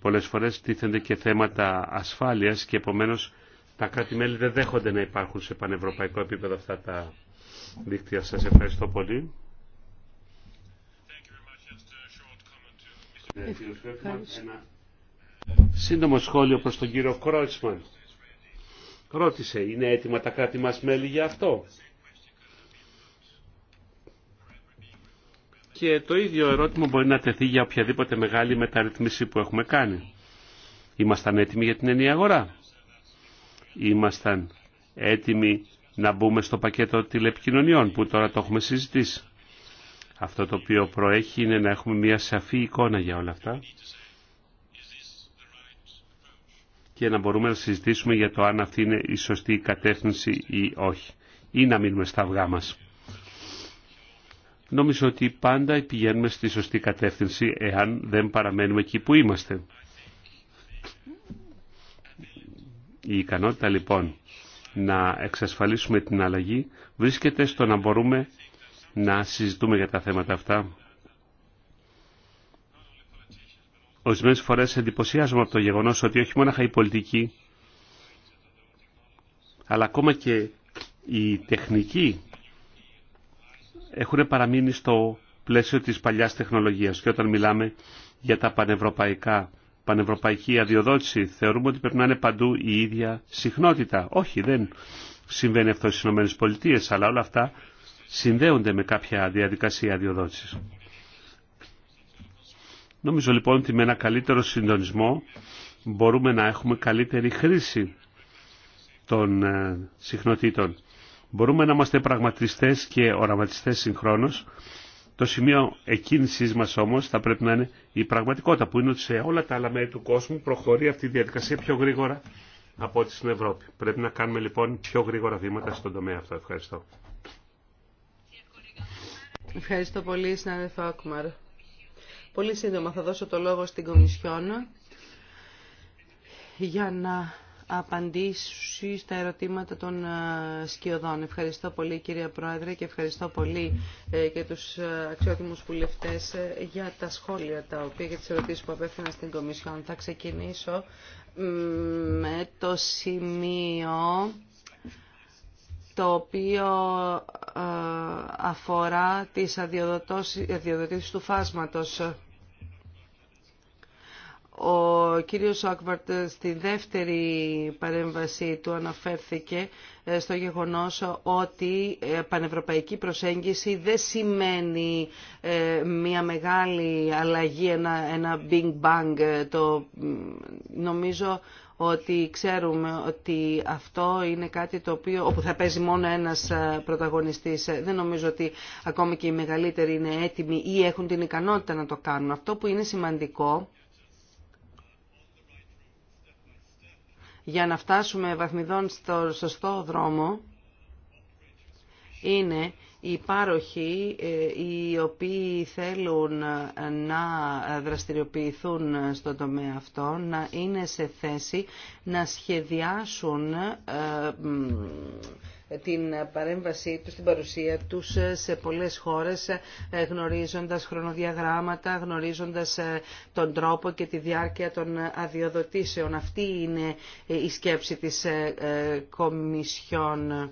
Πολλές φορές τίθενται και θέματα ασφάλειας και επομένως τα κράτη-μέλη δεν δέχονται να υπάρχουν σε πανευρωπαϊκό επίπεδο αυτά τα δίκτυα. Σας ευχαριστώ πολύ. Ε, σύντομο σχόλιο προς τον κύριο Κρότσμαν. Ρώτησε, είναι έτοιμα τα κράτη μας μέλη για αυτό. Και το ίδιο ερώτημα μπορεί να τεθεί για οποιαδήποτε μεγάλη μεταρρυθμίση που έχουμε κάνει. Ήμασταν έτοιμοι για την ενιαία αγορά ήμασταν έτοιμοι να μπούμε στο πακέτο τηλεπικοινωνιών που τώρα το έχουμε συζητήσει. Αυτό το οποίο προέχει είναι να έχουμε μια σαφή εικόνα για όλα αυτά και να μπορούμε να συζητήσουμε για το αν αυτή είναι η σωστή κατεύθυνση ή όχι ή να μείνουμε στα αυγά μας. Νομίζω ότι πάντα πηγαίνουμε στη σωστή κατεύθυνση εάν δεν παραμένουμε εκεί που είμαστε. Η ικανότητα λοιπόν να εξασφαλίσουμε την αλλαγή βρίσκεται στο να μπορούμε να συζητούμε για τα θέματα αυτά. Ορισμένε φορέ εντυπωσιάζομαι από το γεγονός ότι όχι μόνο η πολιτική αλλά ακόμα και η τεχνική έχουν παραμείνει στο πλαίσιο της παλιάς τεχνολογίας. Και όταν μιλάμε για τα πανευρωπαϊκά πανευρωπαϊκή αδειοδότηση. Θεωρούμε ότι πρέπει να είναι παντού η ίδια συχνότητα. Όχι, δεν συμβαίνει αυτό στις ΗΠΑ, αλλά όλα αυτά συνδέονται με κάποια διαδικασία αδειοδότηση. Νομίζω λοιπόν ότι με ένα καλύτερο συντονισμό μπορούμε να έχουμε καλύτερη χρήση των ε, συχνοτήτων. Μπορούμε να είμαστε πραγματιστές και οραματιστές συγχρόνως το σημείο εκκίνησή μα όμω θα πρέπει να είναι η πραγματικότητα που είναι ότι σε όλα τα άλλα μέρη του κόσμου προχωρεί αυτή η διαδικασία πιο γρήγορα από ό,τι στην Ευρώπη. Πρέπει να κάνουμε λοιπόν πιο γρήγορα βήματα στον τομέα αυτό. Ευχαριστώ. Ευχαριστώ πολύ, συνάδελφο Άκμαρ. Πολύ σύντομα θα δώσω το λόγο στην Κομισιόν για να απαντήσει στα ερωτήματα των ε, σκιωδών. Ευχαριστώ πολύ κυρία Πρόεδρε και ευχαριστώ πολύ ε, και τους ε, αξιότιμους βουλευτές για τα σχόλια τα οποία και τις ερωτήσεις που απέφθηνα στην Κομισιόν. Θα ξεκινήσω με το σημείο το οποίο αφορά τις αδειοδοτήσεις του φάσματος. Ο κύριος Σόκβαρτ στη δεύτερη παρέμβασή του αναφέρθηκε ε, στο γεγονός ότι ε, πανευρωπαϊκή προσέγγιση δεν σημαίνει ε, μια μεγάλη αλλαγή, ένα, ένα big bang. Το, νομίζω ότι ξέρουμε ότι αυτό είναι κάτι το οποίο, όπου θα παίζει μόνο ένας πρωταγωνιστής. Δεν νομίζω ότι ακόμη και οι μεγαλύτεροι είναι έτοιμοι ή έχουν την ικανότητα να το κάνουν. Αυτό που είναι σημαντικό για να φτάσουμε βαθμιδών στο σωστό δρόμο είναι οι πάροχοι ε, οι οποίοι θέλουν να δραστηριοποιηθούν στον τομέα αυτό να είναι σε θέση να σχεδιάσουν ε, την παρέμβασή τους, την παρουσία τους σε πολλές χώρες, ε, γνωρίζοντας χρονοδιαγράμματα, γνωρίζοντας ε, τον τρόπο και τη διάρκεια των αδειοδοτήσεων. Αυτή είναι η σκέψη της ε, Κομισιόν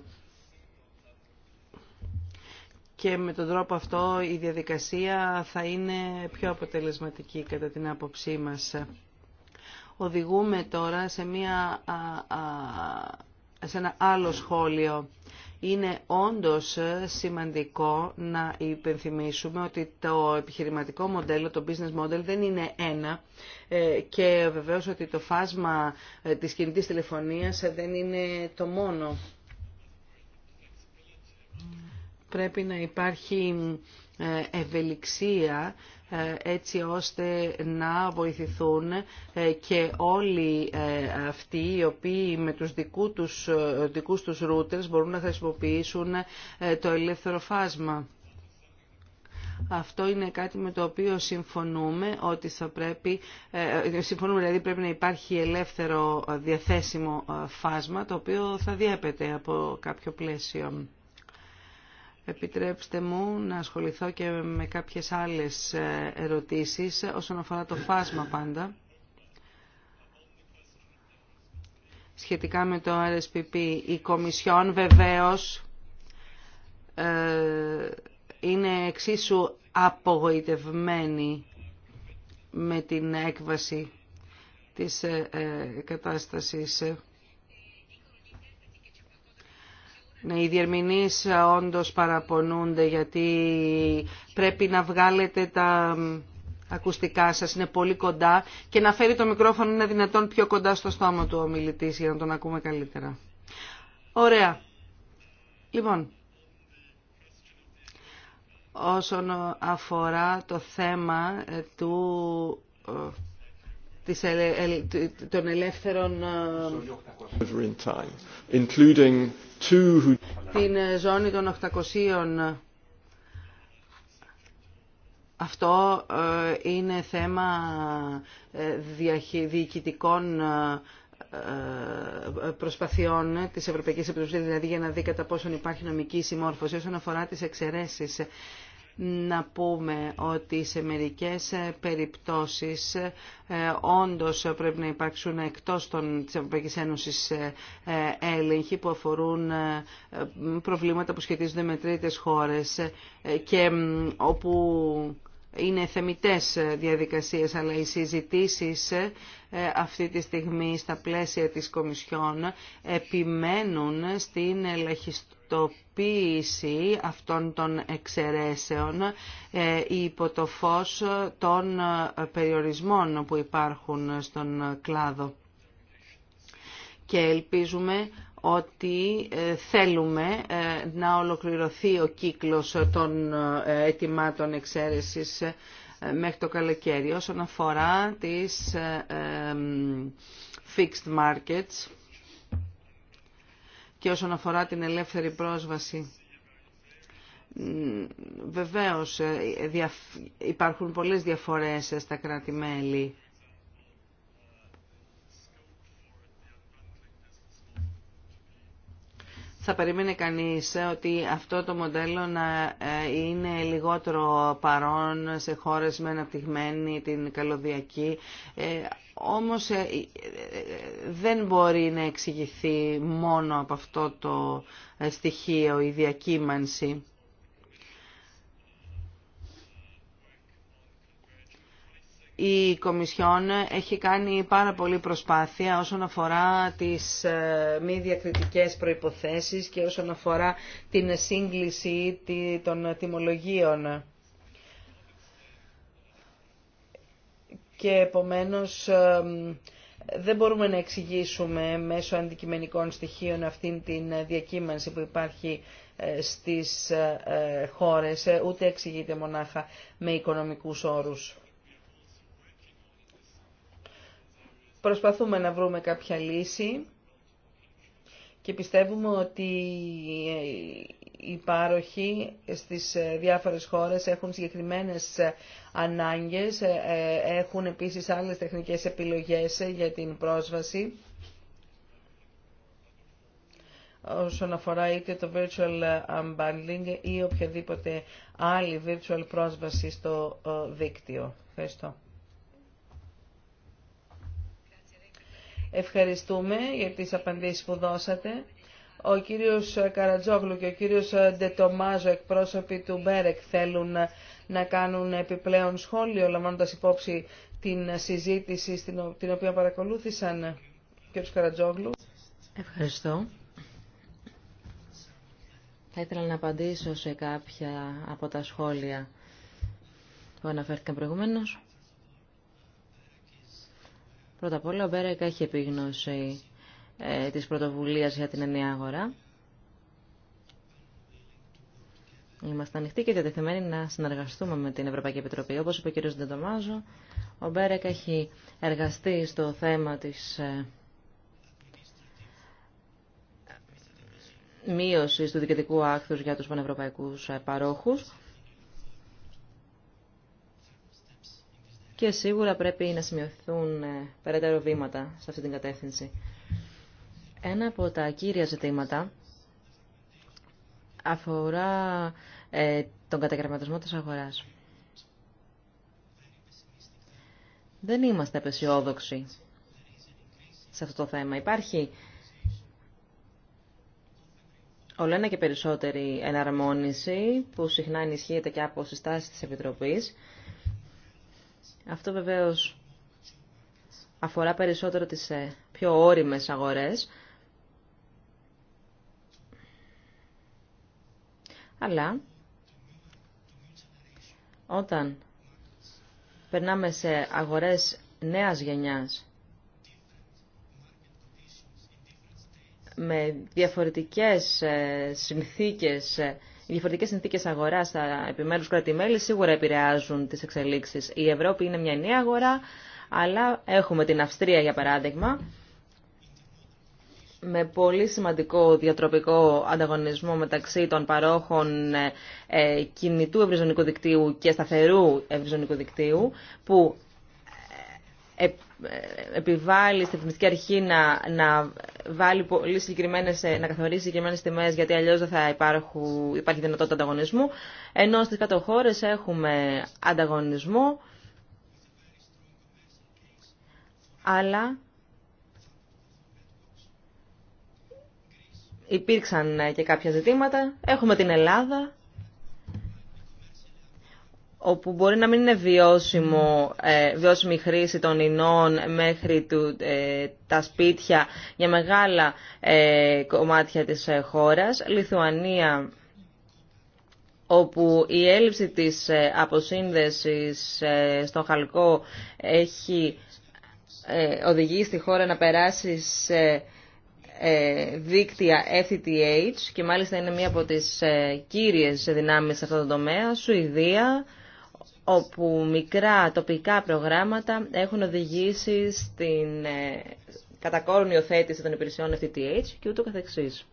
και με τον τρόπο αυτό η διαδικασία θα είναι πιο αποτελεσματική κατά την άποψή μας. Οδηγούμε τώρα σε μία σε ένα άλλο σχόλιο. Είναι όντως σημαντικό να υπενθυμίσουμε ότι το επιχειρηματικό μοντέλο, το business model δεν είναι ένα ε, και βεβαίως ότι το φάσμα ε, της κινητής τηλεφωνίας δεν είναι το μόνο. Πρέπει να υπάρχει ε, ευελιξία ε, έτσι ώστε να βοηθηθούν ε, και όλοι ε, αυτοί οι οποίοι με τους δικούς τους, δικούς τους routers μπορούν να χρησιμοποιήσουν το ελεύθερο φάσμα. Αυτό είναι κάτι με το οποίο συμφωνούμε ότι θα πρέπει, συμφωνούμε δηλαδή πρέπει να υπάρχει ελεύθερο διαθέσιμο φάσμα το οποίο θα διέπεται από κάποιο πλαίσιο. Επιτρέψτε μου να ασχοληθώ και με κάποιες άλλες ε, ερωτήσεις όσον αφορά το φάσμα πάντα. Σχετικά με το RSPP, η Κομισιόν βεβαίως ε, είναι εξίσου απογοητευμένη με την έκβαση της ε, κατάστασης Ναι, οι διερμηνείς ε, όντως παραπονούνται γιατί πρέπει να βγάλετε τα ακουστικά σας, είναι πολύ κοντά και να φέρει το μικρόφωνο είναι δυνατόν πιο κοντά στο στόμα του ο για να τον ακούμε καλύτερα. Ωραία. Λοιπόν, όσον αφορά το θέμα ε, του ε, ε, ε, των ελεύθερων ε, την ζώνη των 800 αυτό είναι θέμα διοικητικών προσπαθειών της Ευρωπαϊκής Επιτροπής, δηλαδή για να δει κατά πόσον υπάρχει νομική συμμόρφωση όσον αφορά τις εξαιρέσεις να πούμε ότι σε μερικές περιπτώσεις ε, όντως πρέπει να υπάρξουν εκτός των, της Ευρωπαϊκής Ένωσης ε, ε, έλεγχοι που αφορούν προβλήματα που σχετίζονται με τρίτες χώρες και όπου είναι θεμητές διαδικασίες, αλλά οι συζητήσεις αυτή τη στιγμή στα πλαίσια της Κομισιόν επιμένουν στην ελαχιστότητα ταυτοποίηση αυτών των εξαιρέσεων ε, υπό το φως των ε, περιορισμών που υπάρχουν στον κλάδο. Και ελπίζουμε ότι ε, θέλουμε να ολοκληρωθεί ο κύκλος των ετοιμάτων εξαίρεσης μέχρι το καλοκαίρι όσον αφορά τις fixed markets και όσον αφορά την ελεύθερη πρόσβαση. Βεβαίως ε, υπάρχουν πολλές διαφορές ε, στα κράτη-μέλη. Θα περίμενε κανείς ε, ότι αυτό το μοντέλο να είναι λιγότερο παρόν σε χώρες με αναπτυγμένη την καλωδιακή όμως ε, ε, ε, δεν μπορεί να εξηγηθεί μόνο από αυτό το στοιχείο η διακύμανση. Η Κομισιόν έχει κάνει πάρα πολύ προσπάθεια όσον αφορά τις μη διακριτικές προϋποθέσεις και όσον αφορά την σύγκληση των τιμολογίων. και επομένως δεν μπορούμε να εξηγήσουμε μέσω αντικειμενικών στοιχείων αυτήν την ε, διακύμανση που υπάρχει ε, στις ε, χώρες, ούτε εξηγείται μονάχα με οικονομικούς όρους. Προσπαθούμε να βρούμε κάποια λύση και πιστεύουμε ότι οι πάροχοι στις ε, διάφορες χώρες έχουν συγκεκριμένες ε, ανάγκες, ε, έχουν επίσης άλλες τεχνικές επιλογές για την πρόσβαση όσον αφορά είτε το virtual unbundling ή οποιαδήποτε άλλη virtual πρόσβαση στο δίκτυο. Ευχαριστώ. Ευχαριστούμε για τις απαντήσεις που δώσατε. Ο κύριος Καρατζόγλου και ο κύριος Ντετομάζο, εκπρόσωποι του Μπέρεκ, θέλουν να κάνουν επιπλέον σχόλιο, λαμβάνοντας υπόψη την συζήτηση την οποία παρακολούθησαν. Κύριος Καρατζόγλου. Ευχαριστώ. Θα ήθελα να απαντήσω σε κάποια από τα σχόλια που αναφέρθηκαν προηγουμένως. Πρώτα απ' όλα, ο Μπέρεκ έχει επίγνωση ε, της πρωτοβουλίας για την ενιαία αγορά. Είμαστε ανοιχτοί και διατεθειμένοι να συνεργαστούμε με την Ευρωπαϊκή Επιτροπή. Όπως είπε ο κ. Ντεντομάζο, ο Μπέρεκ έχει εργαστεί στο θέμα της ε, μείωση του διοικητικού άκθου για τους πανευρωπαϊκούς ε, παρόχους. Και σίγουρα πρέπει να σημειωθούν περαιτέρω βήματα σε αυτή την κατεύθυνση. Ένα από τα κύρια ζητήματα αφορά ε, τον καταγραμματισμό της αγοράς. Δεν είμαστε απεσιόδοξοι σε αυτό το θέμα. Υπάρχει όλο και περισσότερη εναρμόνιση που συχνά ενισχύεται και από συστάσεις της Επιτροπής. Αυτό βεβαίως αφορά περισσότερο τις ε, πιο όριμες αγορές αλλά όταν περνάμε σε αγορές νέας γενιάς με διαφορετικές ε, συνθήκες, ε, διαφορετικές συνθήκες αγοράς στα επιμέρους κράτη-μέλη σίγουρα επηρεάζουν τις εξελίξεις. Η Ευρώπη είναι μια νέα αγορά, αλλά έχουμε την Αυστρία για παράδειγμα, με πολύ σημαντικό διατροπικό ανταγωνισμό μεταξύ των παρόχων ε, ε, κινητού ευρυζωνικού δικτύου και σταθερού ευρυζωνικού δικτύου που ε, επιβάλλει στην ρυθμιστική αρχή να, να, βάλει πολύ συγκεκριμένες, να καθορίσει συγκεκριμένε τιμέ, γιατί αλλιώ δεν θα υπάρχουν, υπάρχει δυνατότητα ανταγωνισμού. Ενώ στι κάτω χώρε έχουμε ανταγωνισμό, αλλά υπήρξαν ε, και κάποια ζητήματα. Έχουμε την Ελλάδα, όπου μπορεί να μην είναι βιώσιμο, ε, χρήση των ινών μέχρι του, ε, τα σπίτια για μεγάλα ε, κομμάτια της χώρας. Λιθουανία, όπου η έλλειψη της αποσύνδεσης στο χαλκό έχει οδηγήσει τη χώρα να περάσει σε ε, δίκτυα FTTH και μάλιστα είναι μία από τις ε, κύριες δυνάμεις σε αυτό το τομέα, Σουηδία, όπου μικρά τοπικά προγράμματα έχουν οδηγήσει στην ε, κατακόρνη υιοθέτηση των υπηρεσιών FTTH και ούτω καθεξής.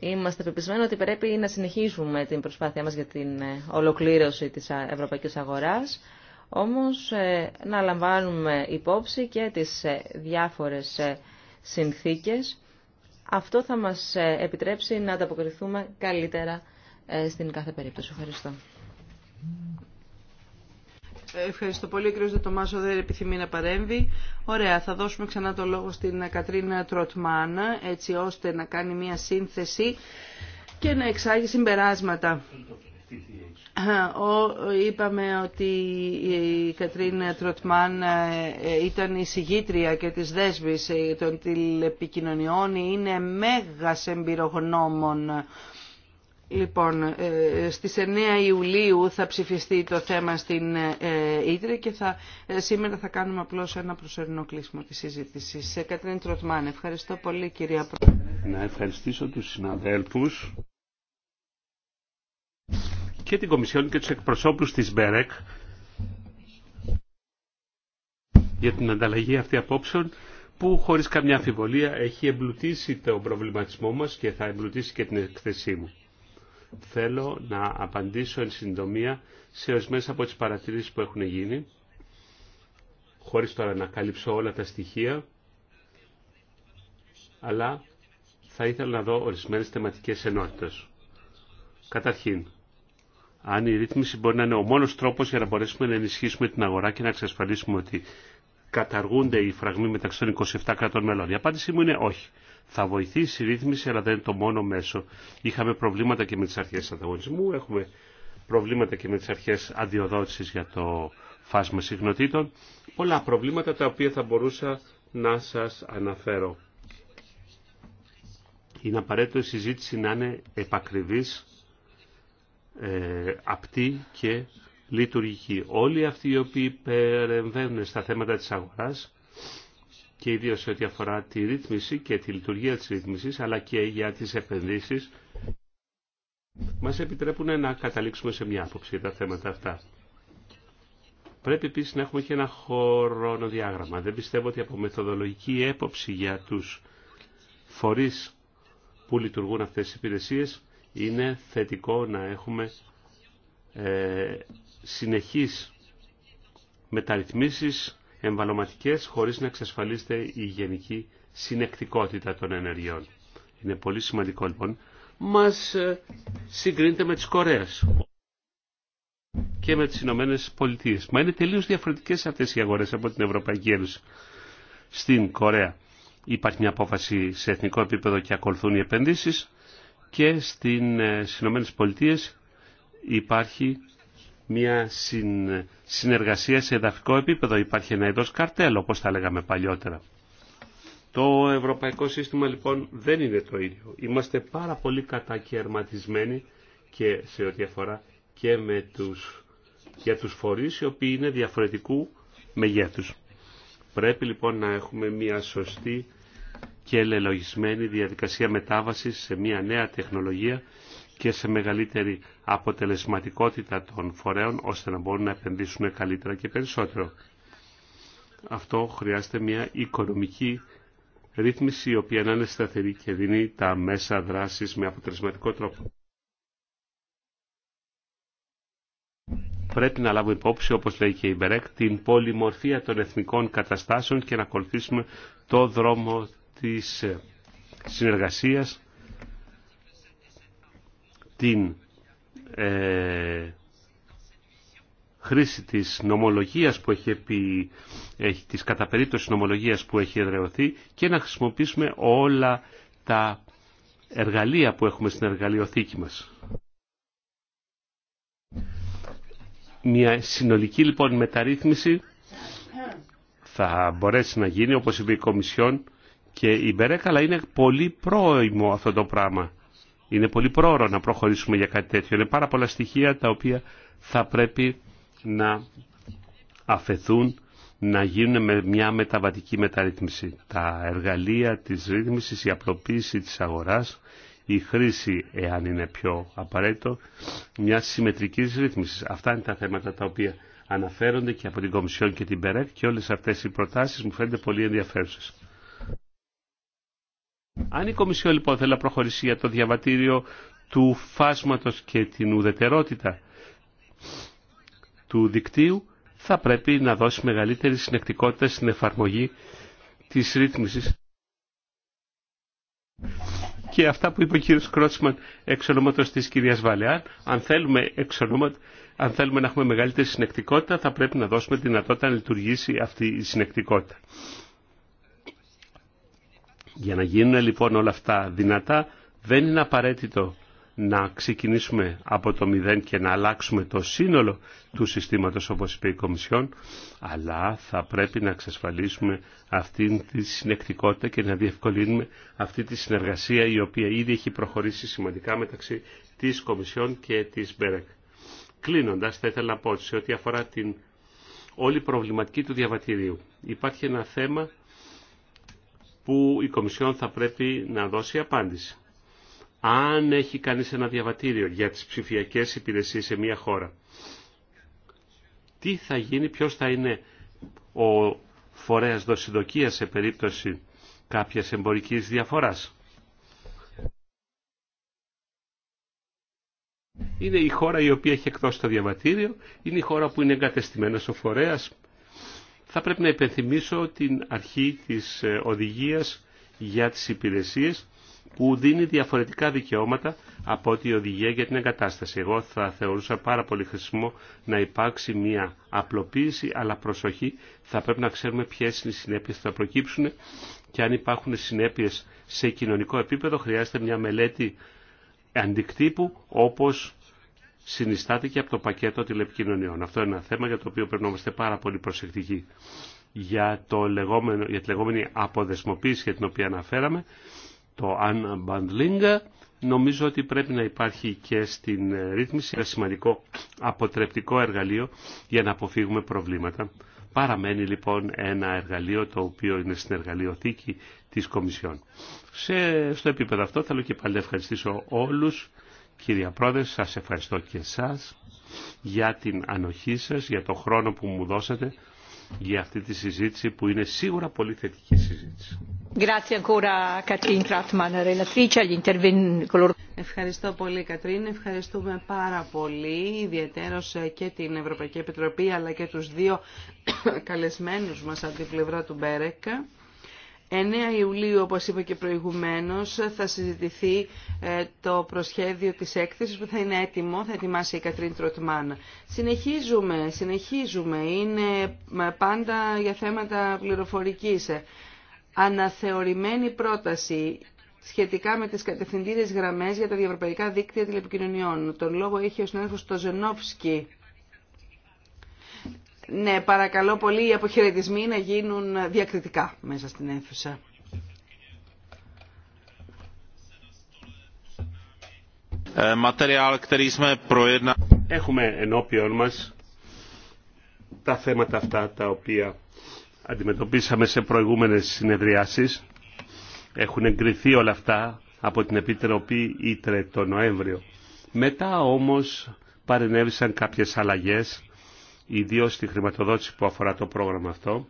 Είμαστε πεπισμένοι ότι πρέπει να συνεχίσουμε την προσπάθειά μας για την ολοκλήρωση της ευρωπαϊκής αγοράς όμως ε, να λαμβάνουμε υπόψη και τις ε, διάφορες ε, συνθήκες. Αυτό θα μας επιτρέψει να ανταποκριθούμε καλύτερα στην κάθε περίπτωση. Ευχαριστώ. Ευχαριστώ πολύ. Ο κ. Δετομάσο δεν επιθυμεί να παρέμβει. Ωραία, θα δώσουμε ξανά το λόγο στην Κατρίνα Τροτμάνα, έτσι ώστε να κάνει μια σύνθεση και να εξάγει συμπεράσματα. Είπαμε ότι η Κατρίν Τροτμάν ε, ήταν η συγγήτρια και της δέσμης ε, των τηλεπικοινωνιών. Είναι μέγας εμπειρογνώμων. Λοιπόν, ε, στις 9 Ιουλίου θα ψηφιστεί το θέμα στην Ήτρε και θα, σήμερα θα κάνουμε απλώς ένα προσωρινό κλείσιμο της συζήτησης. Κατρίν Τροτμάν, ευχαριστώ πολύ κυρία Πρόεδρε. Να ευχαριστήσω τους συναδέλφους και την Κομισιόν και τους εκπροσώπους της ΜΠΕΡΕΚ για την ανταλλαγή αυτή απόψεων που χωρίς καμιά αμφιβολία έχει εμπλουτίσει τον προβληματισμό μας και θα εμπλουτίσει και την εκθεσή μου. Θέλω να απαντήσω εν συντομία σε ορισμένε από τις παρατηρήσεις που έχουν γίνει, χωρίς τώρα να καλύψω όλα τα στοιχεία, αλλά θα ήθελα να δω ορισμένες θεματικές ενότητες. Καταρχήν, αν η ρύθμιση μπορεί να είναι ο μόνος τρόπος για να μπορέσουμε να ενισχύσουμε την αγορά και να εξασφαλίσουμε ότι καταργούνται οι φραγμοί μεταξύ των 27 κρατών μελών. Η απάντησή μου είναι όχι. Θα βοηθήσει η ρύθμιση, αλλά δεν είναι το μόνο μέσο. Είχαμε προβλήματα και με τις αρχές ανταγωνισμού, έχουμε προβλήματα και με τις αρχές αντιοδότησης για το φάσμα συγνωτήτων. Πολλά προβλήματα τα οποία θα μπορούσα να σας αναφέρω. Είναι απαραίτητο η συζήτηση να είναι επακριβής ε, απτή και λειτουργική. Όλοι αυτοί οι οποίοι περεμβαίνουν στα θέματα της αγοράς και ιδίως σε ό,τι αφορά τη ρύθμιση και τη λειτουργία της ρύθμισης αλλά και για τις επενδύσεις μας επιτρέπουν να καταλήξουμε σε μια άποψη τα θέματα αυτά. Πρέπει επίσης να έχουμε και ένα χρονοδιάγραμμα. Δεν πιστεύω ότι από μεθοδολογική έποψη για τους φορείς που λειτουργούν αυτές τις υπηρεσίες είναι θετικό να έχουμε ε, συνεχείς μεταρρυθμίσεις εμβαλωματικές χωρίς να εξασφαλίσετε η γενική συνεκτικότητα των ενεργειών. Είναι πολύ σημαντικό λοιπόν. Μας ε, συγκρίνεται με τις Κορέες και με τις Ηνωμένε Πολιτείε. Μα είναι τελείως διαφορετικές αυτές οι αγορές από την Ευρωπαϊκή Ένωση. Στην Κορέα υπάρχει μια απόφαση σε εθνικό επίπεδο και ακολουθούν οι επενδύσεις και στην ε, ΗΠΑ Πολιτείε υπάρχει μια συνεργασία σε εδαφικό επίπεδο. Υπάρχει ένα είδος καρτέλ, όπως τα λέγαμε παλιότερα. Το ευρωπαϊκό σύστημα λοιπόν δεν είναι το ίδιο. Είμαστε πάρα πολύ κατακαιρματισμένοι και σε ό,τι αφορά και με τους, για τους φορείς οι οποίοι είναι διαφορετικού μεγέθους. Πρέπει λοιπόν να έχουμε μια σωστή και ελελογισμένη διαδικασία μετάβασης σε μια νέα τεχνολογία και σε μεγαλύτερη αποτελεσματικότητα των φορέων ώστε να μπορούν να επενδύσουν καλύτερα και περισσότερο. Αυτό χρειάζεται μια οικονομική ρύθμιση η οποία να είναι σταθερή και δίνει τα μέσα δράσης με αποτελεσματικό τρόπο. Πρέπει να λάβουμε υπόψη, όπως λέει και η Μπερέκ, την πολυμορφία των εθνικών καταστάσεων και να ακολουθήσουμε το δρόμο της συνεργασίας, την ε, χρήση της νομολογίας που έχει, επί, έχει της κατά νομολογίας που έχει εδρεωθεί και να χρησιμοποιήσουμε όλα τα εργαλεία που έχουμε στην εργαλειοθήκη μας. Μια συνολική λοιπόν μεταρρύθμιση θα μπορέσει να γίνει όπως είπε η Κομισιόν και η μπερέκαλα αλλά είναι πολύ πρόημο αυτό το πράγμα. Είναι πολύ πρόωρο να προχωρήσουμε για κάτι τέτοιο. Είναι πάρα πολλά στοιχεία τα οποία θα πρέπει να αφαιθούν να γίνουν με μια μεταβατική μεταρρύθμιση. Τα εργαλεία της ρύθμισης, η απλοποίηση της αγοράς, η χρήση, εάν είναι πιο απαραίτητο, μια συμμετρικής ρύθμισης. Αυτά είναι τα θέματα τα οποία αναφέρονται και από την Κομισιόν και την ΠΕΡΕΚ και όλες αυτές οι προτάσεις μου φαίνονται πολύ ενδιαφέρουσες. Αν η Κομισιόν λοιπόν θέλει να προχωρήσει για το διαβατήριο του φάσματος και την ουδετερότητα του δικτύου, θα πρέπει να δώσει μεγαλύτερη συνεκτικότητα στην εφαρμογή της ρύθμισης. Και αυτά που είπε ο κύριος Κρότσμαν εξ ονόματος της κυρίας Βαλεάν, αν θέλουμε, αν θέλουμε να έχουμε μεγαλύτερη συνεκτικότητα, θα πρέπει να δώσουμε δυνατότητα να λειτουργήσει αυτή η συνεκτικότητα. Για να γίνουν λοιπόν όλα αυτά δυνατά δεν είναι απαραίτητο να ξεκινήσουμε από το μηδέν και να αλλάξουμε το σύνολο του συστήματος όπως είπε η Κομισιόν, αλλά θα πρέπει να εξασφαλίσουμε αυτή τη συνεκτικότητα και να διευκολύνουμε αυτή τη συνεργασία η οποία ήδη έχει προχωρήσει σημαντικά μεταξύ της Κομισιόν και της Μπέρεκ. Κλείνοντας, θα ήθελα να πω σε ό,τι αφορά την όλη προβληματική του διαβατηρίου. Υπάρχει ένα θέμα που η Κομισιόν θα πρέπει να δώσει απάντηση. Αν έχει κανείς ένα διαβατήριο για τις ψηφιακές υπηρεσίες σε μια χώρα, τι θα γίνει, ποιος θα είναι ο φορέας δοσιδοκίας σε περίπτωση κάποιας εμπορικής διαφοράς. Είναι η χώρα η οποία έχει εκδώσει το διαβατήριο, είναι η χώρα που είναι εγκατεστημένος ο φορέας θα πρέπει να υπενθυμίσω την αρχή της ε, οδηγίας για τις υπηρεσίες που δίνει διαφορετικά δικαιώματα από ό,τι οδηγία για την εγκατάσταση. Εγώ θα θεωρούσα πάρα πολύ χρησιμό να υπάρξει μια απλοποίηση, αλλά προσοχή, θα πρέπει να ξέρουμε ποιε είναι οι συνέπειε που θα προκύψουν και αν υπάρχουν συνέπειε σε κοινωνικό επίπεδο, χρειάζεται μια μελέτη αντικτύπου, όπως συνιστάται και από το πακέτο τηλεπικοινωνιών. Αυτό είναι ένα θέμα για το οποίο πρέπει να είμαστε πάρα πολύ προσεκτικοί. Για, το λεγόμενο, για τη λεγόμενη αποδεσμοποίηση για την οποία αναφέραμε, το unbundling, νομίζω ότι πρέπει να υπάρχει και στην ε, ρύθμιση ένα σημαντικό αποτρεπτικό εργαλείο για να αποφύγουμε προβλήματα. Παραμένει λοιπόν ένα εργαλείο το οποίο είναι στην εργαλειοθήκη της Κομισιόν. Σε, στο επίπεδο αυτό θέλω και πάλι να ευχαριστήσω όλους Κύριε Πρόεδρε, σας ευχαριστώ και εσάς για την ανοχή σας, για το χρόνο που μου δώσατε για αυτή τη συζήτηση που είναι σίγουρα πολύ θετική συζήτηση. Ευχαριστώ πολύ Κατρίν, ευχαριστούμε πάρα πολύ ιδιαίτερος ε, και την Ευρωπαϊκή Επιτροπή αλλά και τους δύο καλεσμένους μας από την πλευρά του Μπέρεκ. 9 Ιουλίου, όπως είπα και προηγουμένως, θα συζητηθεί ε, το προσχέδιο της έκθεσης που θα είναι έτοιμο, θα ετοιμάσει η Κατρίν Τροτμάν. Συνεχίζουμε, συνεχίζουμε. Είναι ε, πάντα για θέματα πληροφορικής. Αναθεωρημένη πρόταση σχετικά με τις κατευθυντήριες γραμμές για τα διευρωπαϊκά δίκτυα τηλεπικοινωνιών. Τον λόγο έχει ο συνάδελφος Τοζενόφσκι. Ναι, παρακαλώ πολύ οι αποχαιρετισμοί να γίνουν διακριτικά μέσα στην αίθουσα. Ε, Έχουμε ενώπιον μας τα θέματα αυτά τα οποία αντιμετωπίσαμε σε προηγούμενες συνεδριάσεις. Έχουν εγκριθεί όλα αυτά από την Επιτροπή Ήτρε το Νοέμβριο. Μετά όμως παρενέβησαν κάποιες αλλαγές ιδίω στη χρηματοδότηση που αφορά το πρόγραμμα αυτό,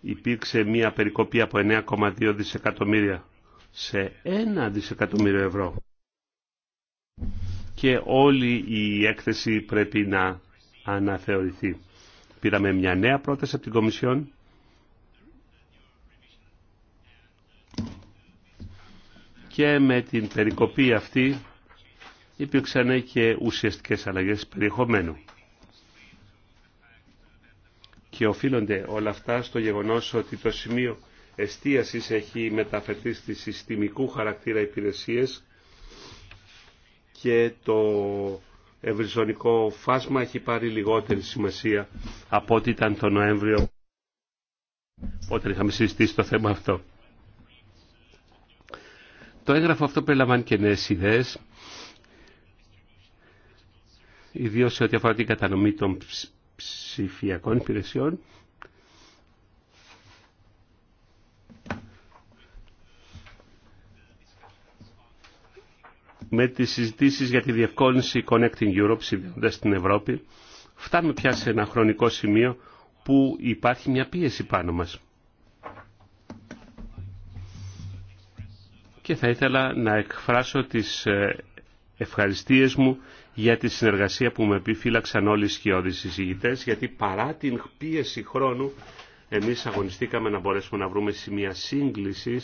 υπήρξε μια περικοπή από 9,2 δισεκατομμύρια σε 1 δισεκατομμύριο ευρώ. Και όλη η έκθεση πρέπει να αναθεωρηθεί. Πήραμε μια νέα πρόταση από την Κομισιόν και με την περικοπή αυτή υπήρξαν και ουσιαστικές αλλαγές περιεχομένου και οφείλονται όλα αυτά στο γεγονός ότι το σημείο εστίασης έχει μεταφερθεί στη συστημικού χαρακτήρα υπηρεσίες και το ευρυζωνικό φάσμα έχει πάρει λιγότερη σημασία από ό,τι ήταν το Νοέμβριο όταν είχαμε συζητήσει το θέμα αυτό. Το έγγραφο αυτό περιλαμβάνει και νέες ιδέες, ιδίως σε ό,τι αφορά την κατανομή των ψηφιακών υπηρεσιών με τις συζητήσεις για τη διευκόλυνση Connecting Europe συνδέοντας την Ευρώπη φτάνουμε πια σε ένα χρονικό σημείο που υπάρχει μια πίεση πάνω μας. Και θα ήθελα να εκφράσω τις ε, ευχαριστίες μου για τη συνεργασία που με επιφύλαξαν όλοι οι σκιώδεις συζητητές, γιατί παρά την πίεση χρόνου εμείς αγωνιστήκαμε να μπορέσουμε να βρούμε μία σύγκληση,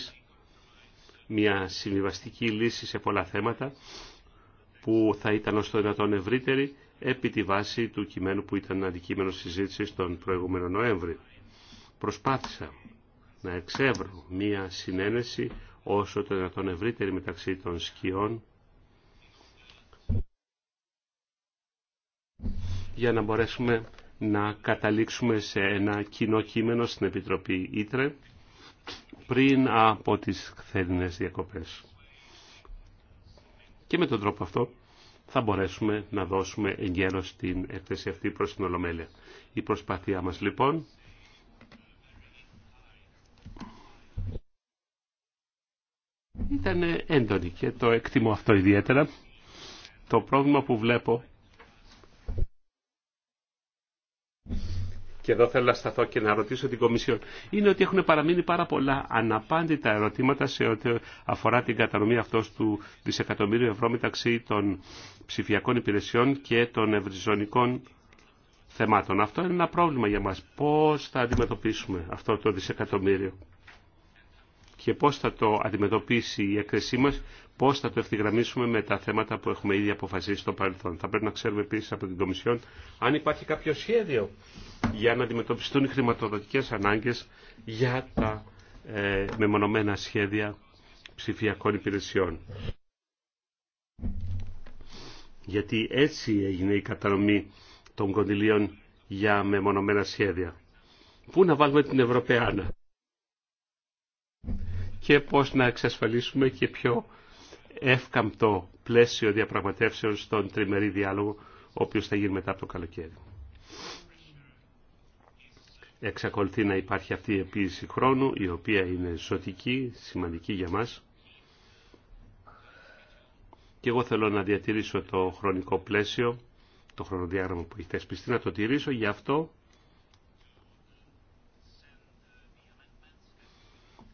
μια συμβιβαστική λύση σε πολλά θέματα, που θα ήταν ως το δυνατόν ευρύτερη επί τη βάση του κειμένου που ήταν αντικείμενο συζήτηση τον προηγούμενο Νοέμβρη. Προσπάθησα να εξεύρω μία συνένεση όσο το δυνατόν ευρύτερη μεταξύ των σκιών για να μπορέσουμε να καταλήξουμε σε ένα κοινό κείμενο στην Επιτροπή Ήτρε πριν από τις χθερινές διακοπές. Και με τον τρόπο αυτό θα μπορέσουμε να δώσουμε εγκαίρως την έκθεση αυτή προς την Ολομέλεια. Η προσπάθειά μας λοιπόν ήταν έντονη και το εκτιμώ αυτό ιδιαίτερα. Το πρόβλημα που βλέπω και εδώ θέλω να σταθώ και να ρωτήσω την Κομισιόν, είναι ότι έχουν παραμείνει πάρα πολλά αναπάντητα ερωτήματα σε ό,τι αφορά την κατανομή αυτό του δισεκατομμύριου ευρώ μεταξύ των ψηφιακών υπηρεσιών και των ευρυζωνικών θεμάτων. Αυτό είναι ένα πρόβλημα για μας. Πώς θα αντιμετωπίσουμε αυτό το δισεκατομμύριο και πώς θα το αντιμετωπίσει η έκθεσή μας πώς θα το ευθυγραμμίσουμε με τα θέματα που έχουμε ήδη αποφασίσει στο παρελθόν. Θα πρέπει να ξέρουμε επίσης από την Κομισιόν αν υπάρχει κάποιο σχέδιο για να αντιμετωπιστούν οι χρηματοδοτικές ανάγκες για τα ε, μεμονωμένα σχέδια ψηφιακών υπηρεσιών. Γιατί έτσι έγινε η κατανομή των κονδυλίων για μεμονωμένα σχέδια. Πού να βάλουμε την Ευρωπαϊκή και πώς να εξασφαλίσουμε και πιο εύκαμπτο πλαίσιο διαπραγματεύσεων στον τριμερή διάλογο, ο οποίος θα γίνει μετά από το καλοκαίρι. Εξακολουθεί να υπάρχει αυτή η επίηση χρόνου, η οποία είναι ζωτική, σημαντική για μας. Και εγώ θέλω να διατηρήσω το χρονικό πλαίσιο, το χρονοδιάγραμμα που έχει θεσπιστεί, να το τηρήσω. Γι' αυτό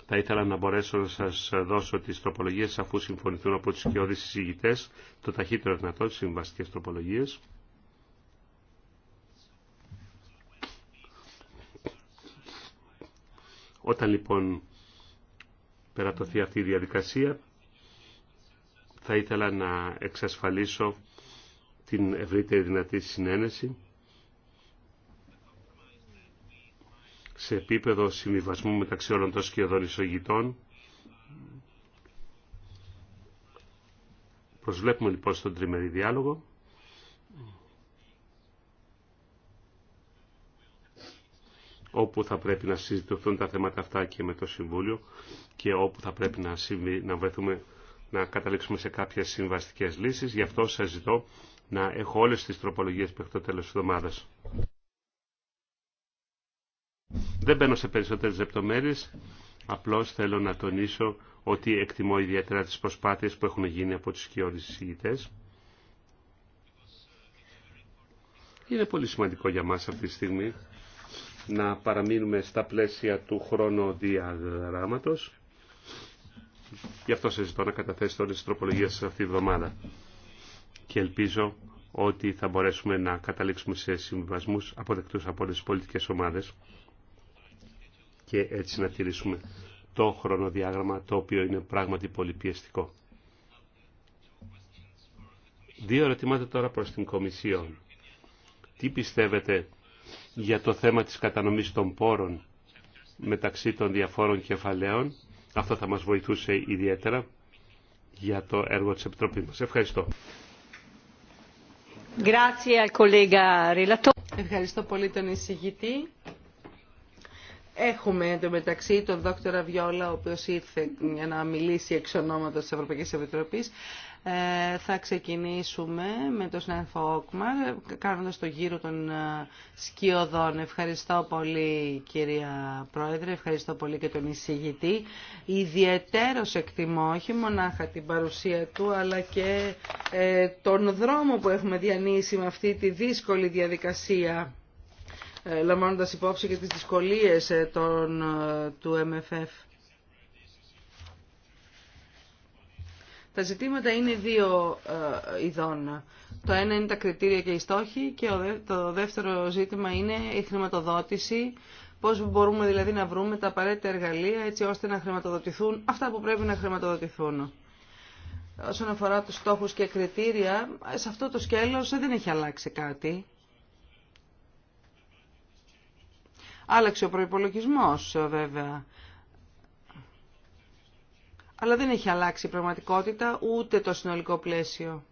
Θα ήθελα να μπορέσω να σας δώσω τις τροπολογίες αφού συμφωνηθούν από τους κοιόδης συζητητές το ταχύτερο δυνατό τις συμβαστικές τροπολογίες. Όταν λοιπόν περατωθεί αυτή η διαδικασία θα ήθελα να εξασφαλίσω την ευρύτερη δυνατή συνένεση σε επίπεδο συμβιβασμού μεταξύ όλων των σχεδόν ισογητών Προσβλέπουμε λοιπόν στον τριμερή διάλογο. όπου θα πρέπει να συζητηθούν τα θέματα αυτά και με το Συμβούλιο και όπου θα πρέπει να, συμβεί, να βρεθούμε να καταλήξουμε σε κάποιες συμβαστικές λύσεις. Γι' αυτό σας ζητώ να έχω όλες τις τροπολογίες μέχρι το τέλος της εβδομάδας. Δεν μπαίνω σε περισσότερες λεπτομέρειες, απλώς θέλω να τονίσω ότι εκτιμώ ιδιαίτερα τις προσπάθειες που έχουν γίνει από τους σκιώδεις εισηγητές. Είναι πολύ σημαντικό για μας αυτή τη στιγμή να παραμείνουμε στα πλαίσια του χρονοδιαγράμματος. Γι' αυτό σας ζητώ να καταθέσετε όλες τις τροπολογίες σας αυτή τη βδομάδα. Και ελπίζω ότι θα μπορέσουμε να καταλήξουμε σε συμβασμούς αποδεκτούς από όλες τις πολιτικές ομάδες και έτσι να τηρήσουμε το χρονοδιάγραμμα το οποίο είναι πράγματι πολύ πιεστικό. Δύο ερωτήματα τώρα προς την Κομισιόν. Τι πιστεύετε για το θέμα της κατανομής των πόρων μεταξύ των διαφόρων κεφαλαίων. Αυτό θα μας βοηθούσε ιδιαίτερα για το έργο της Επιτροπής μας. Ευχαριστώ. Ευχαριστώ πολύ τον εισηγητή. Έχουμε εντωμεταξύ τον δόκτωρα Βιόλα, ο οποίος ήρθε για να μιλήσει εξ ονόματος της Ευρωπαϊκής Επιτροπής. Ε, θα ξεκινήσουμε με τον Σνέφο Όκμαρ, κάνοντας το γύρο των ε, σκιωδών. Ευχαριστώ πολύ κυρία Πρόεδρε, ευχαριστώ πολύ και τον εισηγητή. Ιδιαιτέρως εκτιμώ όχι μονάχα την παρουσία του, αλλά και ε, τον δρόμο που έχουμε διανύσει με αυτή τη δύσκολη διαδικασία ε, λαμβάνοντας υπόψη και τις δυσκολίες ε, των, ε, του MFF. Τα ζητήματα είναι δύο ειδών. Το ένα είναι τα κριτήρια και οι στόχοι και το δεύτερο ζήτημα είναι η χρηματοδότηση. Πώς μπορούμε δηλαδή να βρούμε τα απαραίτητα εργαλεία έτσι ώστε να χρηματοδοτηθούν αυτά που πρέπει να χρηματοδοτηθούν. Όσον αφορά τους στόχους και κριτήρια, σε αυτό το σκέλος δεν έχει αλλάξει κάτι. Άλλαξε ο προϋπολογισμός βέβαια. Αλλά δεν έχει αλλάξει η πραγματικότητα ούτε το συνολικό πλαίσιο.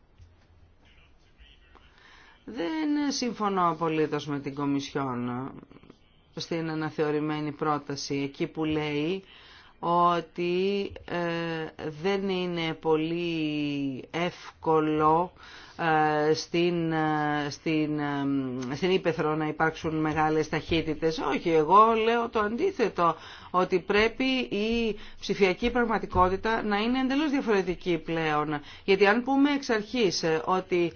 Δεν συμφωνώ απολύτως με την Κομισιόν στην αναθεωρημένη πρόταση, εκεί που λέει ότι ε, δεν είναι πολύ εύκολο ε, στην, ε, στην, ε, στην Ήπεθρο να υπάρξουν μεγάλες ταχύτητες. Όχι, εγώ λέω το αντίθετο, ότι πρέπει η ψηφιακή πραγματικότητα να είναι εντελώς διαφορετική πλέον. Γιατί αν πούμε εξ αρχής ότι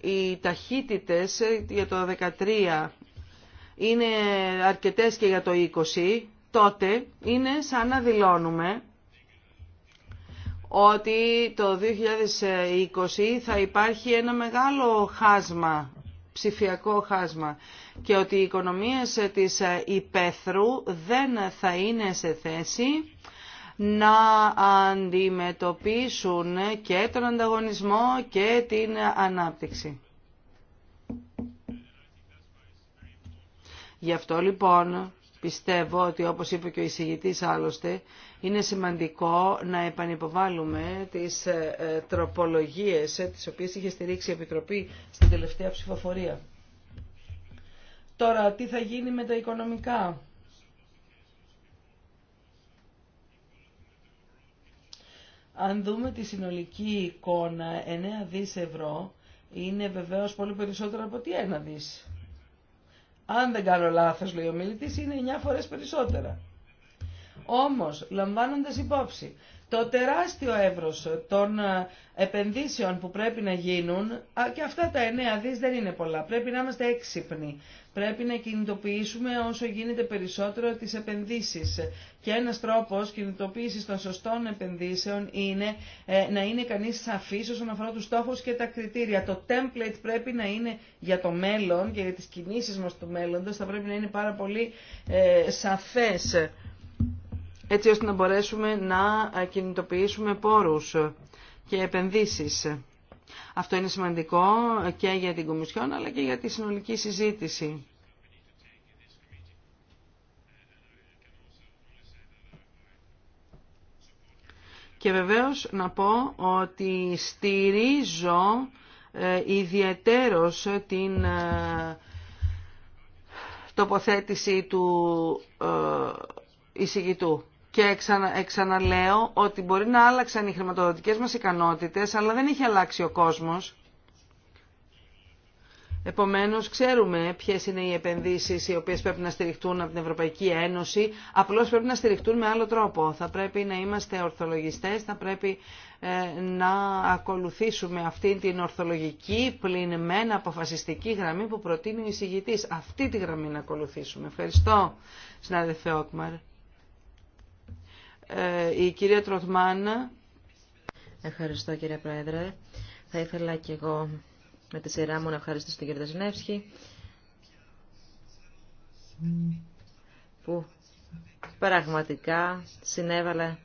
οι ταχύτητες για το 2013 είναι αρκετές και για το 20, τότε είναι σαν να δηλώνουμε ότι το 2020 θα υπάρχει ένα μεγάλο χάσμα, ψηφιακό χάσμα και ότι οι οικονομίες της υπεθρού δεν θα είναι σε θέση να αντιμετωπίσουν και τον ανταγωνισμό και την ανάπτυξη. Γι' αυτό λοιπόν πιστεύω ότι όπως είπε και ο εισηγητής άλλωστε, είναι σημαντικό να επανυποβάλουμε τις ε, ε, τροπολογίες ε, τις οποίες είχε στηρίξει η Επιτροπή στην τελευταία ψηφοφορία. Τώρα, τι θα γίνει με τα οικονομικά. Αν δούμε τη συνολική εικόνα, 9 δις ευρώ είναι βεβαίως πολύ περισσότερο από τι 1 δις. Αν δεν κάνω λάθος, λέει ο μιλητής, είναι 9 φορές περισσότερα. Όμως, λαμβάνοντας υπόψη το τεράστιο εύρος των ε, επενδύσεων που πρέπει να γίνουν, και αυτά τα εννέα δις δεν είναι πολλά, πρέπει να είμαστε έξυπνοι. Πρέπει να κινητοποιήσουμε όσο γίνεται περισσότερο τις επενδύσεις. Και ένας τρόπος κινητοποίησης των σωστών επενδύσεων είναι ε, να είναι κανείς σαφής όσον αφορά τους στόχους και τα κριτήρια. Το template πρέπει να είναι για το μέλλον και για τις κινήσεις μας του μέλλοντος, θα πρέπει να είναι πάρα πολύ ε, σαφές έτσι ώστε να μπορέσουμε να κινητοποιήσουμε πόρους και επενδύσεις. Αυτό είναι σημαντικό και για την Κομισιόν αλλά και για τη συνολική συζήτηση. Και βεβαίως να πω ότι στηρίζω ε, ιδιαιτέρως την ε, τοποθέτηση του ε, εισηγητού. Και ξαναλέω ότι μπορεί να άλλαξαν οι χρηματοδοτικές μας ικανότητες, αλλά δεν έχει αλλάξει ο κόσμος. Επομένως, ξέρουμε ποιες είναι οι επενδύσεις οι οποίες πρέπει να στηριχτούν από την Ευρωπαϊκή Ένωση. Απλώς πρέπει να στηριχτούν με άλλο τρόπο. Θα πρέπει να είμαστε ορθολογιστές, θα πρέπει ε, να ακολουθήσουμε αυτή την ορθολογική, πληνμένα αποφασιστική γραμμή που προτείνει ο εισηγητής. Αυτή τη γραμμή να ακολουθήσουμε. Ευχαριστώ, συνάδελφε Όκμαρ. Ε, η κυρία Τροθμάν, Ευχαριστώ κύριε Πρόεδρε. Θα ήθελα και εγώ με τη σειρά μου να ευχαριστήσω την κυρία που πραγματικά συνέβαλε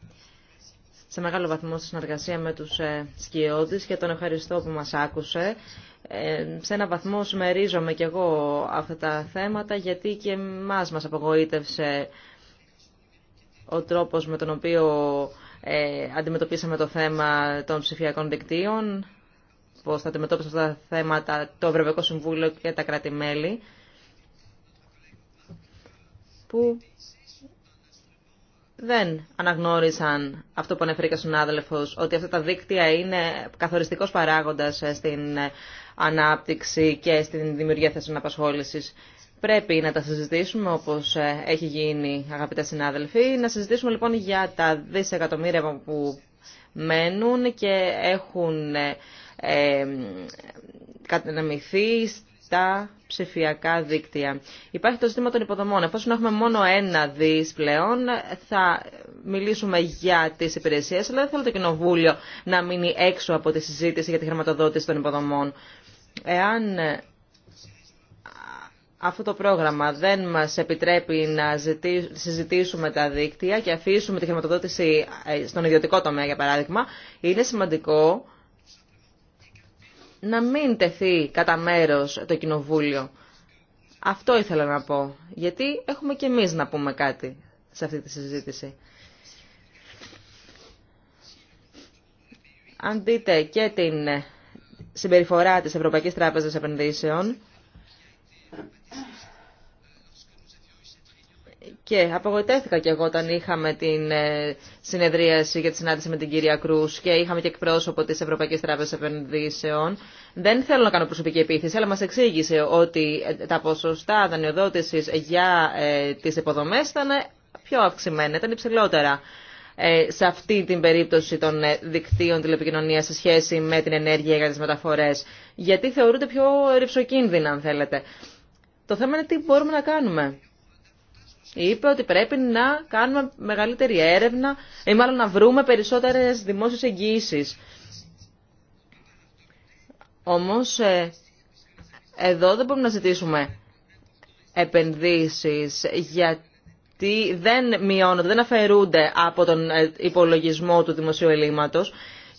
σε μεγάλο βαθμό στη συνεργασία με τους ε, σκιώδεις και τον ευχαριστώ που μας άκουσε. Ε, σε ένα βαθμό συμμερίζομαι κι εγώ αυτά τα θέματα γιατί και εμάς μας απογοήτευσε ο τρόπος με τον οποίο ε, αντιμετωπίσαμε το θέμα των ψηφιακών δικτύων, πώς θα αντιμετώπισαν αυτά τα θέματα το Ευρωπαϊκό Συμβούλιο και τα κράτη-μέλη, που δεν αναγνώρισαν αυτό που ανέφερε και ο συνάδελφος, ότι αυτά τα δίκτυα είναι καθοριστικός παράγοντας στην ανάπτυξη και στην δημιουργία θέσεων απασχόλησης. Πρέπει να τα συζητήσουμε όπως ε, έχει γίνει αγαπητέ συνάδελφοι. Να συζητήσουμε λοιπόν για τα δισεκατομμύρια που μένουν και έχουν ε, καταναμηθεί στα ψηφιακά δίκτυα. Υπάρχει το ζήτημα των υποδομών. Εφόσον έχουμε μόνο ένα δις πλέον, θα μιλήσουμε για τις υπηρεσίες, αλλά δεν θέλω το Κοινοβούλιο να μείνει έξω από τη συζήτηση για τη χρηματοδότηση των υποδομών. Εάν αυτό το πρόγραμμα δεν μας επιτρέπει να συζητήσουμε τα δίκτυα και αφήσουμε τη χρηματοδότηση ε, στον ιδιωτικό τομέα, για παράδειγμα, είναι σημαντικό να μην τεθεί κατά μέρο το κοινοβούλιο. Αυτό ήθελα να πω, γιατί έχουμε και εμείς να πούμε κάτι σε αυτή τη συζήτηση. Αν δείτε και την συμπεριφορά της Ευρωπαϊκής Τράπεζας Επενδύσεων, Και απογοητεύτηκα και εγώ όταν είχαμε την ε, συνεδρίαση για τη συνάντηση με την κυρία Κρούς και είχαμε και εκπρόσωπο της Ευρωπαϊκής Τράπεζας Επενδύσεων. Δεν θέλω να κάνω προσωπική επίθεση, αλλά μας εξήγησε ότι ε, τα ποσοστά δανειοδότησης για ε, τις υποδομές ήταν πιο αυξημένα, ήταν υψηλότερα σε αυτή την περίπτωση των δικτύων τηλεπικοινωνίας σε σχέση με την ενέργεια για τις μεταφορές. Γιατί θεωρούνται πιο ρηψοκίνδυνα, αν θέλετε. Το θέμα είναι τι μπορούμε να κάνουμε είπε ότι πρέπει να κάνουμε μεγαλύτερη έρευνα ή μάλλον να βρούμε περισσότερες δημόσιες εγγυήσεις. Όμως ε, εδώ δεν μπορούμε να ζητήσουμε επενδύσεις γιατί δεν μειώνονται, δεν αφαιρούνται από τον ε, υπολογισμό του δημοσίου ελλείμματος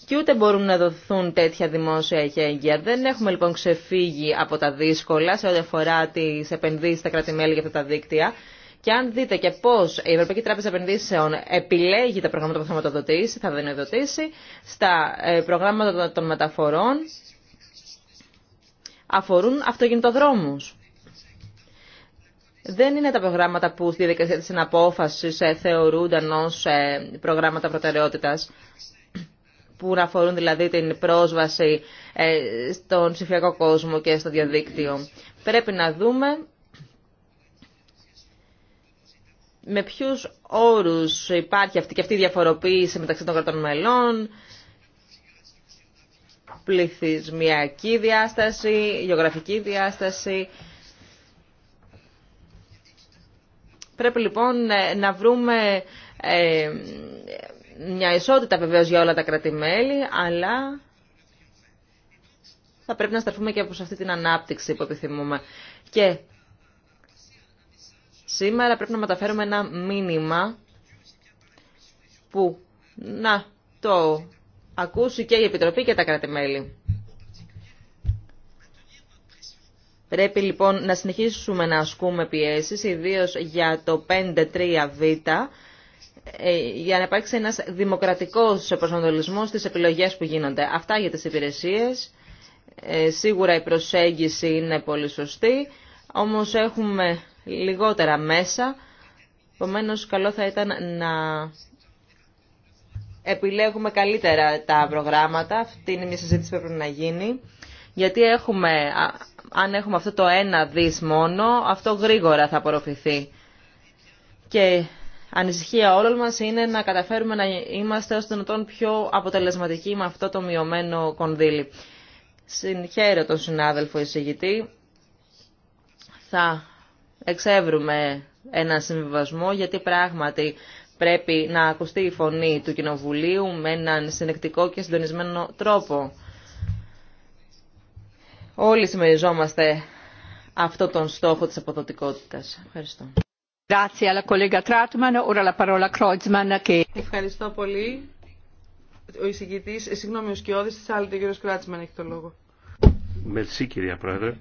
και ούτε μπορούν να δοθούν τέτοια δημόσια εγγύα. Δεν έχουμε λοιπόν ξεφύγει από τα δύσκολα σε ό,τι αφορά τι επενδύσεις στα κράτη-μέλη για αυτά τα δίκτυα. Και αν δείτε και πώ η Ευρωπαϊκή Τράπεζα Επενδύσεων επιλέγει τα προγράμματα που θα χρηματοδοτήσει, θα δανειοδοτήσει, στα ε, προγράμματα των μεταφορών αφορούν αυτοκινητοδρόμους. Δεν είναι τα προγράμματα που στη διαδικασία της συναπόφασης ε, θεωρούνταν ως ε, προγράμματα προτεραιότητας που να αφορούν δηλαδή την πρόσβαση στον ψηφιακό κόσμο και στο διαδίκτυο. Πρέπει να δούμε με ποιου όρου υπάρχει αυτή και αυτή η διαφοροποίηση μεταξύ των κρατών μελών, πληθυσμιακή διάσταση, γεωγραφική διάσταση. Πρέπει λοιπόν ε, να βρούμε ε, μια ισότητα βεβαίω για όλα τα κρατημέλη, αλλά θα πρέπει να σταθούμε και από αυτή την ανάπτυξη που επιθυμούμε. Και Σήμερα πρέπει να μεταφέρουμε ένα μήνυμα που να το ακούσει και η Επιτροπή και τα κράτη-μέλη. Πρέπει λοιπόν να συνεχίσουμε να ασκούμε πιέσεις, ιδίως για το 5-3-β, ε, για να υπάρξει ένας δημοκρατικός προσανατολισμός στις επιλογές που γίνονται. Αυτά για τις υπηρεσίες. Ε, σίγουρα η προσέγγιση είναι πολύ σωστή, όμως έχουμε λιγότερα μέσα. Επομένω, καλό θα ήταν να επιλέγουμε καλύτερα τα προγράμματα. Αυτή είναι μια συζήτηση που πρέπει να γίνει. Γιατί έχουμε, αν έχουμε αυτό το ένα δις μόνο, αυτό γρήγορα θα απορροφηθεί. Και ανησυχία όλων μας είναι να καταφέρουμε να είμαστε ως τον πιο αποτελεσματικοί με αυτό το μειωμένο κονδύλι. Συγχαίρω τον συνάδελφο εισηγητή. Θα εξεύρουμε ένα συμβιβασμό γιατί πράγματι πρέπει να ακουστεί η φωνή του Κοινοβουλίου με έναν συνεκτικό και συντονισμένο τρόπο. Όλοι συμμεριζόμαστε αυτό τον στόχο της αποδοτικότητας. Ευχαριστώ. Ευχαριστώ πολύ. Ο εισηγητής, ε, συγγνώμη, ο Σκιώδης, της άλλης, ο κύριος Κράτσμαν έχει το λόγο. Μερσή, κυρία Πρόεδρε.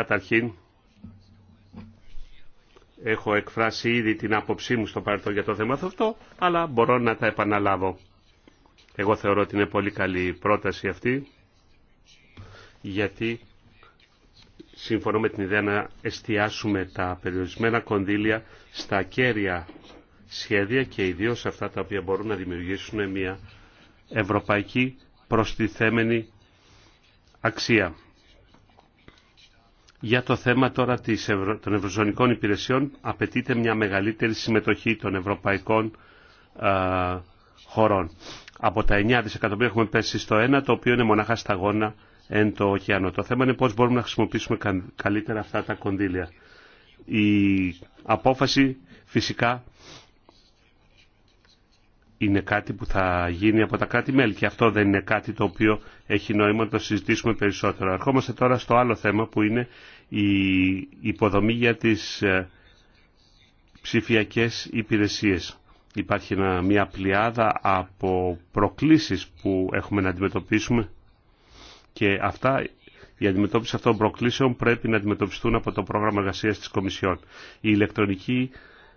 Καταρχήν, έχω εκφράσει ήδη την άποψή μου στο παρελθόν για το θέμα αυτό, αλλά μπορώ να τα επαναλάβω. Εγώ θεωρώ ότι είναι πολύ καλή η πρόταση αυτή, γιατί συμφωνώ με την ιδέα να εστιάσουμε τα περιορισμένα κονδύλια στα κέρια σχέδια και ιδίως αυτά τα οποία μπορούν να δημιουργήσουν μια ευρωπαϊκή προστιθέμενη αξία. Για το θέμα τώρα των ευρωζωνικών υπηρεσιών απαιτείται μια μεγαλύτερη συμμετοχή των ευρωπαϊκών χωρών. Από τα 9 δισεκατομμύρια έχουμε πέσει στο 1, το οποίο είναι μονάχα σταγόνα εν το ωκεανό. Το θέμα είναι πώς μπορούμε να χρησιμοποιήσουμε καλύτερα αυτά τα κονδύλια. Η απόφαση φυσικά είναι κάτι που θα γίνει από τα κράτη-μέλη και αυτό δεν είναι κάτι το οποίο έχει νόημα να το συζητήσουμε περισσότερο. Ερχόμαστε τώρα στο άλλο θέμα που είναι η υποδομή για τις ε, ψηφιακές υπηρεσίες. Υπάρχει μια πλειάδα από προκλήσεις που έχουμε να αντιμετωπίσουμε και αυτά, η αντιμετώπιση αυτών των προκλήσεων πρέπει να αντιμετωπιστούν από το πρόγραμμα εργασίας της Κομισιόν. Η ηλεκτρονική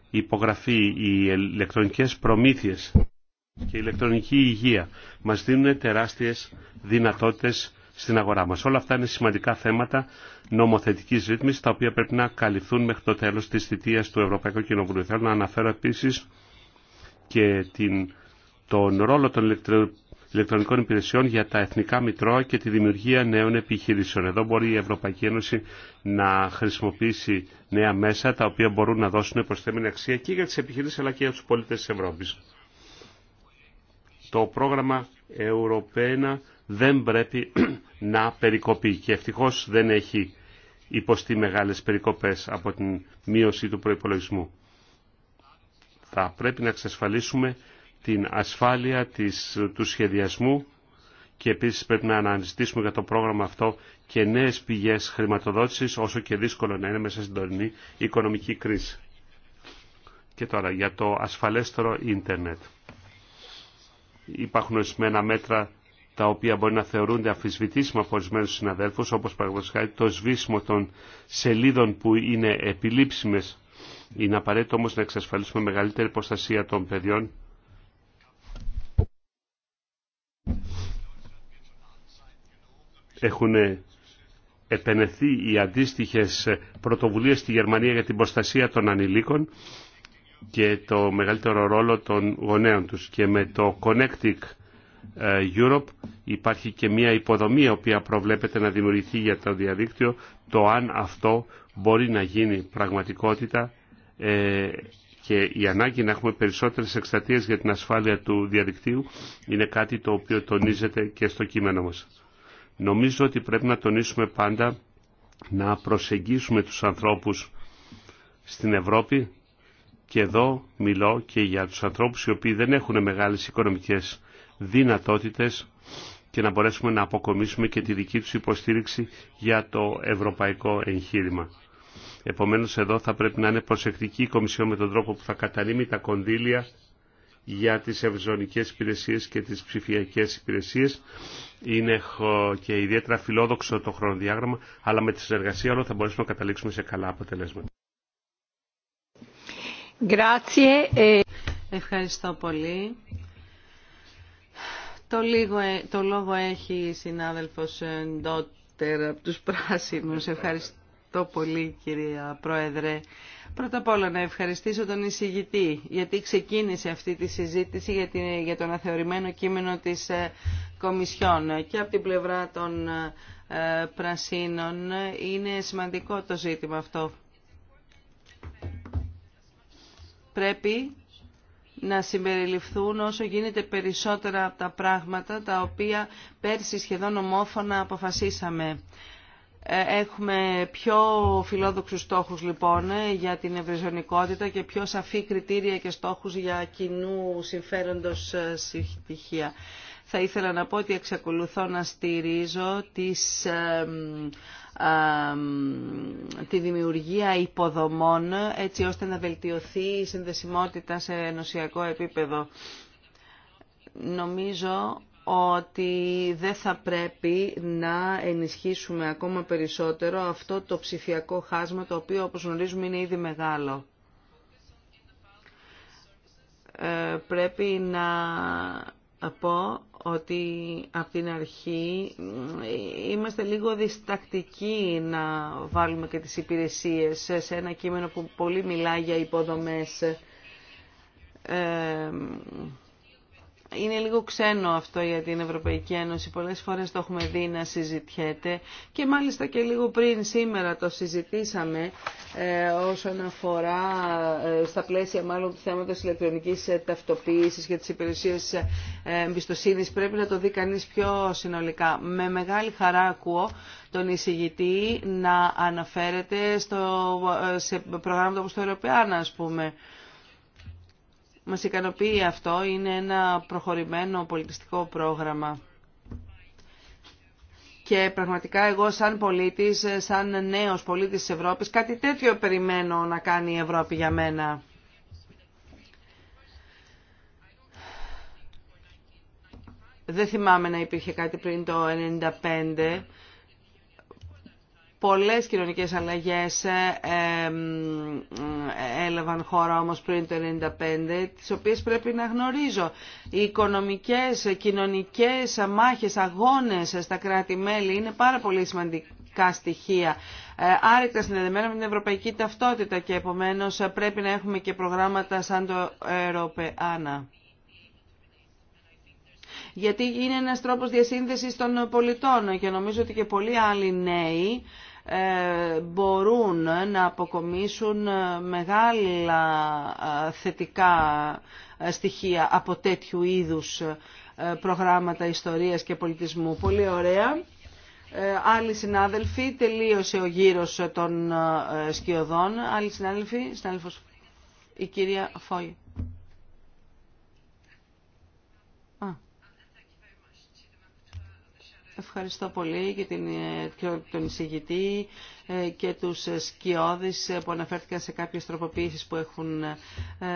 υπογραφή, οι ηλεκτρονικές προμήθειες και η ηλεκτρονική υγεία μας δίνουν τεράστιες δυνατότητες στην αγορά μας. Όλα αυτά είναι σημαντικά θέματα νομοθετικής ρύθμισης τα οποία πρέπει να καλυφθούν μέχρι το τέλος της θητείας του Ευρωπαϊκού Κοινοβουλίου. Θέλω να αναφέρω επίσης και την, τον ρόλο των ηλεκτρο, ηλεκτρονικών υπηρεσιών για τα εθνικά μητρώα και τη δημιουργία νέων επιχειρήσεων. Εδώ μπορεί η Ευρωπαϊκή Ένωση να χρησιμοποιήσει νέα μέσα τα οποία μπορούν να δώσουν προσθέμενη αξία και για τις επιχειρήσεις αλλά και για τους πολίτες της Ευρώπης το πρόγραμμα Ευρωπαίνα δεν πρέπει να περικοπεί και ευτυχώς δεν έχει υποστεί μεγάλες περικοπές από την μείωση του προϋπολογισμού. Θα πρέπει να εξασφαλίσουμε την ασφάλεια της, του σχεδιασμού και επίσης πρέπει να αναζητήσουμε για το πρόγραμμα αυτό και νέες πηγές χρηματοδότησης όσο και δύσκολο να είναι μέσα στην τωρινή οικονομική κρίση. Και τώρα για το ασφαλέστερο ίντερνετ υπάρχουν ορισμένα μέτρα τα οποία μπορεί να θεωρούνται αφισβητήσιμα από ορισμένου συναδέλφου, όπω παραδείγματο το σβήσιμο των σελίδων που είναι επιλήψιμε. Είναι απαραίτητο όμω να εξασφαλίσουμε μεγαλύτερη προστασία των παιδιών. Έχουν επενεθεί οι αντίστοιχε πρωτοβουλίε στη Γερμανία για την προστασία των ανηλίκων και το μεγαλύτερο ρόλο των γονέων τους. Και με το Connecting ε, Europe υπάρχει και μια υποδομή η οποία προβλέπεται να δημιουργηθεί για το διαδίκτυο το αν αυτό μπορεί να γίνει πραγματικότητα ε, και η ανάγκη να έχουμε περισσότερες εκστατείες για την ασφάλεια του διαδικτύου είναι κάτι το οποίο τονίζεται και στο κείμενο μας. Νομίζω ότι πρέπει να τονίσουμε πάντα να προσεγγίσουμε τους ανθρώπους στην Ευρώπη και εδώ μιλώ και για τους ανθρώπους οι οποίοι δεν έχουν μεγάλες οικονομικές δυνατότητες και να μπορέσουμε να αποκομίσουμε και τη δική τους υποστήριξη για το ευρωπαϊκό εγχείρημα. Επομένως εδώ θα πρέπει να είναι προσεκτική η Κομισιόν με τον τρόπο που θα κατανείμει τα κονδύλια για τις ευζωνικές υπηρεσίες και τις ψηφιακές υπηρεσίες. Είναι και ιδιαίτερα φιλόδοξο το χρονοδιάγραμμα, αλλά με τη συνεργασία όλων θα μπορέσουμε να καταλήξουμε σε καλά αποτελέσματα. E- Ευχαριστώ πολύ. Ε- το, λόγο έχει η συνάδελφος ε, Ντότερ από τους Πράσινους. Ευχαριστώ πολύ κυρία Πρόεδρε. Πρώτα απ' όλα να ευχαριστήσω τον εισηγητή γιατί ξεκίνησε αυτή τη συζήτηση για, την, για το αθεωρημένο κείμενο της ε, Κομισιόν και από την πλευρά των Πρασίνων είναι σημαντικό το ζήτημα αυτό πρέπει να συμπεριληφθούν όσο γίνεται περισσότερα από τα πράγματα τα οποία πέρσι σχεδόν ομόφωνα αποφασίσαμε. Ε, έχουμε πιο φιλόδοξους στόχους λοιπόν ε, για την ευρυζωνικότητα και πιο σαφή κριτήρια και στόχους για κοινού συμφέροντος ε, στοιχεία θα ήθελα να πω ότι εξακολουθώ να στηρίζω τις, τη δημιουργία υποδομών έτσι ώστε να βελτιωθεί η συνδεσιμότητα σε ενωσιακό επίπεδο. Νομίζω ότι δεν θα πρέπει να ενισχύσουμε ακόμα περισσότερο αυτό το ψηφιακό χάσμα το οποίο όπως γνωρίζουμε είναι ήδη μεγάλο. Ε, πρέπει να πω ότι από την αρχή είμαστε λίγο διστακτικοί να βάλουμε και τις υπηρεσίες σε ένα κείμενο που πολύ μιλάει για υποδομές. Ε, είναι λίγο ξένο αυτό για την Ευρωπαϊκή Ένωση. Πολλές φορές το έχουμε δει να συζητιέται και μάλιστα και λίγο πριν σήμερα το συζητήσαμε ε, όσον αφορά ε, στα πλαίσια μάλλον του θέματος ηλεκτρονικής ε, ταυτοποίησης και της υπηρεσίας εμπιστοσύνης. Πρέπει να το δει κανείς πιο συνολικά. Με μεγάλη χαρά ακούω τον εισηγητή να αναφέρεται σε προγράμματα όπως το Ευρωπαϊκό, ας πούμε. Μα ικανοποιεί αυτό, είναι ένα προχωρημένο πολιτιστικό πρόγραμμα. Και πραγματικά εγώ σαν πολίτης, σαν νέος πολίτης της Ευρώπης, κάτι τέτοιο περιμένω να κάνει η Ευρώπη για μένα. Δεν θυμάμαι να υπήρχε κάτι πριν το 1995 Πολλές κοινωνικές αλλαγές ε, ε, έλαβαν χώρα όμως πριν το 1995, τις οποίες πρέπει να γνωρίζω. Οι οικονομικές, κοινωνικές μάχες, αγώνες στα κράτη-μέλη είναι πάρα πολύ σημαντικά στοιχεία ε, άρρηκτα συνδεδεμένα με την ευρωπαϊκή ταυτότητα και επομένως πρέπει να έχουμε και προγράμματα σαν το Ευρωπαϊκό γιατί είναι ένας τρόπος διασύνδεσης των πολιτών και νομίζω ότι και πολλοί άλλοι νέοι ε, μπορούν να αποκομίσουν μεγάλα ε, θετικά ε, στοιχεία από τέτοιου είδους προγράμματα ιστορίας και πολιτισμού. Πολύ ωραία. Άλλοι συνάδελφοι, τελείωσε ο γύρος των σκιωδών. Άλλοι συνάδελφοι, συνάδελφος, η κυρία Φόη. Ευχαριστώ πολύ και, ε, τον εισηγητή ε, και τους σκιώδεις που αναφέρθηκαν σε κάποιες τροποποίησεις που έχουν ε,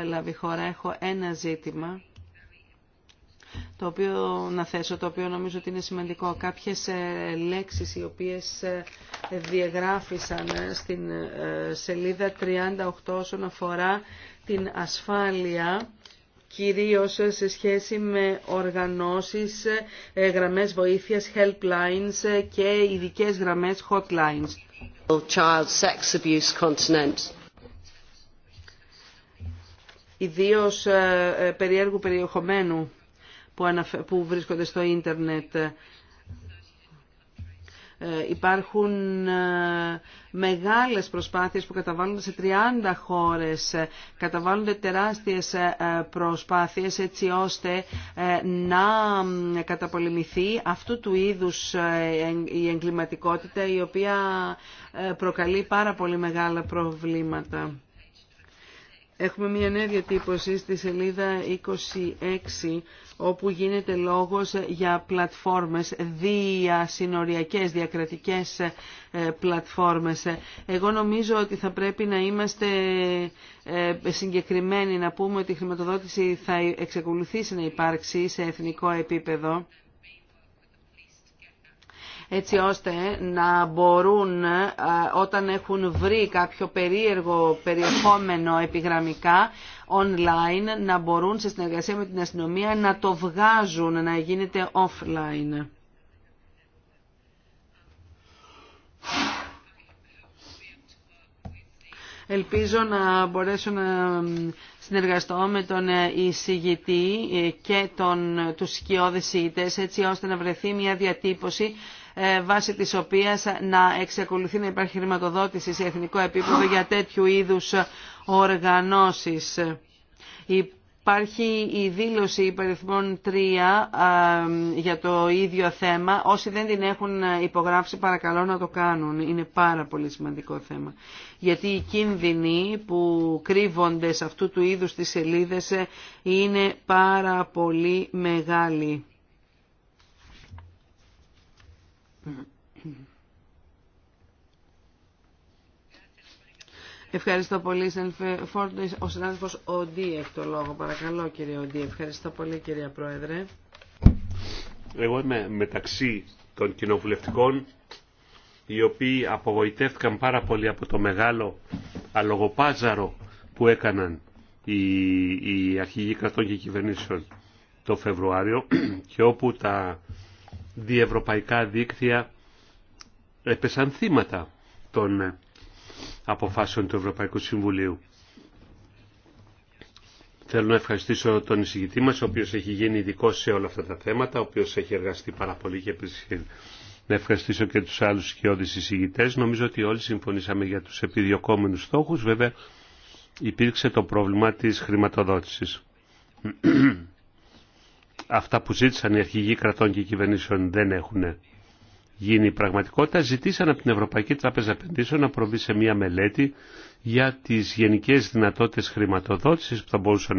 λάβει χώρα. Έχω ένα ζήτημα το οποίο να θέσω, το οποίο νομίζω ότι είναι σημαντικό. Κάποιες λέξεις οι οποίες διαγράφησαν στην σελίδα 38 όσον αφορά την ασφάλεια κυρίως σε σχέση με οργανώσεις, ε, γραμμές βοήθειας, helplines και ειδικές γραμμές hotlines. Child sex continent. Ιδίως ε, ε, περίεργου περιεχομένου που βρίσκονται στο ίντερνετ ε, υπάρχουν ε, μεγάλες προσπάθειες που καταβάλλονται σε 30 χώρες. Ε, καταβάλλονται τεράστιες προσπάθειες έτσι ώστε να καταπολεμηθεί αυτού του είδους η εγκληματικότητα η οποία προκαλεί πάρα πολύ μεγάλα προβλήματα. Έχουμε μια νέα διατύπωση στη σελίδα 26 όπου γίνεται λόγος για πλατφόρμες διασυνοριακές, διακρατικές ε, πλατφόρμες. Εγώ νομίζω ότι θα πρέπει να είμαστε ε, συγκεκριμένοι να πούμε ότι η χρηματοδότηση θα εξακολουθήσει να υπάρξει σε εθνικό επίπεδο έτσι ώστε να μπορούν ε, όταν έχουν βρει κάποιο περίεργο περιεχόμενο επιγραμμικά online να μπορούν σε συνεργασία με την αστυνομία να το βγάζουν, να γίνεται offline. Ελπίζω να μπορέσω να συνεργαστώ με τον ε, εισηγητή ε, και τον, τους σκιώδες έτσι ώστε να βρεθεί μια διατύπωση ε, βάσει της οποίας να εξακολουθεί να υπάρχει χρηματοδότηση σε εθνικό επίπεδο για τέτοιου είδους οργανώσεις. Υπάρχει η δήλωση υπ. 3 για το ίδιο θέμα. Όσοι δεν την έχουν υπογράψει παρακαλώ να το κάνουν. Είναι πάρα πολύ σημαντικό θέμα. Γιατί οι κίνδυνοι που κρύβονται σε αυτού του είδους τις σελίδες είναι πάρα πολύ μεγάλοι. Ευχαριστώ πολύ, Ο συνάδελφο Οντί έχει το λόγο. Παρακαλώ, κύριε Οντί. Ευχαριστώ πολύ, κύριε Πρόεδρε. Εγώ είμαι μεταξύ των κοινοβουλευτικών οι οποίοι απογοητεύτηκαν πάρα πολύ από το μεγάλο αλογοπάζαρο που έκαναν οι, οι αρχηγοί κρατών και κυβερνήσεων το Φεβρουάριο και όπου τα διευρωπαϊκά δίκτυα έπεσαν θύματα των αποφάσεων του Ευρωπαϊκού Συμβουλίου. Θέλω να ευχαριστήσω τον εισηγητή μας, ο οποίος έχει γίνει ειδικό σε όλα αυτά τα θέματα, ο οποίος έχει εργαστεί πάρα πολύ και να ευχαριστήσω και τους άλλους σκιώδεις εισηγητές. Νομίζω ότι όλοι συμφωνήσαμε για τους επιδιωκόμενους στόχους. Βέβαια υπήρξε το πρόβλημα της χρηματοδότησης αυτά που ζήτησαν οι αρχηγοί κρατών και κυβερνήσεων δεν έχουν γίνει πραγματικότητα, ζητήσαν από την Ευρωπαϊκή Τράπεζα Επενδύσεων να προβεί σε μία μελέτη για τις γενικές δυνατότητες χρηματοδότησης που θα μπορούσαν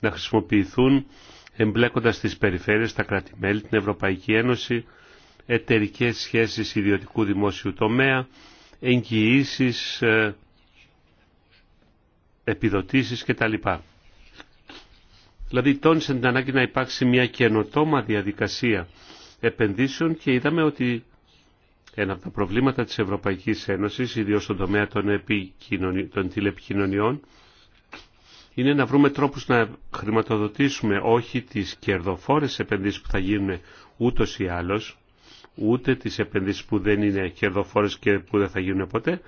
να χρησιμοποιηθούν εμπλέκοντας τις περιφέρειες, τα κράτη-μέλη, την Ευρωπαϊκή Ένωση, εταιρικές σχέσεις ιδιωτικού δημόσιου τομέα, εγγυήσεις, ε, επιδοτήσεις κτλ. Δηλαδή τόνισε την ανάγκη να υπάρξει μια καινοτόμα διαδικασία επενδύσεων και είδαμε ότι ένα από τα προβλήματα της Ευρωπαϊκής Ένωσης, ιδίως στον τομέα των, των τηλεπικοινωνιών, είναι να βρούμε τρόπους να χρηματοδοτήσουμε όχι τις κερδοφόρες επενδύσεις που θα γίνουν ούτως ή άλλως, ούτε τις επενδύσεις που δεν είναι κερδοφόρες και που δεν θα γίνουν ποτέ,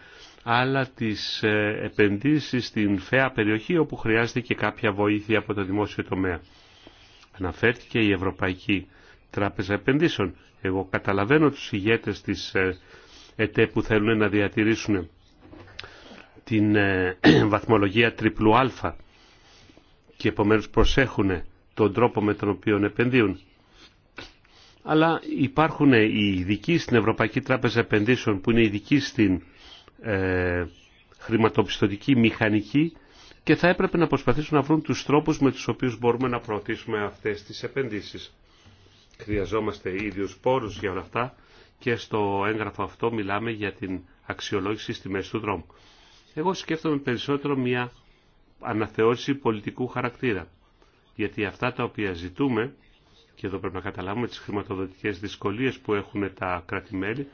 αλλά τις ε, επενδύσεις στην ΦΕΑ περιοχή όπου χρειάζεται και κάποια βοήθεια από το δημόσιο τομέα. Αναφέρθηκε η Ευρωπαϊκή Τράπεζα Επενδύσεων. Εγώ καταλαβαίνω τους ηγέτες της ε, ΕΤΕ που θέλουν να διατηρήσουν την ε, βαθμολογία τριπλού α και επομένως προσέχουν τον τρόπο με τον οποίο επενδύουν. Αλλά υπάρχουν οι ειδικοί στην Ευρωπαϊκή Τράπεζα Επενδύσεων που είναι ειδικοί στην ε, χρηματοπιστωτική μηχανική και θα έπρεπε να προσπαθήσουν να βρουν τους τρόπους με τους οποίους μπορούμε να προωθήσουμε αυτές τις επενδύσεις. Χρειαζόμαστε ίδιους πόρους για όλα αυτά και στο έγγραφο αυτό μιλάμε για την αξιολόγηση στη μέση του δρόμου. Εγώ σκέφτομαι περισσότερο μια αναθεώρηση πολιτικού χαρακτήρα, γιατί αυτά τα οποία ζητούμε, και εδώ πρέπει να καταλάβουμε τις χρηματοδοτικές δυσκολίες που έχουν τα κρατημέλη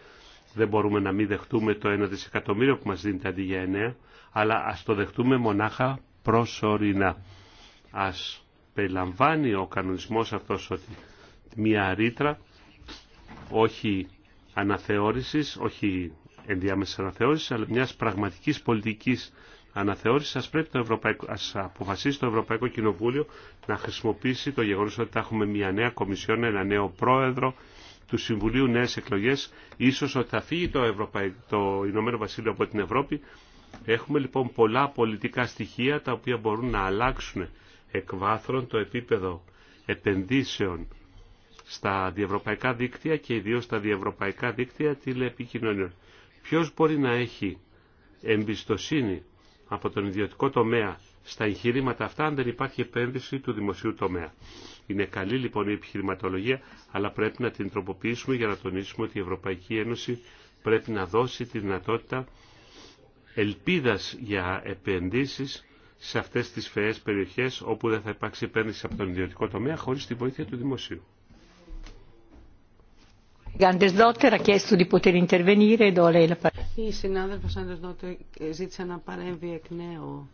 δεν μπορούμε να μην δεχτούμε το 1 δισεκατομμύριο που μας δίνεται αντί για εννέα αλλά ας το δεχτούμε μονάχα προσωρινά. Ας περιλαμβάνει ο κανονισμός αυτός ότι μια ρήτρα, όχι αναθεώρησης, όχι ενδιάμεσης αναθεώρησης, αλλά μιας πραγματικής πολιτικής αναθεώρησης, ας, πρέπει το Ευρωπαϊκό, ας αποφασίσει το Ευρωπαϊκό Κοινοβούλιο να χρησιμοποιήσει το γεγονός ότι θα έχουμε μια νέα κομισιόν, ένα νέο πρόεδρο, του Συμβουλίου νέες εκλογές, ίσως ότι θα φύγει το, Ευρωπαϊ... το Ηνωμένο Βασίλειο από την Ευρώπη. Έχουμε λοιπόν πολλά πολιτικά στοιχεία τα οποία μπορούν να αλλάξουν βάθρων το επίπεδο επενδύσεων στα διευρωπαϊκά δίκτυα και ιδίως στα διευρωπαϊκά δίκτυα τηλεπικοινωνιών. Ποιος μπορεί να έχει εμπιστοσύνη από τον ιδιωτικό τομέα στα εγχειρήματα αυτά αν δεν υπάρχει επένδυση του δημοσίου τομέα. Είναι καλή λοιπόν η επιχειρηματολογία, αλλά πρέπει να την τροποποιήσουμε για να τονίσουμε ότι η Ευρωπαϊκή Ένωση πρέπει να δώσει τη δυνατότητα ελπίδας για επενδύσεις σε αυτές τις φαιές περιοχές όπου δεν θα υπάρξει επένδυση από τον ιδιωτικό τομέα χωρίς τη βοήθεια του δημοσίου. Η συνάδελφος ζήτησε να παρέμβει εκ νέου.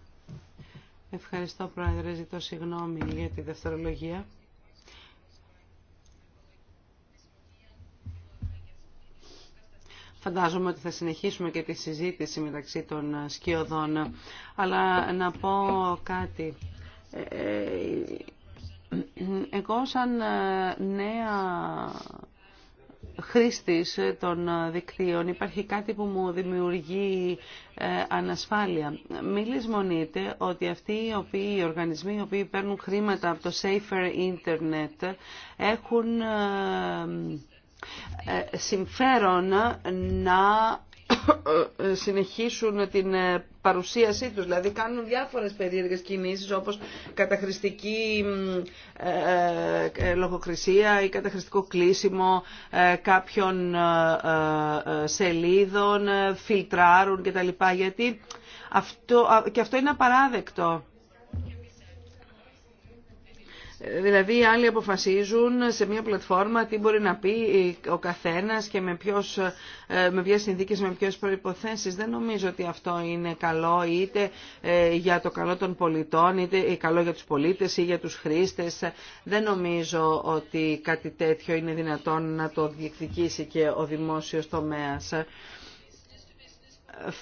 Ευχαριστώ Πρόεδρε, ζητώ συγγνώμη για τη δευτερολογία. Φαντάζομαι ότι θα συνεχίσουμε και τη συζήτηση μεταξύ των σκιωδών. Αλλά να πω κάτι. Ε, ε, εγώ σαν ε, νέα χρήστης των δικτύων υπάρχει κάτι που μου δημιουργεί ανασφάλεια. Μην λησμονείτε ότι αυτοί οι, οποίοι, οι οργανισμοί οι οποίοι παίρνουν χρήματα από το Safer Internet έχουν ε, συμφέρον να συνεχίσουν την ε, παρουσίασή τους. Δηλαδή κάνουν διάφορες περίεργες κινήσεις όπως καταχρηστική ε, λογοκρισία ή καταχρηστικό κλείσιμο κάποιων σελίδων, φιλτράρουν κτλ. Γιατί αυτό, και αυτό είναι απαράδεκτο. Δηλαδή οι άλλοι αποφασίζουν σε μια πλατφόρμα τι μπορεί να πει ο καθένας και με, ποιος, ε, με ποιες συνθήκες, με ποιες προϋποθέσεις. Δεν νομίζω ότι αυτό είναι καλό είτε ε, για το καλό των πολιτών, είτε ε, καλό για τους πολίτες ή για τους χρήστες. Δεν νομίζω ότι κάτι τέτοιο είναι δυνατόν να το διεκδικήσει και ο δημόσιος τομέας.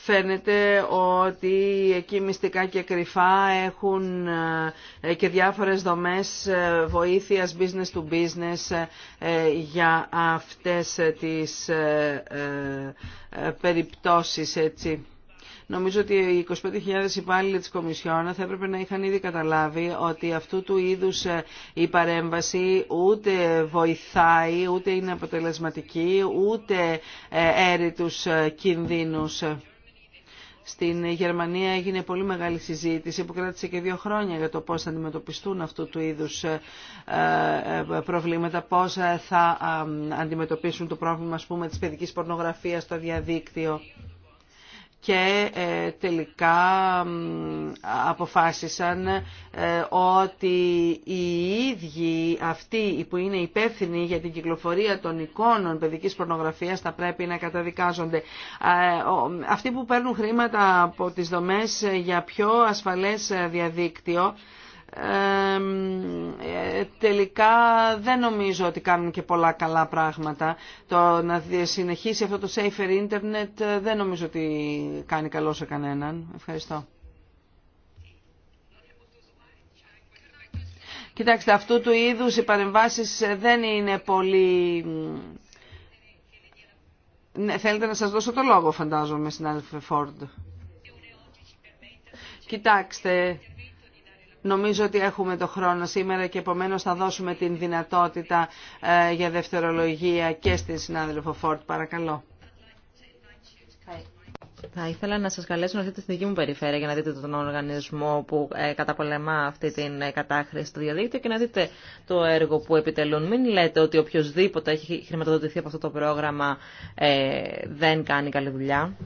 Φαίνεται ότι εκεί μυστικά και κρυφά έχουν ε, και διάφορες δομές ε, βοήθειας business to business ε, για αυτές τις περιπτώσεις έτσι. Νομίζω ότι οι 25.000 υπάλληλοι της Κομισιόν θα έπρεπε να είχαν ήδη καταλάβει ότι αυτού του είδους ε, η παρέμβαση ούτε βοηθάει, ούτε είναι αποτελεσματική, ούτε ε, έρει τους ε, κινδύνους. Στην Γερμανία έγινε πολύ μεγάλη συζήτηση που κράτησε και δύο χρόνια για το πώς θα αντιμετωπιστούν αυτού του είδους προβλήματα, πώς θα αντιμετωπίσουν το πρόβλημα ας πούμε, της παιδικής πορνογραφίας στο διαδίκτυο και ε, τελικά αποφάσισαν ε, ότι οι ίδιοι αυτοί που είναι υπεύθυνοι για την κυκλοφορία των εικόνων παιδικής πορνογραφίας θα πρέπει να καταδικάζονται. Ε, αυτοί που παίρνουν χρήματα από τις δομές για πιο ασφαλές διαδίκτυο ε, τελικά δεν νομίζω ότι κάνουν και πολλά καλά πράγματα. Το να συνεχίσει αυτό το safer internet ε, δεν νομίζω ότι κάνει καλό σε κανέναν. Ευχαριστώ. Κοιτάξτε, αυτού του είδους οι παρεμβάσεις ε, δεν είναι πολύ... Ναι, θέλετε να σας δώσω το λόγο, φαντάζομαι, στην αλφεφόρντ Κοιτάξτε, Νομίζω ότι έχουμε το χρόνο σήμερα και επομένως θα δώσουμε την δυνατότητα ε, για δευτερολογία και στην συνάδελφο Φόρτ. Παρακαλώ. Θα ήθελα να σας καλέσω να δείτε στην δική μου περιφέρεια για να δείτε τον οργανισμό που ε, καταπολεμά αυτή την ε, κατάχρηση στο διαδίκτυο και να δείτε το έργο που επιτελούν. Μην λέτε ότι οποιοδήποτε έχει χρηματοδοτηθεί από αυτό το πρόγραμμα δεν κάνει καλή δουλειά.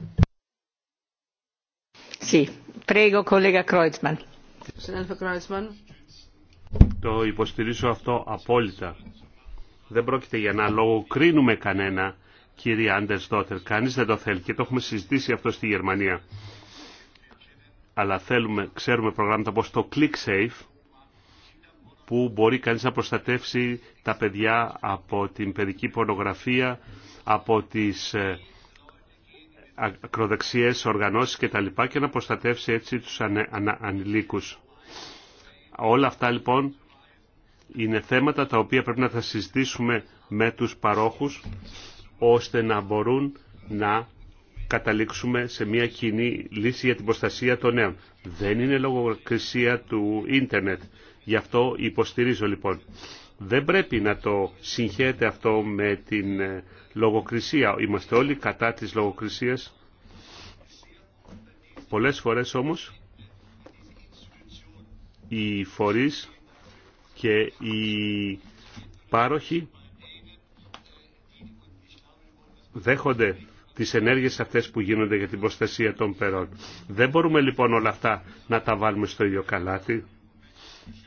Sì, prego collega Kreuzmann. Το υποστηρίζω αυτό απόλυτα. Δεν πρόκειται για να Κρίνουμε κανένα, κύριε Άντερς Δότερ. Κανείς δεν το θέλει και το έχουμε συζητήσει αυτό στη Γερμανία. Αλλά θέλουμε, ξέρουμε προγράμματα όπως το ClickSafe, που μπορεί κανείς να προστατεύσει τα παιδιά από την παιδική πορνογραφία, από τις ε, ακροδεξιές οργανώσεις κτλ. Και, και να προστατεύσει έτσι τους ανηλίκους. Όλα αυτά λοιπόν είναι θέματα τα οποία πρέπει να τα συζητήσουμε με τους παρόχους ώστε να μπορούν να καταλήξουμε σε μια κοινή λύση για την προστασία των νέων. Δεν είναι λογοκρισία του ίντερνετ. Γι' αυτό υποστηρίζω λοιπόν δεν πρέπει να το συγχαίρεται αυτό με την ε, λογοκρισία. Είμαστε όλοι κατά της λογοκρισίας. Πολλές φορές όμως οι φορείς και οι πάροχοι δέχονται τις ενέργειες αυτές που γίνονται για την προστασία των περών. Δεν μπορούμε λοιπόν όλα αυτά να τα βάλουμε στο ίδιο καλάτι.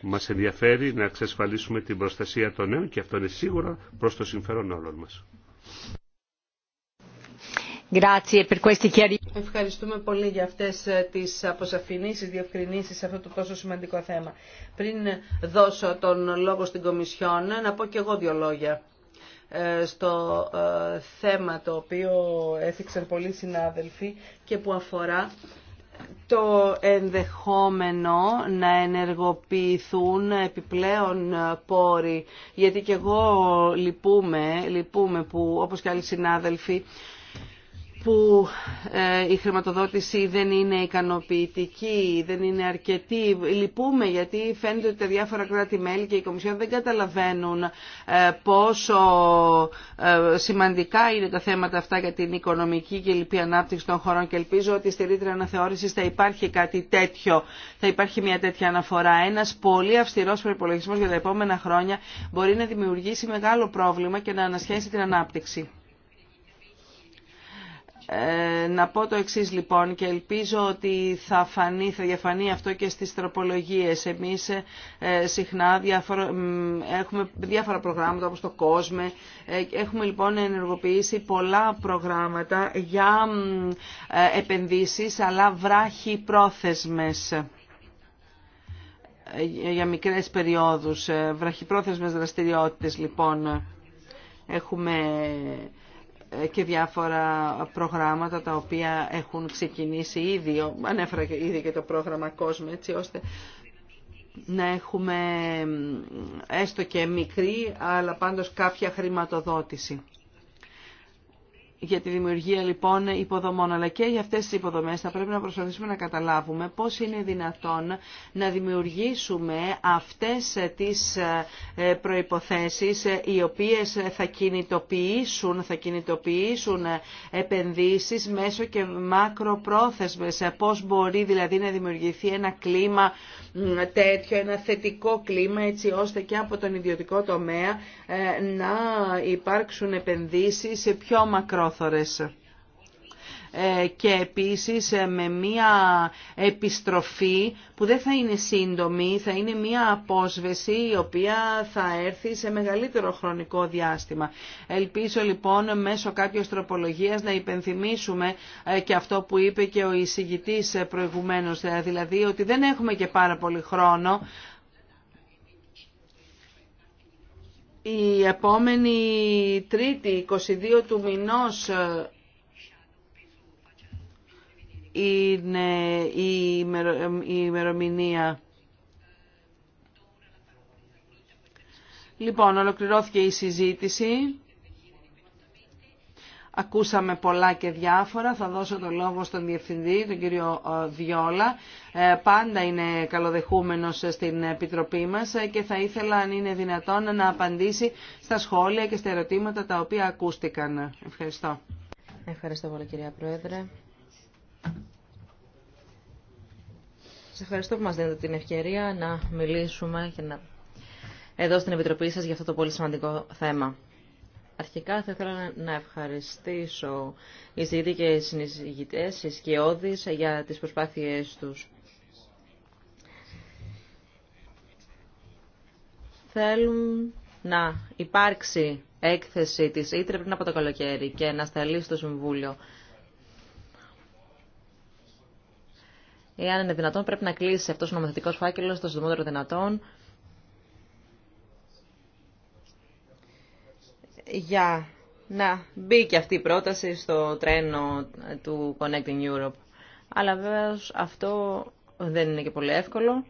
Μας ενδιαφέρει να εξασφαλίσουμε την προστασία των νέων και αυτό είναι σίγουρα προς το συμφέρον όλων μας. Ευχαριστούμε πολύ για αυτές ε, τις αποσαφηνήσεις, διευκρινήσεις σε αυτό το τόσο σημαντικό θέμα. Πριν ε, δώσω τον λόγο στην Κομισιόν, ε, να πω και εγώ δύο λόγια στο θέμα το οποίο έθιξαν πολλοί συνάδελφοι και που αφορά το ενδεχόμενο να ενεργοποιηθούν επιπλέον πόροι. Γιατί και εγώ λυπούμε, λυπούμε που όπως και άλλοι συνάδελφοι που ε, η χρηματοδότηση δεν είναι ικανοποιητική, δεν είναι αρκετή. Λυπούμε γιατί φαίνεται ότι τα διάφορα κράτη-μέλη και η Κομισιόν δεν καταλαβαίνουν ε, πόσο ε, σημαντικά είναι τα θέματα αυτά για την οικονομική και λυπή ανάπτυξη των χωρών και ελπίζω ότι στη ρήτρα αναθεώρησης θα υπάρχει κάτι τέτοιο, θα υπάρχει μια τέτοια αναφορά. Ένας πολύ αυστηρός προπολογισμό για τα επόμενα χρόνια μπορεί να δημιουργήσει μεγάλο πρόβλημα και να ανασχέσει την ανάπτυξη. Ε, να πω το εξή λοιπόν και ελπίζω ότι θα, φανεί, θα διαφανεί αυτό και στις τροπολογίες. Εμείς ε, συχνά έχουμε διάφορα προγράμματα όπως το COSME. Ε, έχουμε λοιπόν ενεργοποιήσει πολλά προγράμματα για επενδύσεις αλλά βράχοι πρόθεσμες για μικρές περιόδους, βραχυπρόθεσμες δραστηριότητες λοιπόν. Έχουμε και διάφορα προγράμματα τα οποία έχουν ξεκινήσει ήδη, ανέφερα ήδη και το πρόγραμμα COSME, έτσι ώστε να έχουμε έστω και μικρή, αλλά πάντως κάποια χρηματοδότηση για τη δημιουργία λοιπόν υποδομών, αλλά και για αυτές τις υποδομές θα πρέπει να προσπαθήσουμε να καταλάβουμε πώς είναι δυνατόν να δημιουργήσουμε αυτές τις ε, προϋποθέσεις ε, οι οποίες θα κινητοποιήσουν, θα κινητοποιήσουν ε, επενδύσεις μέσω και μακροπρόθεσμες. Πώς μπορεί δηλαδή να δημιουργηθεί ένα κλίμα τέτοιο, ένα θετικό κλίμα έτσι ώστε και από τον ιδιωτικό τομέα ε, να υπάρξουν επενδύσεις σε πιο μακρόθωρες ε, και επίσης ε, με μία επιστροφή που δεν θα είναι σύντομη, θα είναι μία απόσβεση η οποία θα έρθει σε μεγαλύτερο χρονικό διάστημα. Ελπίζω λοιπόν μέσω κάποιας τροπολογίας να υπενθυμίσουμε και αυτό που είπε και ο εισηγητής προηγουμένως, δηλαδή ότι δεν έχουμε και πάρα πολύ χρόνο Η επόμενη Τρίτη, 22 του μηνός, είναι η ημερομηνία. Λοιπόν, ολοκληρώθηκε η συζήτηση. Ακούσαμε πολλά και διάφορα. Θα δώσω το λόγο στον Διευθυντή, τον κύριο Διόλα. Ε, ε, πάντα είναι καλοδεχούμενος στην Επιτροπή μας ε, και θα ήθελα αν είναι δυνατόν να απαντήσει στα σχόλια και στα ερωτήματα τα οποία ακούστηκαν. Ευχαριστώ. Ευχαριστώ πολύ κυρία Πρόεδρε. Σας ευχαριστώ που μας δίνετε την ευκαιρία να μιλήσουμε και να εδώ στην Επιτροπή σας για αυτό το πολύ σημαντικό θέμα. Αρχικά θα ήθελα να ευχαριστήσω οι ζητητοί και οι συνεισηγητές, οι σκιώδεις, για τις προσπάθειές τους. Θέλουν να υπάρξει έκθεση της Ήτρε πριν από το καλοκαίρι και να σταλεί στο Συμβούλιο. Εάν είναι δυνατόν, πρέπει να κλείσει αυτός ο νομοθετικός φάκελος το συντομότερο δυνατόν για να μπει και αυτή η πρόταση στο τρένο του Connecting Europe. Αλλά βέβαια αυτό δεν είναι και πολύ εύκολο.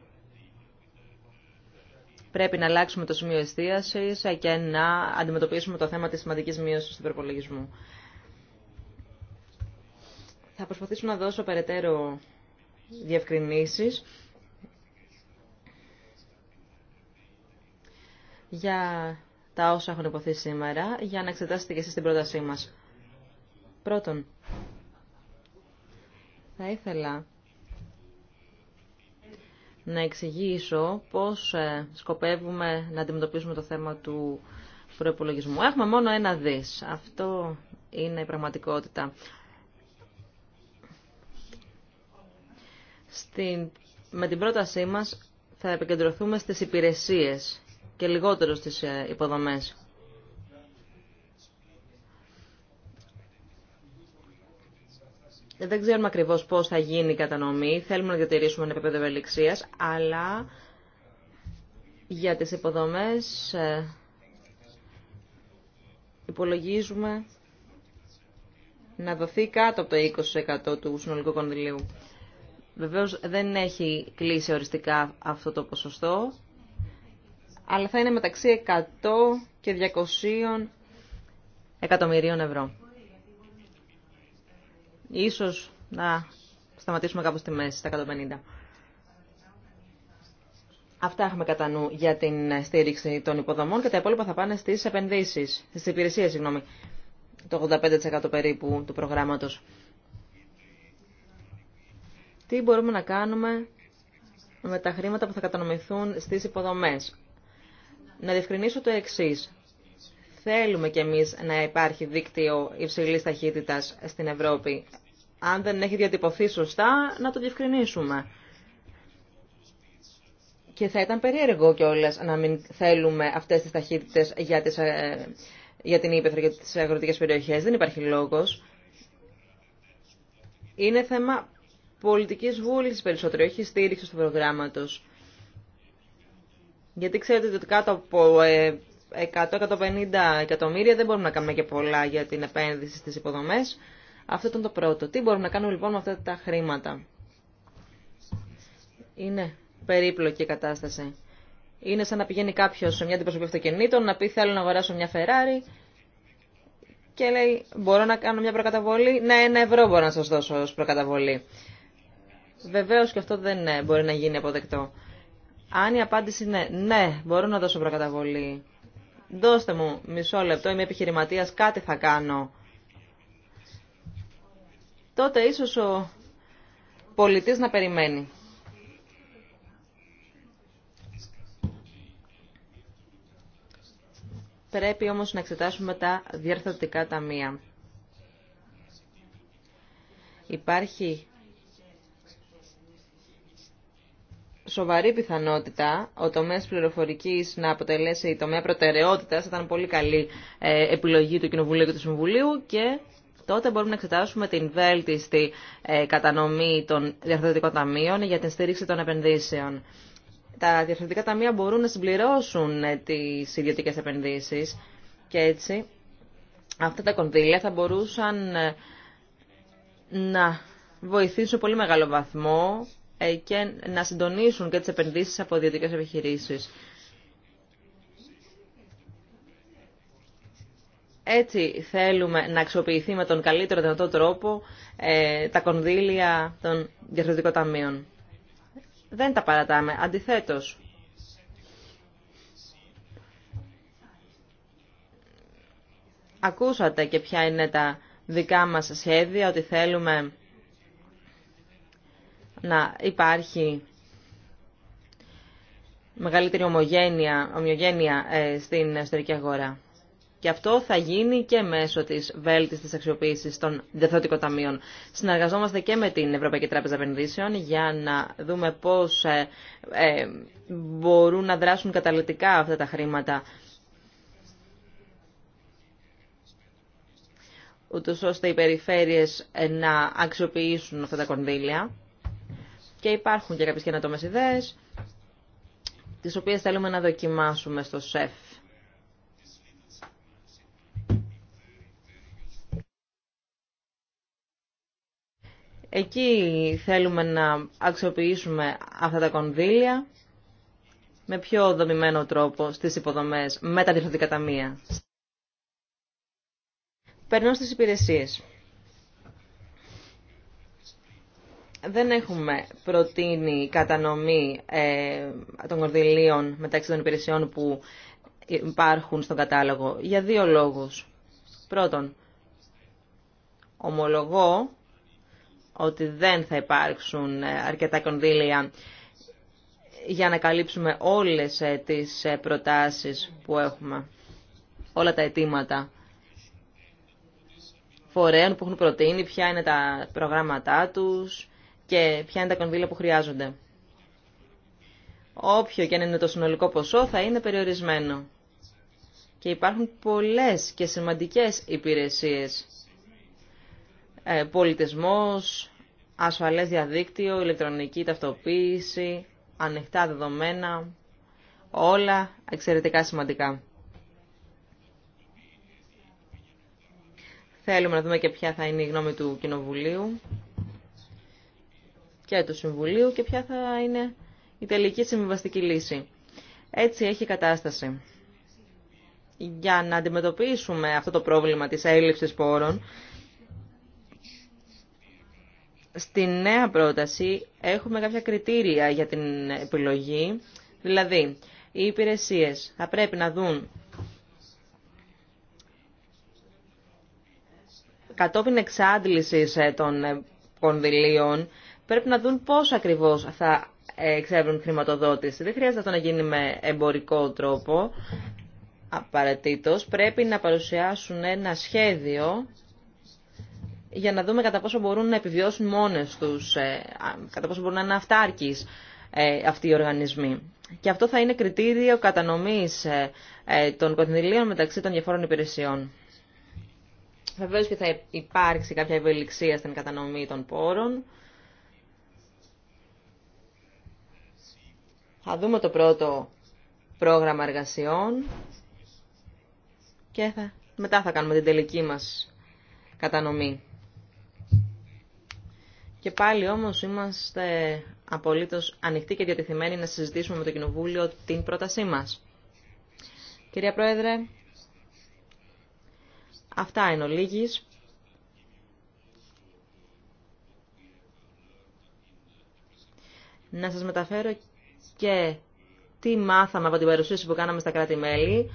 Πρέπει να αλλάξουμε το σημείο εστίαση και να αντιμετωπίσουμε το θέμα της σημαντική μείωση του υπερπολογισμού. Θα προσπαθήσω να δώσω περαιτέρω διευκρινήσεις για τα όσα έχουν υποθεί σήμερα για να εξετάσετε και εσείς την πρότασή μας. Πρώτον, θα ήθελα να εξηγήσω πώς ε, σκοπεύουμε να αντιμετωπίσουμε το θέμα του προϋπολογισμού. Έχουμε μόνο ένα δις. Αυτό είναι η πραγματικότητα. Στην... Με την πρότασή μας θα επικεντρωθούμε στις υπηρεσίες και λιγότερο στις ε, υποδομές. Δεν ξέρουμε ακριβώς πώς θα γίνει η κατανομή. Θέλουμε να διατηρήσουμε ένα επίπεδο ευελιξία, αλλά για τις υποδομές ε, υπολογίζουμε να δοθεί κάτω από το 20% του συνολικού κονδυλίου. Βεβαίως δεν έχει κλείσει οριστικά αυτό το ποσοστό αλλά θα είναι μεταξύ 100 και 200 εκατομμυρίων ευρώ. Ίσως να σταματήσουμε κάπου στη μέση, στα 150. Αυτά έχουμε κατά νου για την στήριξη των υποδομών και τα υπόλοιπα θα πάνε στις επενδύσεις, στις υπηρεσίες, συγγνώμη, το 85% περίπου του προγράμματος. Τι μπορούμε να κάνουμε με τα χρήματα που θα κατανομηθούν στις υποδομές να διευκρινίσω το εξή. Θέλουμε κι εμείς να υπάρχει δίκτυο υψηλής ταχύτητας στην Ευρώπη. Αν δεν έχει διατυπωθεί σωστά, να το διευκρινίσουμε. Και θα ήταν περίεργο κιόλας να μην θέλουμε αυτές τις ταχύτητες για, ε, για την ύπεθρο και τις αγροτικές περιοχές. Δεν υπάρχει λόγος. Είναι θέμα πολιτικής βούλησης περισσότερο, όχι στήριξη του προγράμματος. Γιατί ξέρετε ότι κάτω από 100-150 ε, εκατομμύρια δεν μπορούμε να κάνουμε και πολλά για την επένδυση στις υποδομές. Αυτό ήταν το πρώτο. Τι μπορούμε να κάνουμε λοιπόν με αυτά τα χρήματα. Είναι περίπλοκη η κατάσταση. Είναι σαν να πηγαίνει κάποιο σε μια αντιπροσωπή αυτοκινήτων να πει θέλω να αγοράσω μια Ferrari και λέει μπορώ να κάνω μια προκαταβολή. Ναι, ένα ευρώ μπορώ να σας δώσω ως προκαταβολή. Βεβαίως και αυτό δεν ε, μπορεί να γίνει αποδεκτό. Αν η απάντηση είναι ναι, μπορώ να δώσω προκαταβολή, δώστε μου μισό λεπτό, είμαι επιχειρηματίας, κάτι θα κάνω. Τότε ίσω ο πολιτή να περιμένει. Πρέπει όμως να εξετάσουμε τα διαρθρωτικά ταμεία. Υπάρχει σοβαρή πιθανότητα ο τομέα πληροφορικής να αποτελέσει τομέα προτεραιότητα, Θα ήταν πολύ καλή ε, επιλογή του Κοινοβουλίου και του Συμβουλίου και τότε μπορούμε να εξετάσουμε την βέλτιστη ε, κατανομή των διαρθρωτικών ταμείων για την στήριξη των επενδύσεων. Τα διαρθρωτικά ταμεία μπορούν να συμπληρώσουν ε, τι ιδιωτικέ επενδύσεις και έτσι αυτά τα κονδύλια θα μπορούσαν να βοηθήσουν σε πολύ μεγάλο βαθμό ε, και να συντονίσουν και τις επενδύσεις από ιδιωτικές επιχειρήσεις. Έτσι θέλουμε να αξιοποιηθεί με τον καλύτερο δυνατό τρόπο ε, τα κονδύλια των διαφορετικών ταμείων. Δεν τα παρατάμε. Αντιθέτως, ακούσατε και ποια είναι τα δικά μας σχέδια, ότι θέλουμε να υπάρχει μεγαλύτερη ομογένεια, ομοιογένεια ε, στην εσωτερική αγορά. Και αυτό θα γίνει και μέσω τη βέλτιστης αξιοποίηση των διαθετικών ταμείων. Συνεργαζόμαστε και με την Ευρωπαϊκή Τράπεζα Επενδύσεων για να δούμε πώ ε, ε, μπορούν να δράσουν καταλητικά αυτά τα χρήματα. ούτω ώστε οι περιφέρειες να αξιοποιήσουν αυτά τα κονδύλια και υπάρχουν και κάποιες καινοτόμες ιδέες, τις οποίες θέλουμε να δοκιμάσουμε στο ΣΕΦ. Εκεί θέλουμε να αξιοποιήσουμε αυτά τα κονδύλια με πιο δομημένο τρόπο στις υποδομές με τα ταμεία. Περνώ στις υπηρεσίες. δεν έχουμε προτείνει κατανομή ε, των κονδυλίων μεταξύ των υπηρεσιών που υπάρχουν στον κατάλογο. Για δύο λόγους. Πρώτον, ομολογώ ότι δεν θα υπάρξουν ε, αρκετά κονδύλια για να καλύψουμε όλες ε, τις προτάσεις που έχουμε, όλα τα αιτήματα φορέων που έχουν προτείνει, ποια είναι τα προγράμματά τους, και ποια είναι τα κονδύλια που χρειάζονται. Όποιο και αν είναι το συνολικό ποσό θα είναι περιορισμένο. Και υπάρχουν πολλές και σημαντικές υπηρεσίες. Ε, πολιτισμός, ασφαλές διαδίκτυο, ηλεκτρονική ταυτοποίηση, ανοιχτά δεδομένα, όλα εξαιρετικά σημαντικά. Θέλουμε να δούμε και ποια θα είναι η γνώμη του Κοινοβουλίου και του Συμβουλίου και ποια θα είναι η τελική συμβιβαστική λύση. Έτσι έχει η κατάσταση. Για να αντιμετωπίσουμε αυτό το πρόβλημα της έλλειψης πόρων, στη νέα πρόταση έχουμε κάποια κριτήρια για την επιλογή, δηλαδή οι υπηρεσίες θα πρέπει να δουν κατόπιν εξάντλησης ε, των κονδυλίων πρέπει να δουν πώς ακριβώς θα ε, εξεύρουν χρηματοδότηση. Δεν χρειάζεται αυτό να γίνει με εμπορικό τρόπο. απαραίτητος. πρέπει να παρουσιάσουν ένα σχέδιο για να δούμε κατά πόσο μπορούν να επιβιώσουν μόνες τους, ε, κατά πόσο μπορούν να είναι αυτάρκεις ε, αυτοί οι οργανισμοί. Και αυτό θα είναι κριτήριο κατανομής των κονδυλίων μεταξύ των διαφόρων υπηρεσιών. Βεβαίω και θα υπάρξει κάποια ευελιξία στην κατανομή των πόρων. Θα δούμε το πρώτο πρόγραμμα εργασιών και θα, μετά θα κάνουμε την τελική μας κατανομή. Και πάλι όμως είμαστε απολύτως ανοιχτοί και διατεθειμένοι να συζητήσουμε με το Κοινοβούλιο την πρότασή μας. Κυρία Πρόεδρε, αυτά είναι ο Να σας μεταφέρω και τι μάθαμε από την παρουσίαση που κάναμε στα κράτη-μέλη.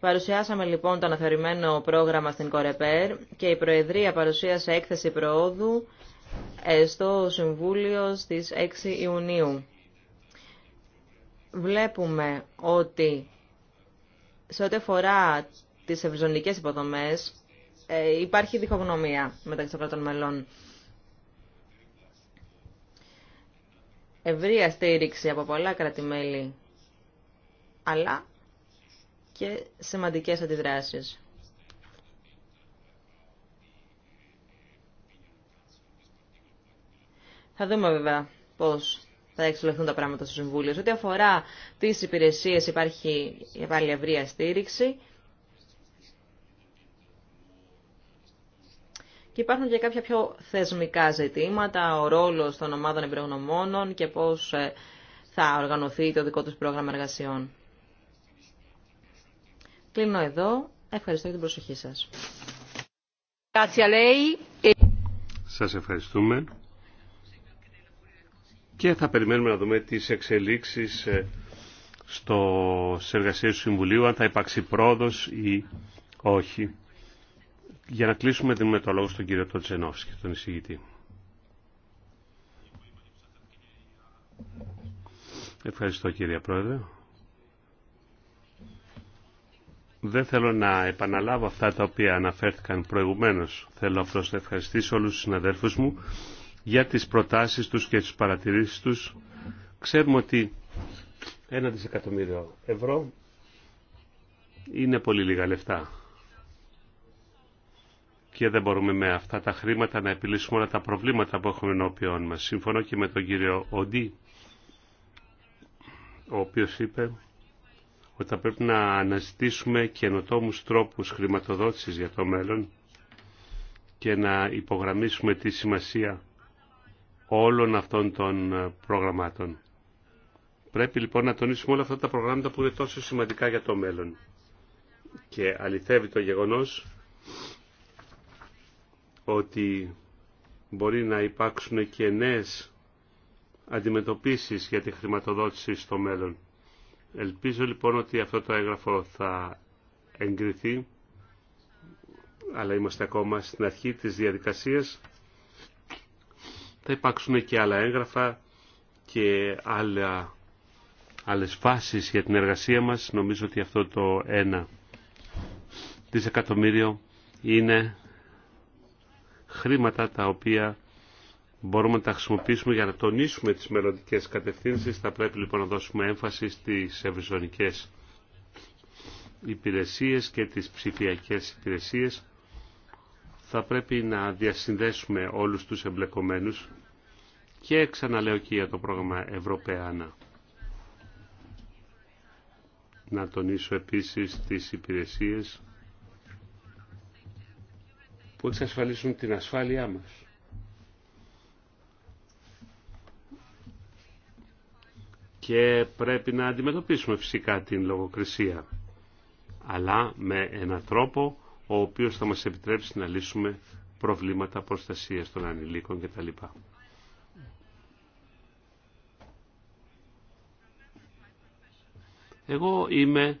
Παρουσιάσαμε λοιπόν το αναθεωρημένο πρόγραμμα στην Κορεπέρ και η Προεδρία παρουσίασε έκθεση προόδου ε, στο Συμβούλιο στις 6 Ιουνίου. Βλέπουμε ότι σε ό,τι αφορά τις ευρυζωνικές υποδομές ε, υπάρχει διχογνωμία μεταξύ των κρατών μελών. ευρεία στήριξη από πολλά κρατημέλη, αλλά και σημαντικές αντιδράσεις. Θα δούμε βέβαια πώς θα εξελιχθούν τα πράγματα στο Συμβούλιο. ό,τι αφορά τις υπηρεσίες υπάρχει πάλι ευρεία στήριξη. Και υπάρχουν και κάποια πιο θεσμικά ζητήματα, ο ρόλος των ομάδων εμπειρογνωμόνων και πώς ε, θα οργανωθεί το δικό τους πρόγραμμα εργασιών. Κλείνω εδώ. Ευχαριστώ για την προσοχή σας. E- σας ευχαριστούμε. Και θα περιμένουμε να δούμε τις εξελίξεις ε, στο εργασίες του Συμβουλίου, αν θα υπάρξει πρόοδος ή όχι. Για να κλείσουμε δίνουμε το λόγο στον κύριο και τον εισηγητή. Ευχαριστώ κύριε Πρόεδρε. Δεν θέλω να επαναλάβω αυτά τα οποία αναφέρθηκαν προηγουμένως. Θέλω απλώς να ευχαριστήσω όλους τους συναδέλφους μου για τις προτάσεις τους και τις παρατηρήσεις τους. Ξέρουμε ότι ένα δισεκατομμύριο ευρώ είναι πολύ λίγα λεφτά και δεν μπορούμε με αυτά τα χρήματα να επιλύσουμε όλα τα προβλήματα που έχουμε ενώπιόν μας. Συμφωνώ και με τον κύριο Οντί, ο οποίος είπε ότι θα πρέπει να αναζητήσουμε καινοτόμους τρόπους χρηματοδότησης για το μέλλον και να υπογραμμίσουμε τη σημασία όλων αυτών των ε, προγραμμάτων. Πρέπει λοιπόν να τονίσουμε όλα αυτά τα προγράμματα που είναι τόσο σημαντικά για το μέλλον. Και αληθεύει το γεγονός ότι μπορεί να υπάρξουν και νέες αντιμετωπίσεις για τη χρηματοδότηση στο μέλλον. Ελπίζω λοιπόν ότι αυτό το έγγραφο θα εγκριθεί, αλλά είμαστε ακόμα στην αρχή της διαδικασίας. Θα υπάρξουν και άλλα έγγραφα και άλλα, άλλες φάσεις για την εργασία μας. Νομίζω ότι αυτό το ένα δισεκατομμύριο είναι χρήματα τα οποία μπορούμε να τα χρησιμοποιήσουμε για να τονίσουμε τις μελλοντικέ κατευθύνσεις. Θα πρέπει λοιπόν να δώσουμε έμφαση στις ευρυζωνικές υπηρεσίες και τις ψηφιακές υπηρεσίες. Θα πρέπει να διασυνδέσουμε όλους τους εμπλεκομένους και ξαναλέω και για το πρόγραμμα Ευρωπαϊκά. Να τονίσω επίσης τις υπηρεσίες που εξασφαλίσουν την ασφάλειά μας. Και πρέπει να αντιμετωπίσουμε φυσικά την λογοκρισία, αλλά με έναν τρόπο ο οποίος θα μας επιτρέψει να λύσουμε προβλήματα προστασίας των ανηλίκων κτλ. Εγώ είμαι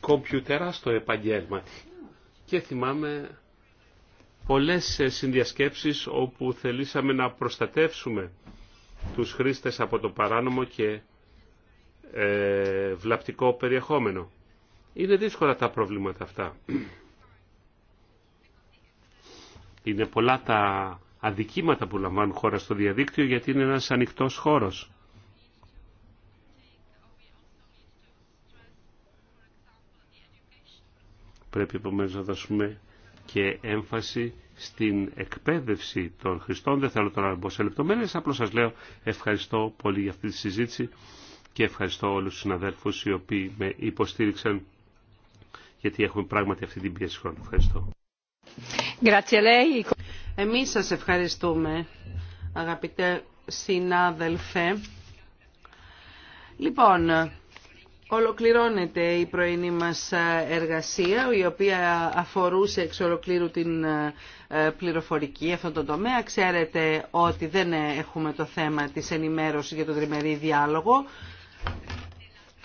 κομπιουτερά στο επαγγέλμα και θυμάμαι πολλές ε, συνδιασκέψεις όπου θελήσαμε να προστατεύσουμε τους χρήστες από το παράνομο και ε, βλαπτικό περιεχόμενο. Είναι δύσκολα τα προβλήματα αυτά. Είναι πολλά τα αδικήματα που λαμβάνουν χώρα στο διαδίκτυο γιατί είναι ένας ανοιχτός χώρος. Πρέπει επομένως να δώσουμε και έμφαση στην εκπαίδευση των Χριστών. Δεν θέλω τώρα να μπω σε λεπτομέρειε, απλώ σα λέω ευχαριστώ πολύ για αυτή τη συζήτηση και ευχαριστώ όλου του συναδέλφου οι οποίοι με υποστήριξαν γιατί έχουμε πράγματι αυτή την πίεση χρόνου. Ευχαριστώ. Εμείς σας ευχαριστούμε, αγαπητέ συνάδελφε. Λοιπόν, Ολοκληρώνεται η πρωινή μας ε, εργασία, η οποία αφορούσε εξ ολοκλήρου την ε, πληροφορική αυτόν τον τομέα. Ξέρετε ότι δεν ε, έχουμε το θέμα της ενημέρωσης για τον τριμερή διάλογο.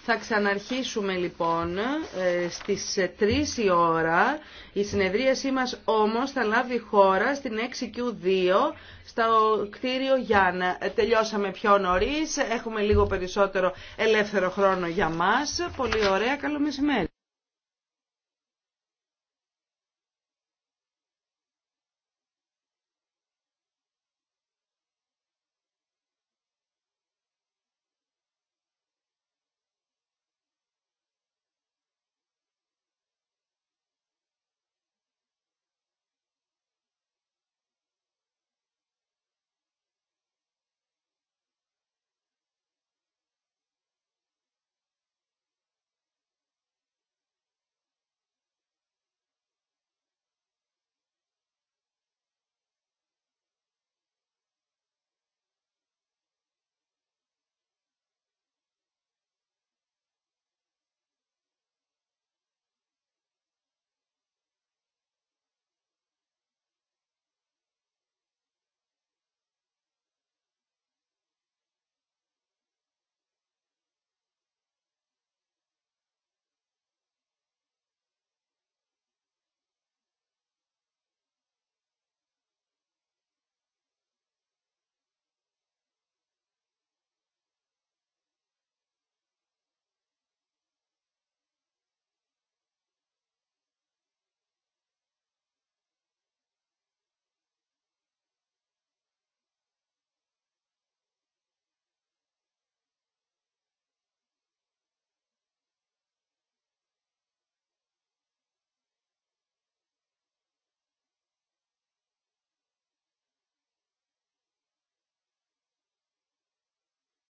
Θα ξαναρχίσουμε λοιπόν ε, στις 3 ε, η ώρα. Η συνεδρίασή μας όμως θα λάβει χώρα στην 6Q2 στο κτίριο Γιάννα. Ε, τελειώσαμε πιο νωρίς, έχουμε λίγο περισσότερο ελεύθερο χρόνο για μας. Πολύ ωραία, καλό μεσημέρι.